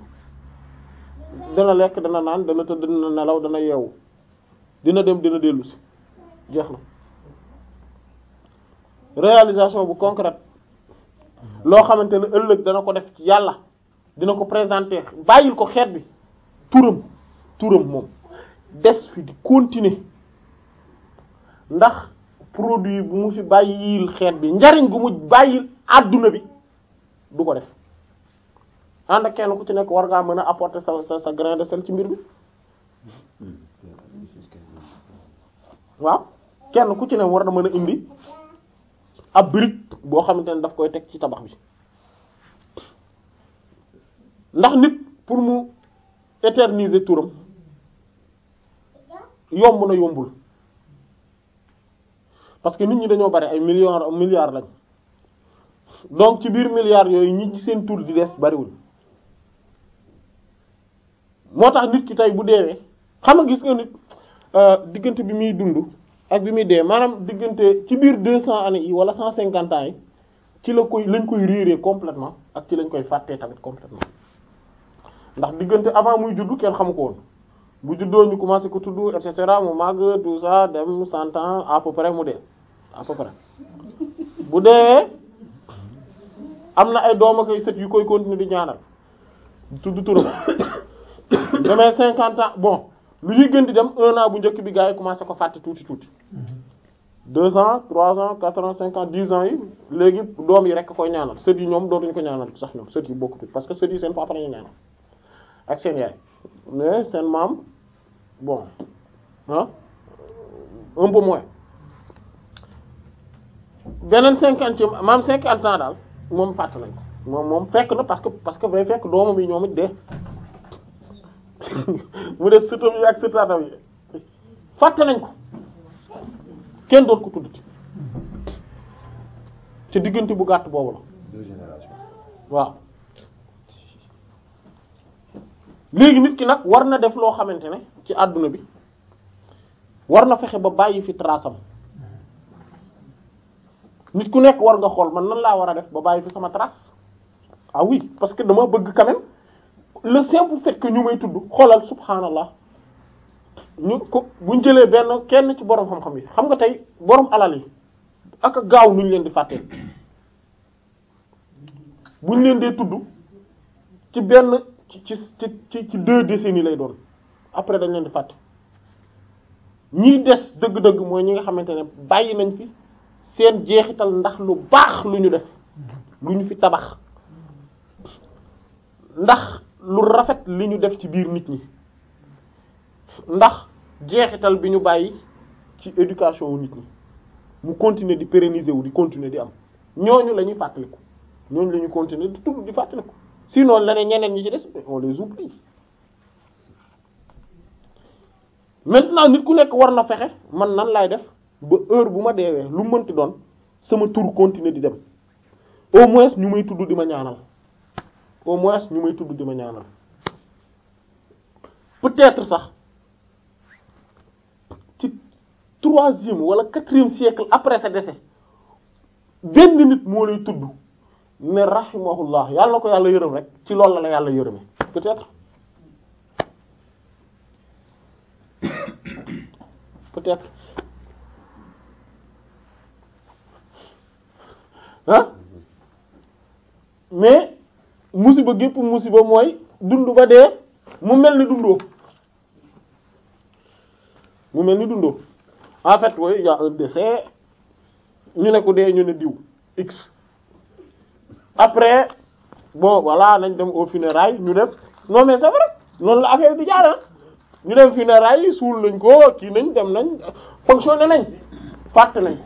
dana lekk dana naan dana tëdd dana nelaw dana yeewu dina dem dina dellu jeex na réalisation bu concrète loo xamante ne ëllëg dana ko def ci yàlla dina ko présenter bàyyil ko xeet bi turam turam moom des fi di continuer ndax produit bu mu fi bàyyil xeet bi njariñ gu mu bàyyil àdduna bi du ko def ànd ak kenn ku ci nekk war ngaa mën a apporter sa sa sa grain de sel ci mbir bi hmm. waaw kenn ku ci ne war na mën a indi ab brique boo xamante ne daf koy teg ci tabax bi ndax nit pour mu éterniser turam yomb na yombul parce que nit ñi dañoo bare ay millions milliards lañ donc ci biir milliards yooyu ñi ci seen tur di des bariwul moo tax nit ki tey bu deewee xam nga gis nga nit euh, diggante bi muy dund. ak bi muy dee maanaam diggante ci biir deux cent années yi wala cent cinquante ans yi ci la koy lañ koy réeree completement ak ci lañ koy fàttee tamit complètement ndax diggante avant muy juddu kenn xamu ko woon bu juddoo ñu commencé ko tudd et cetera mu màgg tout ça dem cent ans à peu près mu dee à peu près bu dee am na ay doom ak yu koy continuer di ñaanal tudd turam demee cinquante ans bon lu ñuy gën di dem un an bu njëkk bi gars yi commencé ko fàtte tuuti tuuti deux ans trois ans quatre ans cinq ans dix ans yi léegi doom yi rek koy ñaanal sët yi ñoom dootuñu ko ñaanal sax ñoom sët yi bokkut parce que sët yi seen papa lañu ñaanal ak seen yaay mais seen maam bon ah un peu moins beneen cinquante maam cinquante ans daal moom fàtte nañ ko moom moom fekk na parce que parce que day fekk doomam yi ñoom it dee mu des sëtam yi ak sëtaatam yi fàtte ko kenn doon ko tudd ci diggante bu gàtt boobu la waaw léegi nit ki nag war na def loo xamante ne ci àdduna bi war na fexe ba bàyyi fi trasam nit ku nekk war nga xool man lan laa war a def ba bàyyi fi sama trace ah oui parce que dama bëgg quand le simple fait que ñu may tudd xoolal subhanallah ñu ko buñ jëlee benn kenn ci borom xam-xam yi xam nga tey boroom alal yi ak gaaw nuñ leen di fàttee buñ leen dee tudd ci benn ci ci ci ci deux décennies lay doon après dañ leen di fàtte ñiy des dëgg-dëgg mooy ñi nga xamante ne bàyyi nañ fi seen jeexital ndax lu baax lu ñu def lu ñu fi tabax ndax lu rafet li ñu def ci biir nit ñi ndax jeexital bi ñu bàyyi ci éducation wu nit ñi mu continuer di pérenniser wu di continuer di am ñooñu la ñuy fàttaliku ñooñu lañuy continuer di tudd di fàttaliku sinon la ne ñeneen ñi ci des on les maintenant nit ku nekk war na fexe man nan laay def ba heure bu ma deewee lu mënti doon sama tur continuer di dem au moins ñu may tudd di ma ñaanal au moins ñu may tudd di ma ñaanal peut-être sax ci troisième wala quatrième siècle après sa décès benn nit moo lay tudd mais rahimahullah yàlla ko yàlla yërëm rek ci loolu la la yàlla yërëme peut-être peut-être ah mais musiba gépp musiba mooy dund ba dee mu mel ni dundoo mu mel ni dundoo en fait oui y un décès ñu ne ko dee ñu ne diw x après bon voilà nañ dem au funérailles ñu def non mais c'est vrai noonu la affaire bi jaara ñu dem funérailles yi suul nañ ko kii nañ dem nañ fonctionné nañ fàtt nañ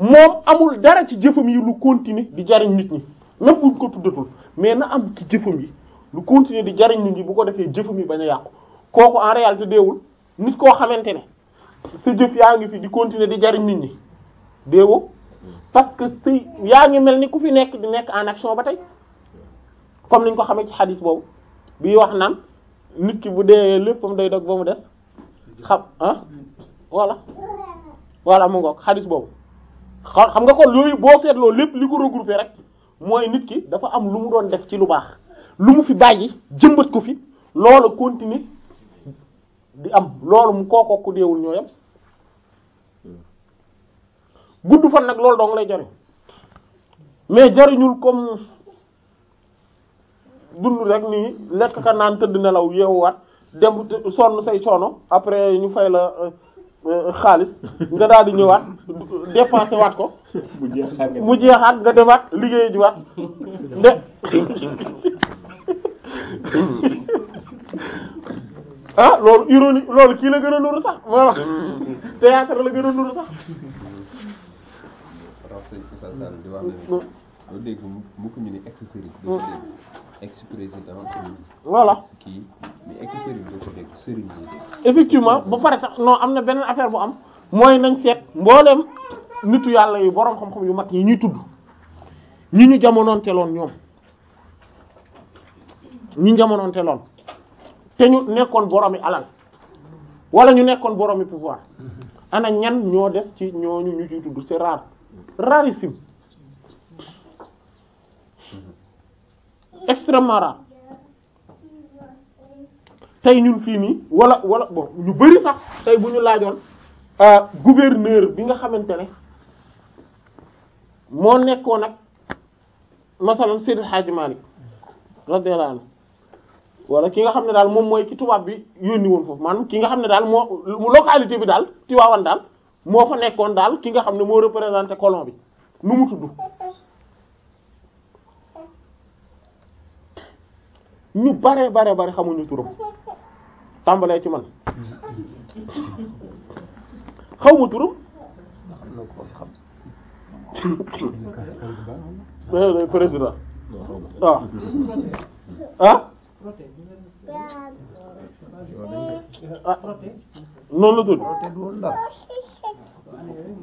moom amul dara ci jëfam yi lu continuer di jariñ nit ñi même buñ ko tuddatul mais na am ci jëfam yi lu continuer di jariñ nit ñi bu ko defee jëfam yi bañ a yàqu kooku en réalité deewul nit koo xamante ne sa jëf yaa ngi fi di continuer di jariñ nit ñi deewoo parce que si yaa ngi mel ni ku fi nekk di nekk en action ba tey comme niñ ko xamee ci xadis boobu bi wax naan nit ki bu dee lépp léppam day dog ba mu des xam ah voilà voilà mu ngoog xadis boobu xam nga kon yooyu boo seetloo lépp li ko regroupé rek mooy nit ki dafa am lu mu doon def ci lu baax lu mu fi bàyyi jëmbat ko fi loolu continuer di am loolu mu kooko ku deewul ñoo yam gudd fan nag loolu dong lay jariñ mais jariñul comme gudd rek nii lekk ka naan tëdd nelaw yeewuwaat dem sonn say coono après ñu fay la euh, Euh, xaalis nga daal di ñëwaat dépensé waat ko. mu jeexaat mu nga demaat liggéey ji waat de. ah loolu ironie loolu kii la gën a nuru sax voilà théâtre la gën a nuru sax. rafet voilà kii mais ex effectivement ba pare sax non am na benn affaire bu am mooy nañ seet mbooleem nitu yàlla yu boroom xam-xam yu mag yi ñuy tudd ñu ñu jamonoonteeloon ñoom ñi ñu jamonoonteeloon te ñu nekkoon boroomi alal wala ñu nekkoon boroomi pouvoir mm-hmm. ana ñan ñoo des ci ñooñu ñu ciy tudd c'est rare rarissime extrêmement rare tey ñun fii nii wala wala bon ñu bari sax tey bu ñu laajoon euh, gouverneur bi nga xamante ne moo nekkoon nag masalan Seydi Hadji Malick radiyallahu anhu wala ki nga xam ne daal moom mooy ki tubaab bi yónni woon foofu maanaam ki nga xam ne daal moo localité bi daal Tivaouane daal moo fa nekkoon daal ki nga xam ne moo représenté colon bi nu mu tudd ñu bare bare bare xamuñu turam tàmbalee ci man xaw ma turam eh, président waaw ah, ah. ah. la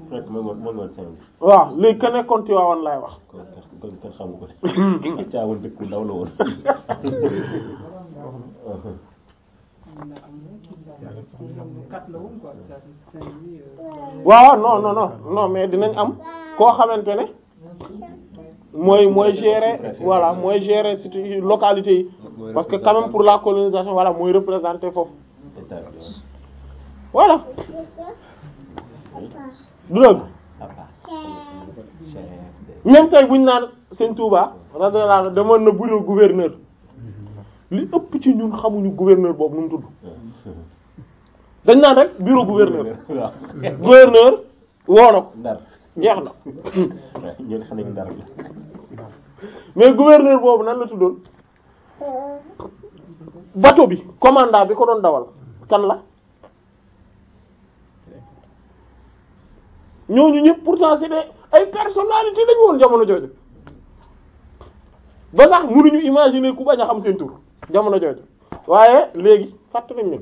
fekk moom moom mooy Saint-Louis. waaw hmm. la woon. waaw non non non non mais dinañ am koo xamante ne mooy mooy gérer voilà mooy gérer surtout localité yi parce que quand même pour la colonisation voilà mooy représenter foofu voilà. du dëgg même tey buñ naan sëñ Touba radiyallahu anhu demoon na bureau gouverneur li ëpp ci ñun xamuñu gouverneur boobu nu mu tudd dañ naan rek bureau gouverneur gouverneur woo na na mais gouverneur boobu nan la tuddoon bateau bi commandant bi ko doon dawal kan la ñooñu ñëpp pourtant c'est des ay personnalité lañu woon jamono jooju ba sax mënuñu imaginer ku bañ a xam seen tur jamono jooju waaye léegi fàtte nañ leen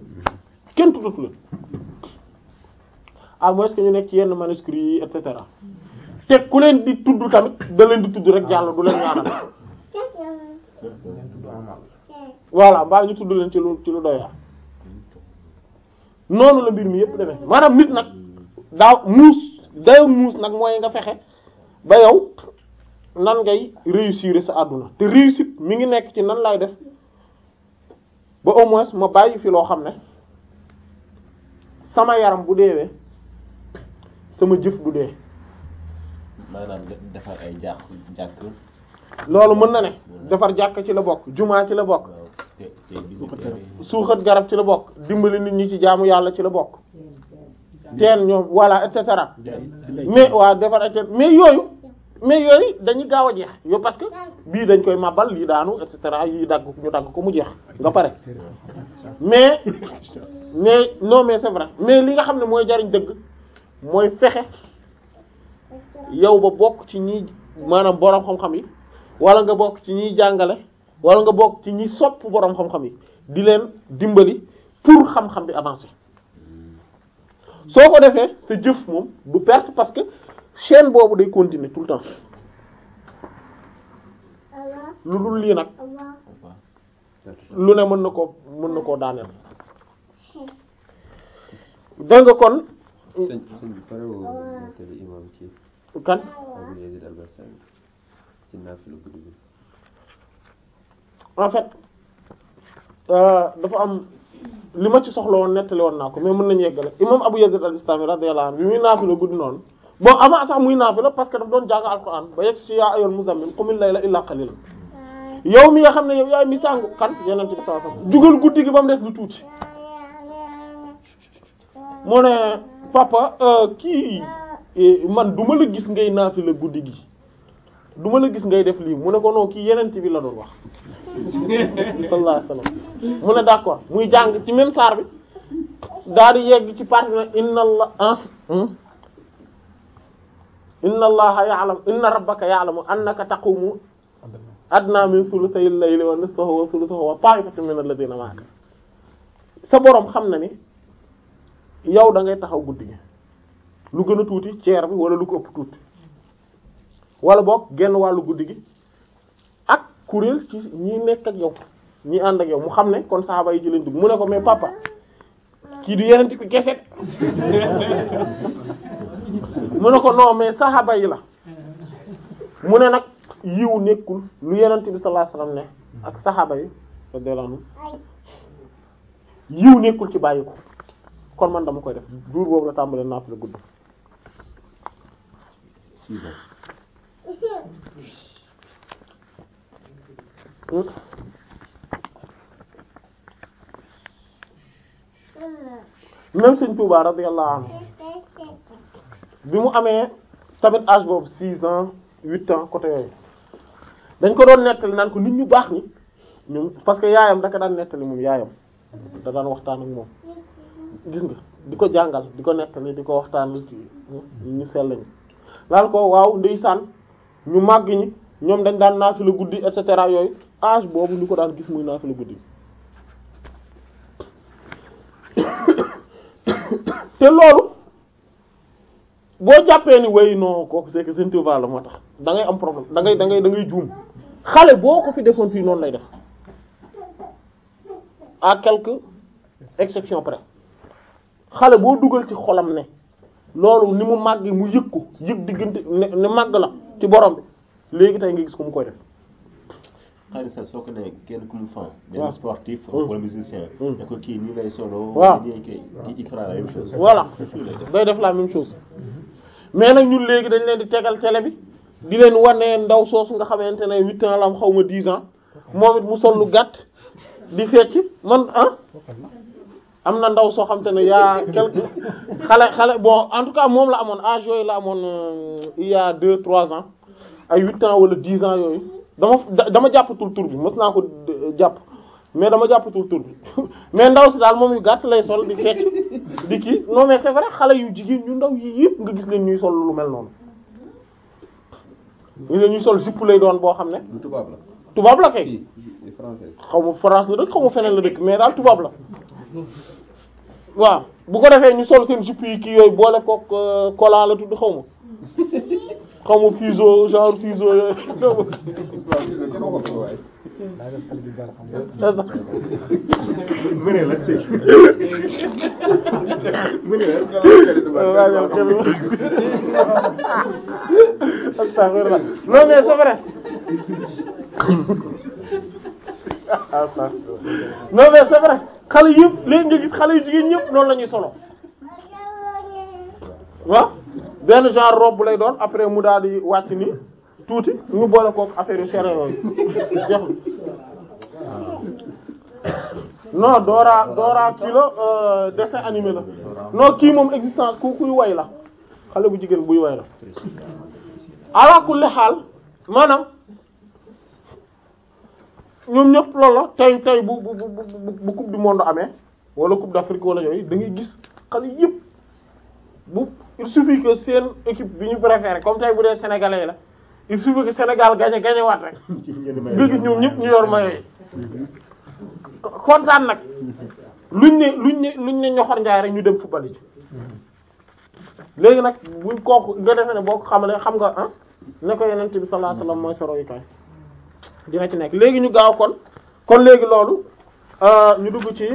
kenn tuddut la à moins que ñu nekk ci yenn manuscrits yi et cetera te ku leen di tudd tamit da di tudd rek yàlla du leen ñaanal voilà mbaa ñu tudd leen ci lu ci lu doyaa noonu la mbir mi yëpp demee maanaam nit nag daaw muus dayo muus nag mooy nga fexe ba yow nan ngay réussir sa àdduna te réussite mi ngi nekk ci nan laay def ba au moins ma bàyyi fi loo xam ne sama yaram bu deewee sama jëf du dee. defar ay jàkk jàkk loolu mën na ne defar jàkk ci la bokk jumaa ci la bokk suuxat garab ci la bokk dimbali nit ñi ci jaamu yàlla ci la bokk teen ñoom voilà et cetera mais waaw defar ak mais yooyu mais yooyu dañuy gaaw a jeex yo parce que bii dañ koy mabal yi daanu et cetera yi dagg ñu dagg ko mu jeex nga pare mais mais non mais c'est mais li nga xam ne mooy jariñ dëgg mooy fexe yow ba bokk ci ñi maanaam boroom xam-xam yi wala nga bokk ci ñiy jàngale wala nga bokk ci ñi sopp boroom xam-xam yi di leen dimbali pour xam-xam bi avancer soo ko defee sa jëf moom du perte parce que chaîne boobu day continuer tout le temps lu dul lii nag lu ne mën na koo mën na koo daaneel hmm. dégg nga kon. en fait euh, dafa am. li ma ci soxla woon nettali woon naa ko mais mën nañu yeggale imam Abu Yazid al-Bistami radiyallahu anhu bi muy naafila guddi noonu bon avant sax muy naafila parce que daf doon jàng alquran ba yegg ci yaa ayyul muzammil qumil layla illa qalilan yow mi nga xam ne yow yaay mi sàngu kan yeneen ci bi saa sax jugal guddi gi ba mu des lu tuuti moo ne papa euh, kii man duma ma la gis ngay naafila guddi gi du ma la gis ngay def lii mu ne ko non kii yeneen bi la doon wax sallallahu alayhi wasallam mu ne d'accord muy jàng ci même saar bi daal di yegg ci parti na inna allah inna allaha ya'lamu inna rabbaka ya'lamu annaka taqumu adna min thuluthay al-layli wa nisfahu wa thuluthahu wa ta'ifatun min alladhina ma'aka sa boroom xam na ni yow dangay taxaw guddi lu gën a tuuti ceer bi wala lu ko ëpp tuuti wala boog genn wàllu guddi gi ak kuréel ci ñi nekk ak yow ñi ànd ak yow mu xam ne kon saxaaba yi ci lañ dugg mu ne ko may papa kii du yeneen bi kese mu ne ko non mais saxaaba yi la mu ne nag yiw nekkul lu yeneen bi sallallahu alayhi ne ak saxaaba yi radiyallahu anhum yiw nekkul ci bàyyi ko kon man dama koy def jour boobu la tàmbalee naaf la gudd. Oops. même sëñ Touba radiyallahu anhu bi mu amee tamit âge boobu six ans huit ans côté yooyu dañ ko doon nettali naan ko nit ñu baax ni ñoom parce que yaayam da ko daan nettali moom yaayam da daan waxtaan ak moom gis nga di ko jàngal di ko nettali di ko waxtaan ci ñu sell lañ laal ko waaw ndeysaan ñu màgg ñi ñoom dañ daan naafila guddi et cetera yooyu âge boobu ñu ko daan gis muy naafila guddi te loolu boo jàppee ni way non kooku c'est que Sëriñ moo tax dangay am problème dangay dangay da ngay da ngay juum xale boo ko fi defoon fii noonu lay def à quelques exceptions près xale boo dugal ci xolam ne loolu ni mu màgg mu yëg ko yëg diggante ne ne màgg la ci borom bi léegi tey nga gis ko mu koy def. xaaral soo ko nee kenn ku mu fan. benn sportif. Mm. Mm. kii nii lay solo. waaw nii kay ci def la même chose. mais nag ñun léegi dañ leen di tegal télé bi di leen wane ndaw soosu nga xamante ne huit ans la am xawma ma dix ans moom it mu sol lu gàtt di fecc man ah. am na ndaw soo xam te ne yaa quelque xale xale bon en tout cas moom la amoon âge yooyu la amoon euh, il y deux trois ans ay huit ans wala dix ans yooyu dama dama jàppatul tur bi mës naa ko euh, jàpp mais dama jàppatul tur bi mais ndaw si daal moom yu gàtt lay sol di fecc di kii non mais c'est vrai xale yu jigéen yu ndaw yi yëpp nga gis leen ñuy sol lu mel noonu ñu leen ñuy sol jupe lay doon boo xam ne tubaab la tubaab kay xaw ma France la dëkk xaw ma feneen la dëkk mais daal tubaab la waaw bu ko defee ñu sol seen jupe yi kii yooyu boole kook euh, kola la tudd xaw ma xaw ma fuseau genre fuseau yooyu astaghfirullah non mais non mais c'est vrai xale yëpp léegi nga xale yu jigéen ñëpp noonu la ñuy solo waaw benn genre robe lay doon après mu daal di wàcc ni tuuti ñu boole kook affaire yu serré yooyu jeex non Dora Dora kii la euh, dessin animé la non kii moom existence ku kuy way la xale bu jigéen buy way la alaakulli xaal maanaam. ñoom ñëpp loolu la tey tey bu bu bu bu coupe du monde amee wala coupe d'Afrique wala yooyu da ngay gis xale yëpp bu il suffit que seen équipe bi ñu préféré comme tey bu dee sénégalais la il suffit que Sénégal gañe gañe waat rek nga gis ñoom ñëpp ñu yor maillot yi kontaan nag luñ ne luñ ne luñ ne ñoxor njaay rek ñu dem football yi léegi nag buñ kooku nga defee ne boo ko xamalee xam nga ah ne ko yonent bi sallallahu alayhi mooy sa royukaay dina ci nekk léegi ñu gaaw kon kon léegi loolu euh, ñu dugg ci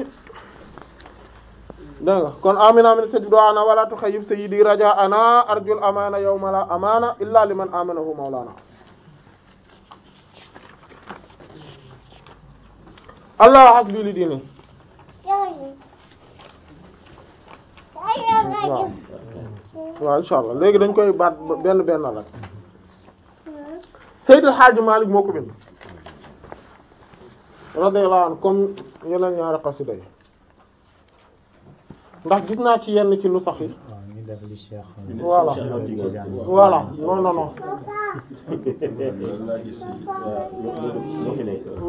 dégg nga kon amin amin sajdo ana wala tuxayyib sayyidi raja ana arjul amaana yawma amaana illa liman amanahu mawlana allah hasbi li diini waaw insha allah léegi dañ koy baat benn benn la Seydil Hadji Malick moo ko bind radiyallahu anhu comme yeneen ñaari xasida yi ndax gis naa ci yenn ci lu sax yi voilà voilà non non non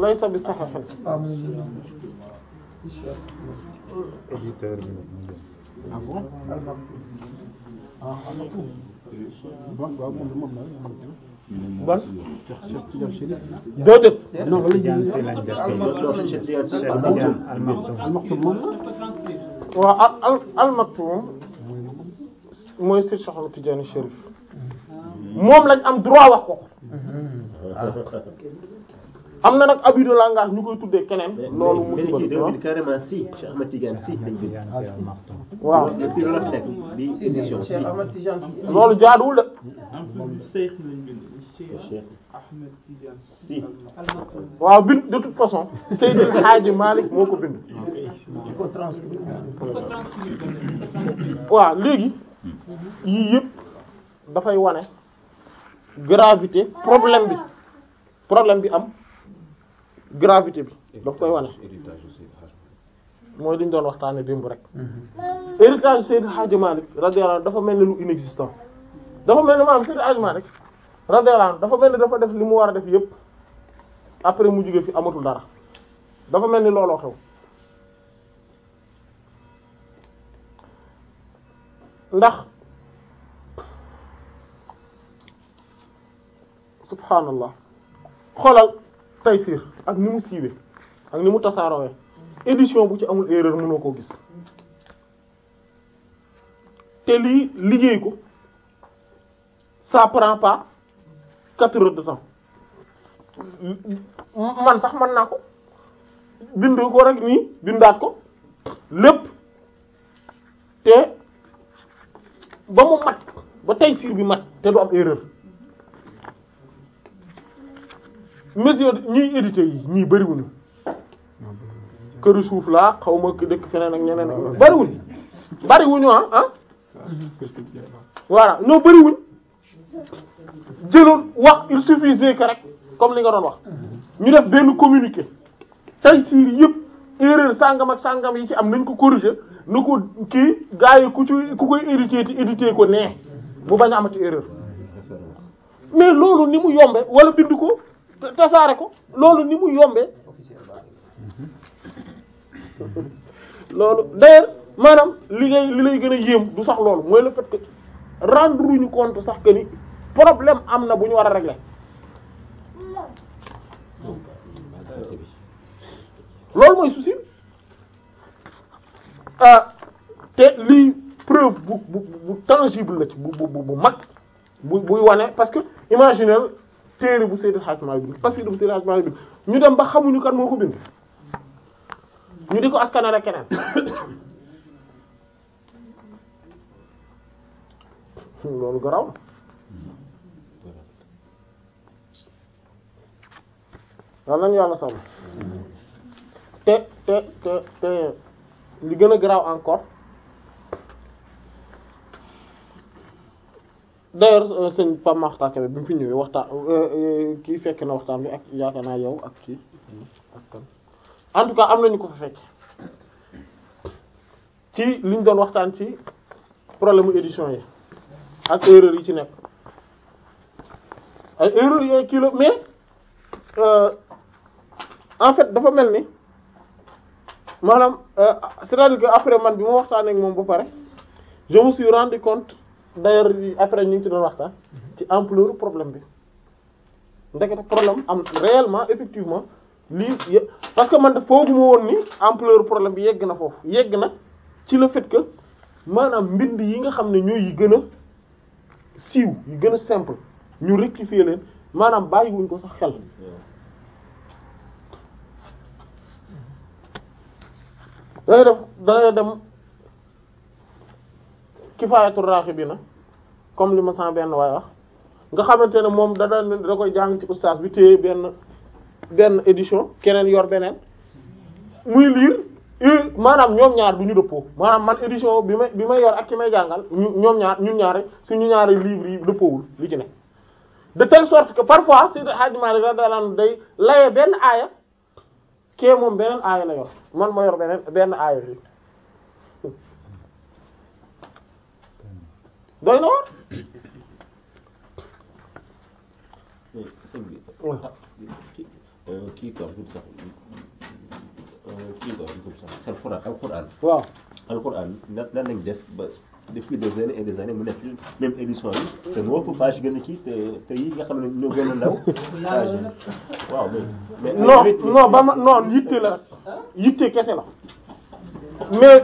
laysa bi saxiixin ah bon ah, ban déedéet waaw al almaktum mooy Cheikh Ahmad moom lañ am droit wax ko am na nag abus de langage ñu koy tuddee keneen. loolu musiba bi waaw carrément si Cheikh Ahmad ah, waaw loolu jaaduwul de. waaw bi de toute façon Seydi El Hadji Malick moo ko bind waaw léegi yii yëpp dafay wane gravité problème bi problème bi am gravité bi daf koy wane mooy li ñu doon waxtaane démb rek mhm. héritage Seydi El Hadji Malick radiyallahu dafa mel ne lu inexistant dafa mel ne maanaam Seydi El Hadji Malick la anhu dafa mel ni dafa def li mu war a def yépp après mu jóge fi amatul dara dafa mel ni looloo xew ndax subhaanallah xoolal Tayssîr ak ni mu siiwee ak ni mu tasaaroowee édition bu ci amul erreur mënoo koo gis te lii liggéey ko ça prend pas quatre heures de temps man sax mën naa ko bind ko rek nii bindaat ko lépp te ba mu mat ba tey siir bi mat te du am erreur mesure ñuy édité yi ñii bëriwuñu këru suuf laa xaw ma ki dëkk feneen ak ñeneen bariwuñu ah ah voilà ñoo bëriwuñ jëlul wax il suffisait que rek comme li nga wax ñu def benn communiqué tay siir yëpp erreur sangam ak sangam yi ci am nañ ko corriger nu ko kii gars yi ku ci ku koy éditer ti éditer ko nee bu bañ ama amati erreur mais loolu ni mu yombe wala bind ko tasaare ko loolu ni mu yombe loolu d'ailleurs maanaam li ngay li lay gën a yéem du sax loolu mooy le fait que rendre ñu compte sax que problème am na bu ñu war a régler loolu mooy souci ah, te lii preuve bu bu bu tangible la ci bu bu bu mag bu buy wane parce que imaginez téere bu Seydi Hadji Malick bi parce que bu Seydi bi ñu dem ba xamuñu kan moo ko bind ñu di ko askanale keneen loolu garaw waaw nañu yàlla sol te te te li gën a garaaw encore d'ailleurs euh, sëñ Pape Makhtar Kébé bi mu fi ñëwee waxtaan euh, euh, kii fekke na waxtaan bi ak yaakaar naa yow ak kii ak kan en tout cas am nañu ko fa fekk ci liñ doon waxtaan ci problème mu édition yi ak erreur yi ci nekk ay erreur yooyu kii la mais. en fait dafa mel ni maanaam euh, c'est-à-dire après man bi ma waxtaanee ak moom ba pare je me suis rendu compte d'ailleurs après ñu ngi ci doon waxtaan ci ampleur problème bi ndekete problème am réellement effectivement lii parce que man foogu ma woon ni ampleur problème bi yegg na foofu yegg na ci le fait maanaam mbind yi nga xam ne ñooy yi gën a siiw yu gën a simple ñu rectifier leen maanaam bàyyiwuñ ko sax xel dangay def dangay dem bi raaxibiina comme li ma sama benn waaye wax nga xamante ne moom da daan da koy jàng ci ustaas bi téye benn benn édition keneen yor beneen muy liir maanaam ñoom ñaar bu ñu dëppoo maanaam man édition bi may bi may yor ak ki may jàngal ñu ñoom ñaar ñun ñaari suñu ñaari livres yi dëppoowul li ci ne de telle sorte que parfois Seydi Hadji Malick radiyallahu anhu day laye benn aaya kee moom beneen aaya la yor man ma yor beneen benn aaya bi doy na war kii quoi sax kii quoi sax alxuraan alxuraan waaw alxuraan lan lañ def ba depuis des années et des années mu nekk même édition yi te moo ëpp page gën a kii te yi nga xam ne ñoo gën a ndaw. page yi waaw mais. non non ba ma non yitte la yitte kese la mais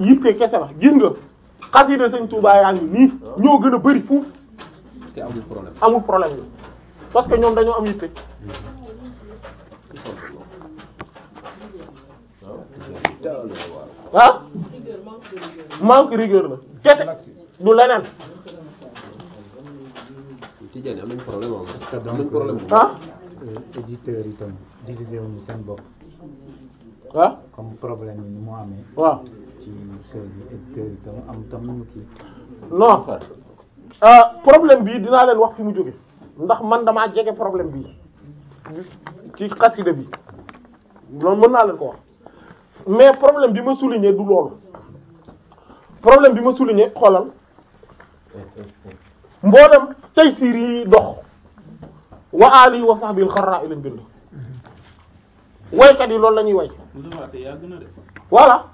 yitte kese la gis nga xasida Sëñ Tuubaa ñoo gën a bari fuuf. te amul problème amul problème parce que ñoom dañoo am yitte. Hmm. manque rigueur la kese du leneen. tijaan am nañu problème am nañu problème euh, ah. Euh, seen bopp. Ah? comme problème yi ni mu amee. waaw ci kër gi éditeurs yi am tam ñu kii. non euh, problème bi dinaa leen wax fi mu jóge ndax man damaa jege problème bi ci xasida bi loolu mën naa leen ko wax mais problème bi ma souligner du loolu. problème bi ma souligné xoolal mboolem tey siir yi dox wa ali wa sahbil xarra lañ bind waykat yi loolu la ñuy way voilà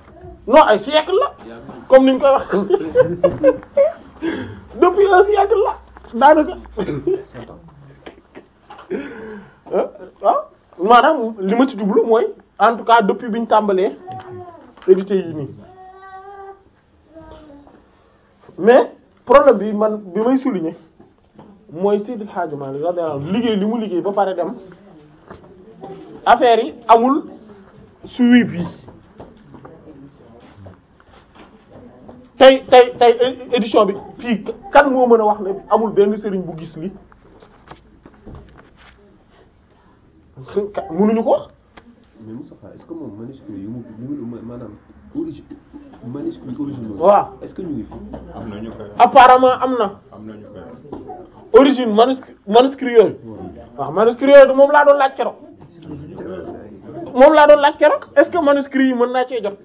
non ay siècle la comme niñ koy wax depuis un siècle la daanaka ah maanaam li ma ci jublu mooy en tout cas depuis biñ tàmbalee édité yi nii mais problème bi man bi may souligner mooy Seydi Hadji Malick radiyallahu liggéey li mu liggéey ba pare dem affaire yi amul suivi tey tey tey eh, édition bi fii kan moo mën a wax ne amul benn sëriñ bu gis li mënuñu ko. mais Moustapha est-ce que moom manuscrit yu origine na ñu koy apparemment am na. am na ñu koy origine manuscrit manuscrit yooyu. waaw manuscrit yooyu du moom laa doon laaj laa doon laaj keroog est-ce que manuscrit yi mën naa cee jot.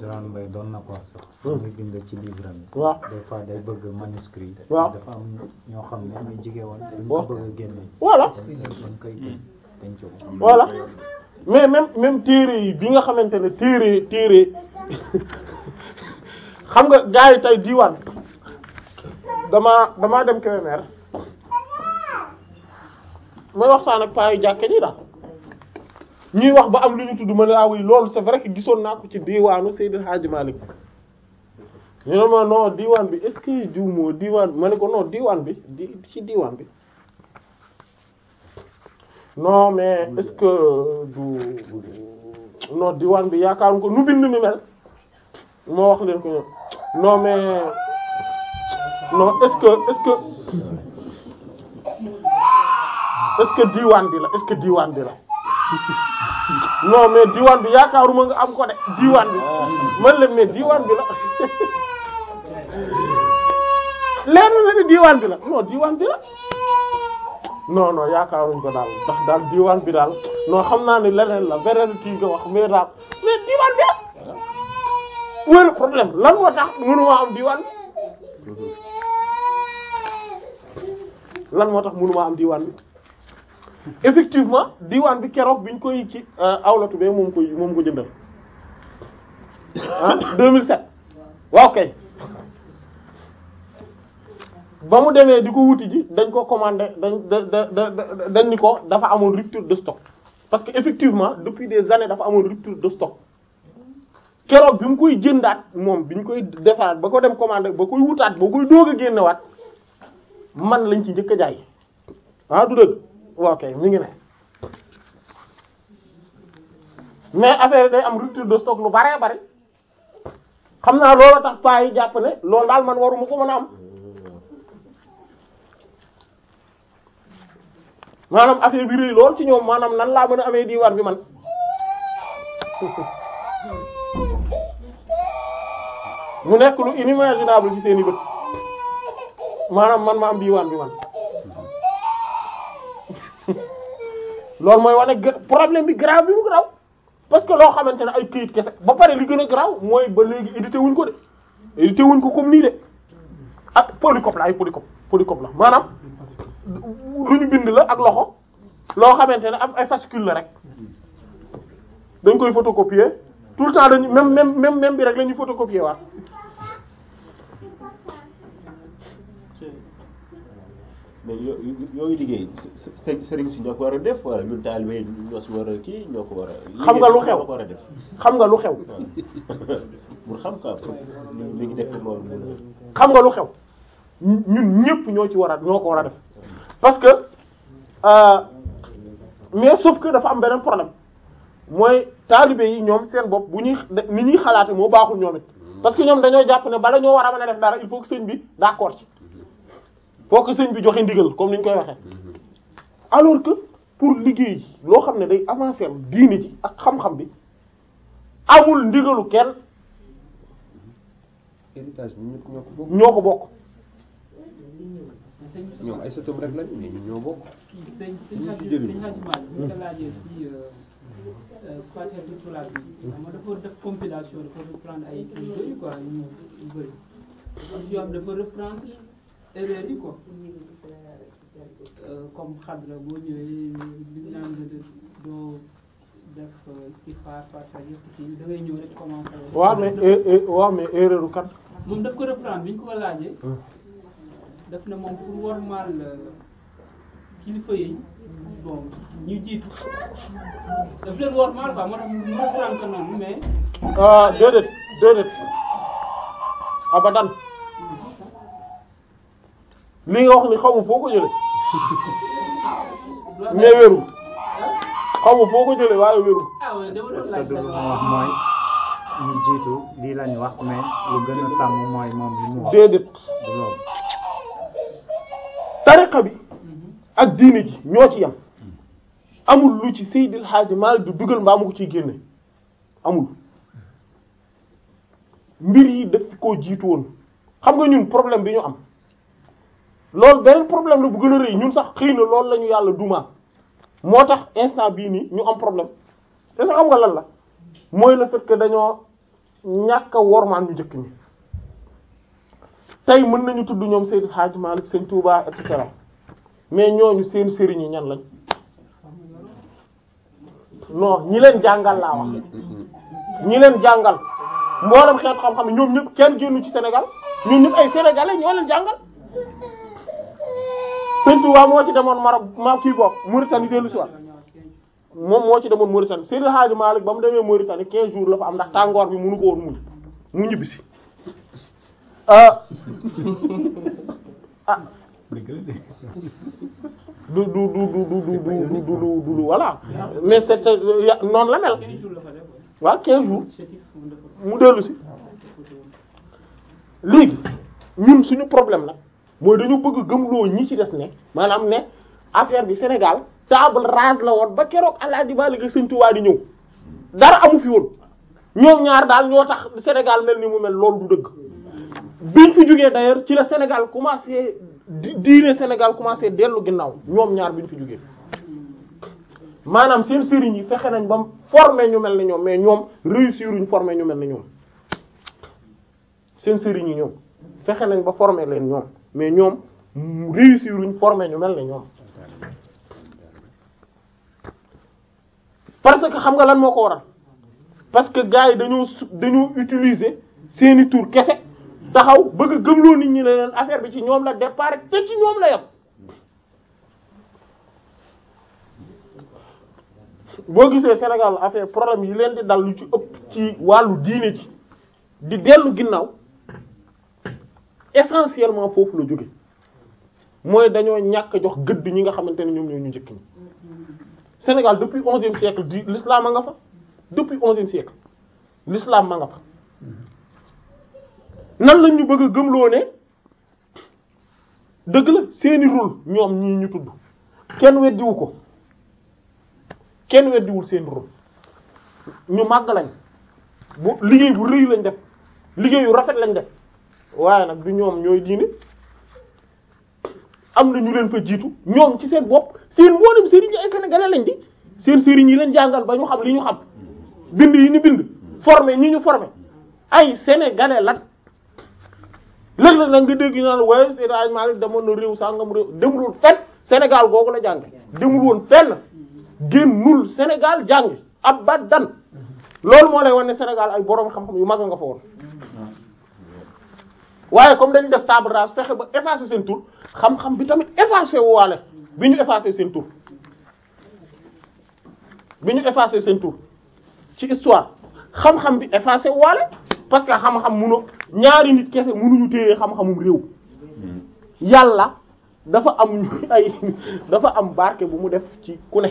Jean Mbaye doon na ko sax. nga hmm. bind ci livre am. waaw des fois day bëgg manuscrit. waaw dafa am ñoo xam ne ñu jigéen woon. dañ bëgg a génne. voilà. voilà mais même même téere yi bi nga xamante ne téere téere xam nga gars yi tey diwaan damaa damaa dem Kébémer may waxtaan ak paa yu jàkkee nii daal ñuy wax ba am lu ñu tudd ma ne ah oui loolu c'est vrai gisoon naa ko ci diwaanu Seydil Hadji Malick ma non diwaan bi est-ce que jiw moo diwaan ma ne ko non diwaan bi ci diwaan bi. non mais est-ce que du non diwaan bi yaakaaru ko nu bind mi mel moo wax leen ko ñoom non mais non est que est que est-ce que diwaan bi la est-ce que diwaan bi la non mais diwaan bi yaakaaruma nga am ko de diwaan bi man leen mais diwaan bi la leer na ne diwaan bi la non diwaan bi la. non non yaakaaruñ ko daal ndax daal diwaan bi daal noo xam naa ne leneen la beneen kii nga wax mais daal mais diwaan bi ah. wala problème lan moo tax mënumaa am diwaan bi lan moo tax mënumaa am diwaan bi effectivement diwaan bi keroog biñ koy ci euh, awlatu be moom koy moom ko jëndal ah 2007 waaw kay ba mu demee di ko wuti ji dañ ko commander dañ da ni ko dafa amoon rupture de stock parce que effectivement depuis des années dafa amoon rupture de stock keroog bi mu koy jëndaat moom bi ñu koy defaraat ba ko dem commander ba koy wutaat ba koy doog a génnewaat man lañ ci njëkk a jaay ah du dëgg ok mi ngi ne mais affaire day am ructure de stock lu baree bari xam naa loolu tax paa yi jàpp ne loolu daal man waruma ko mën a am. maanaam affaire bi rëy lool ci ñoom maanaam nan laa mën a amee diwaan bi man mu nekk lu inimaginable ci seeni bët maanaam man ma am diwaan bi man loolu mooy wane problème bi grave bi mu grave parce que loo xamante ne ay kit kese ba pare li gën a grave mooy ba léegi édité wuñ ko de édité wuñ ko comme nii de ak polycope la ay polycope polycope la maanaam lu ñu bind la ak loxo loo xamante ne am ay fascicule la rek dañ koy photocopier tout le temps dañu même même même même bi rek la ñuy photocopier waat mais yooyu liggéey sëriñ si ñoo ko war a def wala ñun kii ñoo ko war a. xam nga lu xew a def xam nga lu xew. pour xam quoi li ñu xam nga lu xew ñun ñëpp ñoo ci war ñoo ko war a def. parce que euh, mais sauf que dafa am beneen problème mooy taalibe yi ñoom seen bopp bu ñuy ni ñuy xalaate moo baaxul ñoom it parce que ñoom dañoo jàpp ne bala ñoo war a mën a def dara il faut que sëñ bi d'accord ci faut que sëñ bi joxe ndigal comme ni ñu koy waxee alors que pour liggéey loo xam ne day avancer am diini ji ak xam-xam bi amul ndigalu kenn ñoo ko bokk ñoom ay sëtëm rek lañu mais ñun ñoo bokk. ñu ci jëriñu sëñ Hadj Malick ñu ko hmm. laajee ci parterre du tourage bi. Hmm. xam nga def compilation dafa reprendre ay kii yu yu bëri. Euh, def euh, ci faar parterre yëpp kii da ngay ñëw rek commencé. waaw mais euh, waaw mais erreur kat. moom daf ko reprendre bi ñu ko laajee. Hmm. daf na moom pour wormaal euh, kilifa yi bon ñu li ah, nga ni xamu foo ko jële mais wéru xamu foo ko jële waaye wéru ah parce tariqa bi mm-hmm. ak diini ji ñoo ci yam amul lu ci Seydil Hadji Malick du dugal mbaa mu ko ciy génne amul mbir yi daf koo jiitu woon xam nga ñun problème bi ñu am loolu beneen problème la bu gën a rëy ñun sax xëy na loolu la ñu yàlla duma moo tax instant bii nii ñu am problème te sax xam nga lan la mooy le fait que dañoo ñàkk a wormaan ñu njëkk ñi tey mën nañu tudd ñoom Seydil xaaj Malick Sëñ Touba et cetera mais ñooñu seen sëriñ yi ñan lañ no ñi leen jàngal laa wax ñi leen jàngal mboolem xeet xam-xam ñoom ñëpp kenn génnu ci Sénégal ñoom ñëpp ay sénégalais ñoo leen jàngal. Sëñ Touba moo ci demoon Maroc ma kii bokk Mauritanie dellu si waat moom moo ci demoon Mauritanie Seydil Hadj Malick ba mu demee Mauritanie 15 jours la fa am ndax tàngoor bi mënu ko woon mu ñibbisi. ah du du du du du du du du voilà mais c'est noonu la mel waaw 15 jours mu dellu si léegi ñun suñu problème la mooy dañu bëgg gëmloo ñi ci des ne maanaam ne affaire bi Sénégal table rase la woon ba keroog Alaaji Maalik ak Sëñ Tuubaa di ñëw dara amu fi woon ñoom ñaar daal ñoo tax Sénégal mel ni mu mel loolu du dëgg. biñ fi jugee d'ailleurs ci la Sénégal commencé diine Sénégal commencé dellu ginnaaw ñoom ñaar biñ fi jugee maanaam seen sëriñ yi fexe nañ ba former ñu mel ni ñoom mais ñoom réussir ñu former ñu mel ni ñoom seen sëriñ yi ñoom fexe nañ ba former leen ñoom mais ñoom réussir ñu former ñu mel ni ñoom parce que xam nga lan moo ko waral parce que gars yi dañoo dañoo utiliser seeni tur kese. taxaw bëgg gëm gëmloo nit ñi ne leen affaire bi ci ñoom la départ te ci ñoom la yem boo gisee Sénégal affaire problème yi leen di dal lu ci ëpp ci wàllu diine ci di dellu ginnaaw essentiellement foofu la jóge mooy dañoo ñàkk jox gëdd ñi nga xamante ne ñoom ñu njëkk ñi Sénégal depuis onzième siècle di l'islam a nga fa depuis onzième siècle l'islam ma nga fa nan lañ ñu bëgg a gëmloo ne dëgg la seeni rôle ñoom ñii ñu tudd kenn weddiwu ko kenn weddiwul seen rôle ñu màgg lañ bu liggéey bu rëy lañ def liggéey yu rafet lañ def waaye nag bi ñoom ñooy diine am na ñu leen fa jiitu ñoom ci seen bopp seen mboolem sëriñ yi ay sénégalais lañ di seen sëriñ yi leen jàngal ba ñu xam li ñu xam bind yi ñu bind forme ñi ñu forme ay sénégalais lan léeg-léeg nag nga dégg ñu naan waaye Seydi Hadji Malick demoon na réew sangam réew demul woon fenn Sénégal googu la jàng demul woon fenn génnul Sénégal jàng abadan loolu moo lay wan ne Sénégal ay borom xam-xam yu mag nga fa woon. waaye comme dañu def table fexe ba effacer seen tur xam-xam bi tamit effacer wu bi ñu effacer seen tur bi ñu effacer seen tur ci histoire xam-xam bi effacer wu waale parce que xam-xam mënoo. ñaari nit kese mënuñu téye xam-xamum réew yàlla dafa am ay dafa am barke bu mu def ci ku ne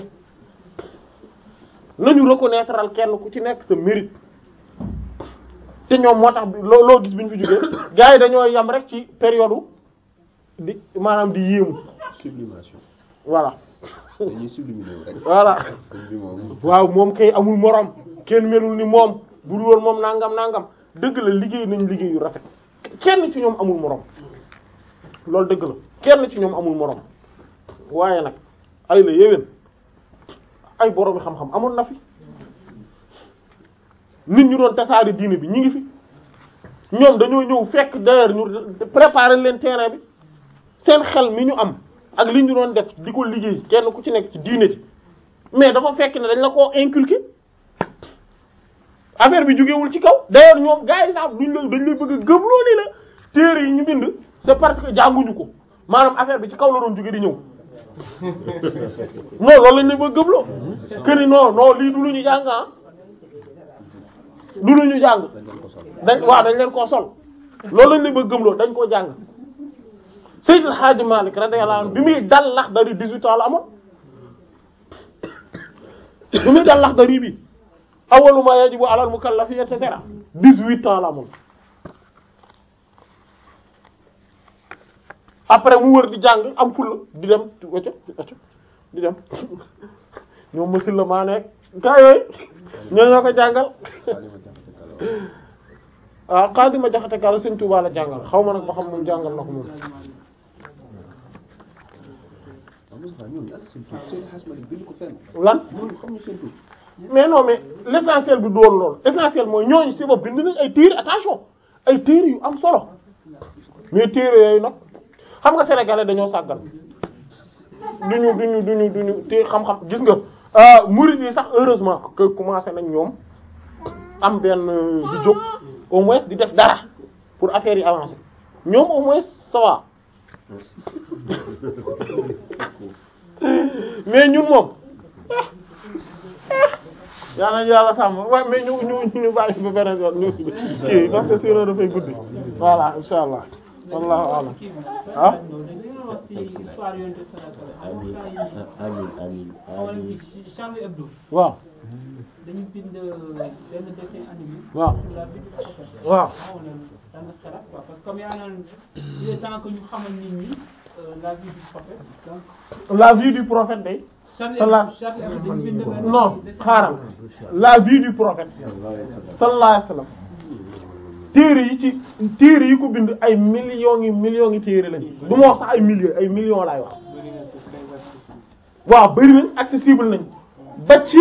nañu reconnaître kenn ku ci nekk sa mérite te ñoom moo tax loo loo gis bi ñu fi jógee gars dañoo yam rek ci période di maanaam di yéemu. sublimation voilà. dañuy waaw moom kay amul morom kenn melul ni moom bu dul woon moom nangam nangam dëgg la liggéey nañu liggéeyu rafet kenn ci ñoom amul moroom loolu dëgg la kenn ci ñoom amul moroom waaye nag ay la yéwén ay boroomi xam-xam amoon na fi nit ñu doon tasaari diine bi ñi ngi fi ñoom dañoo ñëw fekk d'ailleurs ñu préparer leen terrain bi seen xel mi ñu am ak li ñu doon def di ko liggéey kenn ku ci nekk ci diine ji mais dafa fekk ne dañ la ko inculque affaire bi jugewul ci kaw d'ailleurs ñoom gars yi sax duñ la dañ lay bëgg a gëmloo ni yi ñu bind c'est parce que jànguñu ko maanam affaire bi ci kaw la doon jóge di ñëw non loolu lañ lay bëgg a gëmloo que ni non non lii du lu ñu jàng ah dañ waaw dañ leen koo sol loolu lañ lay bëgg gëmloo dañ koo jàng Seydil Hadji Malick radiyallahu anhu bi muy dal Laxdari 18 ans la bi muy dal Laxdari bi awalu ma yajibu alal mukallafi et cetera dix-huit ans la amoon après mu wër di jàng am fulla di dem di dem ñoom masil la maa nekk gaa yooyu ñoo ñoo ko jàngal waaw ah, xaadima jaxate kala sëñ Tuubaa jàngal xaw ma nag ba xam moom jàngal na moom lan mais non mais l'essentiel bi doon lool essentiel mooy ñooñu ci bopp bind nañ ay téere attention ay téere yu am solo mais téere yooyu nag xam nga sénégalais dañoo sàggal duñu duñu duñu duñu te xam-xam gis nga euh, murid yi sax heureusement que commencé nañ ñoom am benn euh, di jóg au moins di def dara pour affaire yi avancer ñoom au moins ça mais ñun moom yaa nañu yàlla sàmm waaye mais ñu ñu ñu bàyyi ba beneen yoon ñu kii parce que sinon dafay guddi voilà insha allah wallahu a'lam ah waaw waaw waaw euh, la vie du prophète la vie du prophète day sallallahu non xaaral la vie du prophète sallallahu alayhi wasallam téere yi ci téere yi ko bind ay millions yi millions yi téere lañ du ma wax sax ay million ay millions laay wax waaw bëri nañ accessible nañ ba ci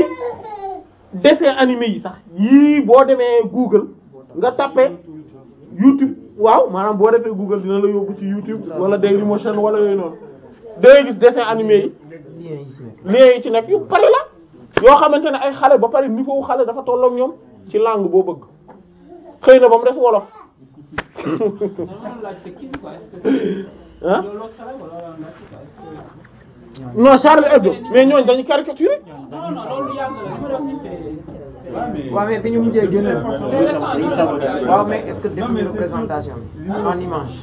dessin animé yi sax yii boo demee Google nga tapé YouTube waaw maanaam boo defee Google dina la yóbbu ci YouTube wala Dailymotion wala yooyu noonu day gis dessin yi li yi ci nekk yu bari la yoo xamante ne ay xale ba pare niveau xale dafa tollook ñoom ci langue boo bëgg xëy na ba mu des wolof ah non Charlie Hebdo mais ñooñ dañu caricaturé waaw mais bi ñu mujjee génn waaw mais est-ce que def représentation en image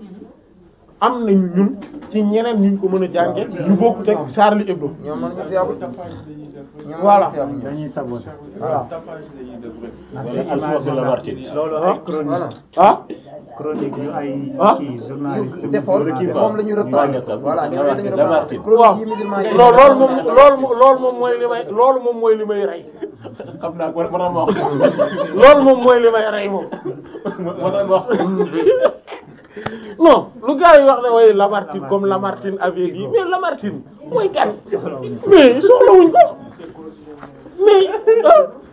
am nañ ñun ci ñeneen ñu ko mën a jànge ñu bokk teg Charlie Hebdo. ñoom man ñu seetlu voilà. dañuy saboté ah, ah. voilà. ah. chronique yu ay. ah defoon moom la ñu reprendre voilà ñoom la ñu reprendre. waaw loolu moom loolu moom mooy li may loolu moom mooy li may rey. xam naa ko ma wax loolu moom mooy li may rey moom ma doon wax non lu gars yi wax ne way Lamartine comme Lamartine avec yi mais Lamartine mooy kan mais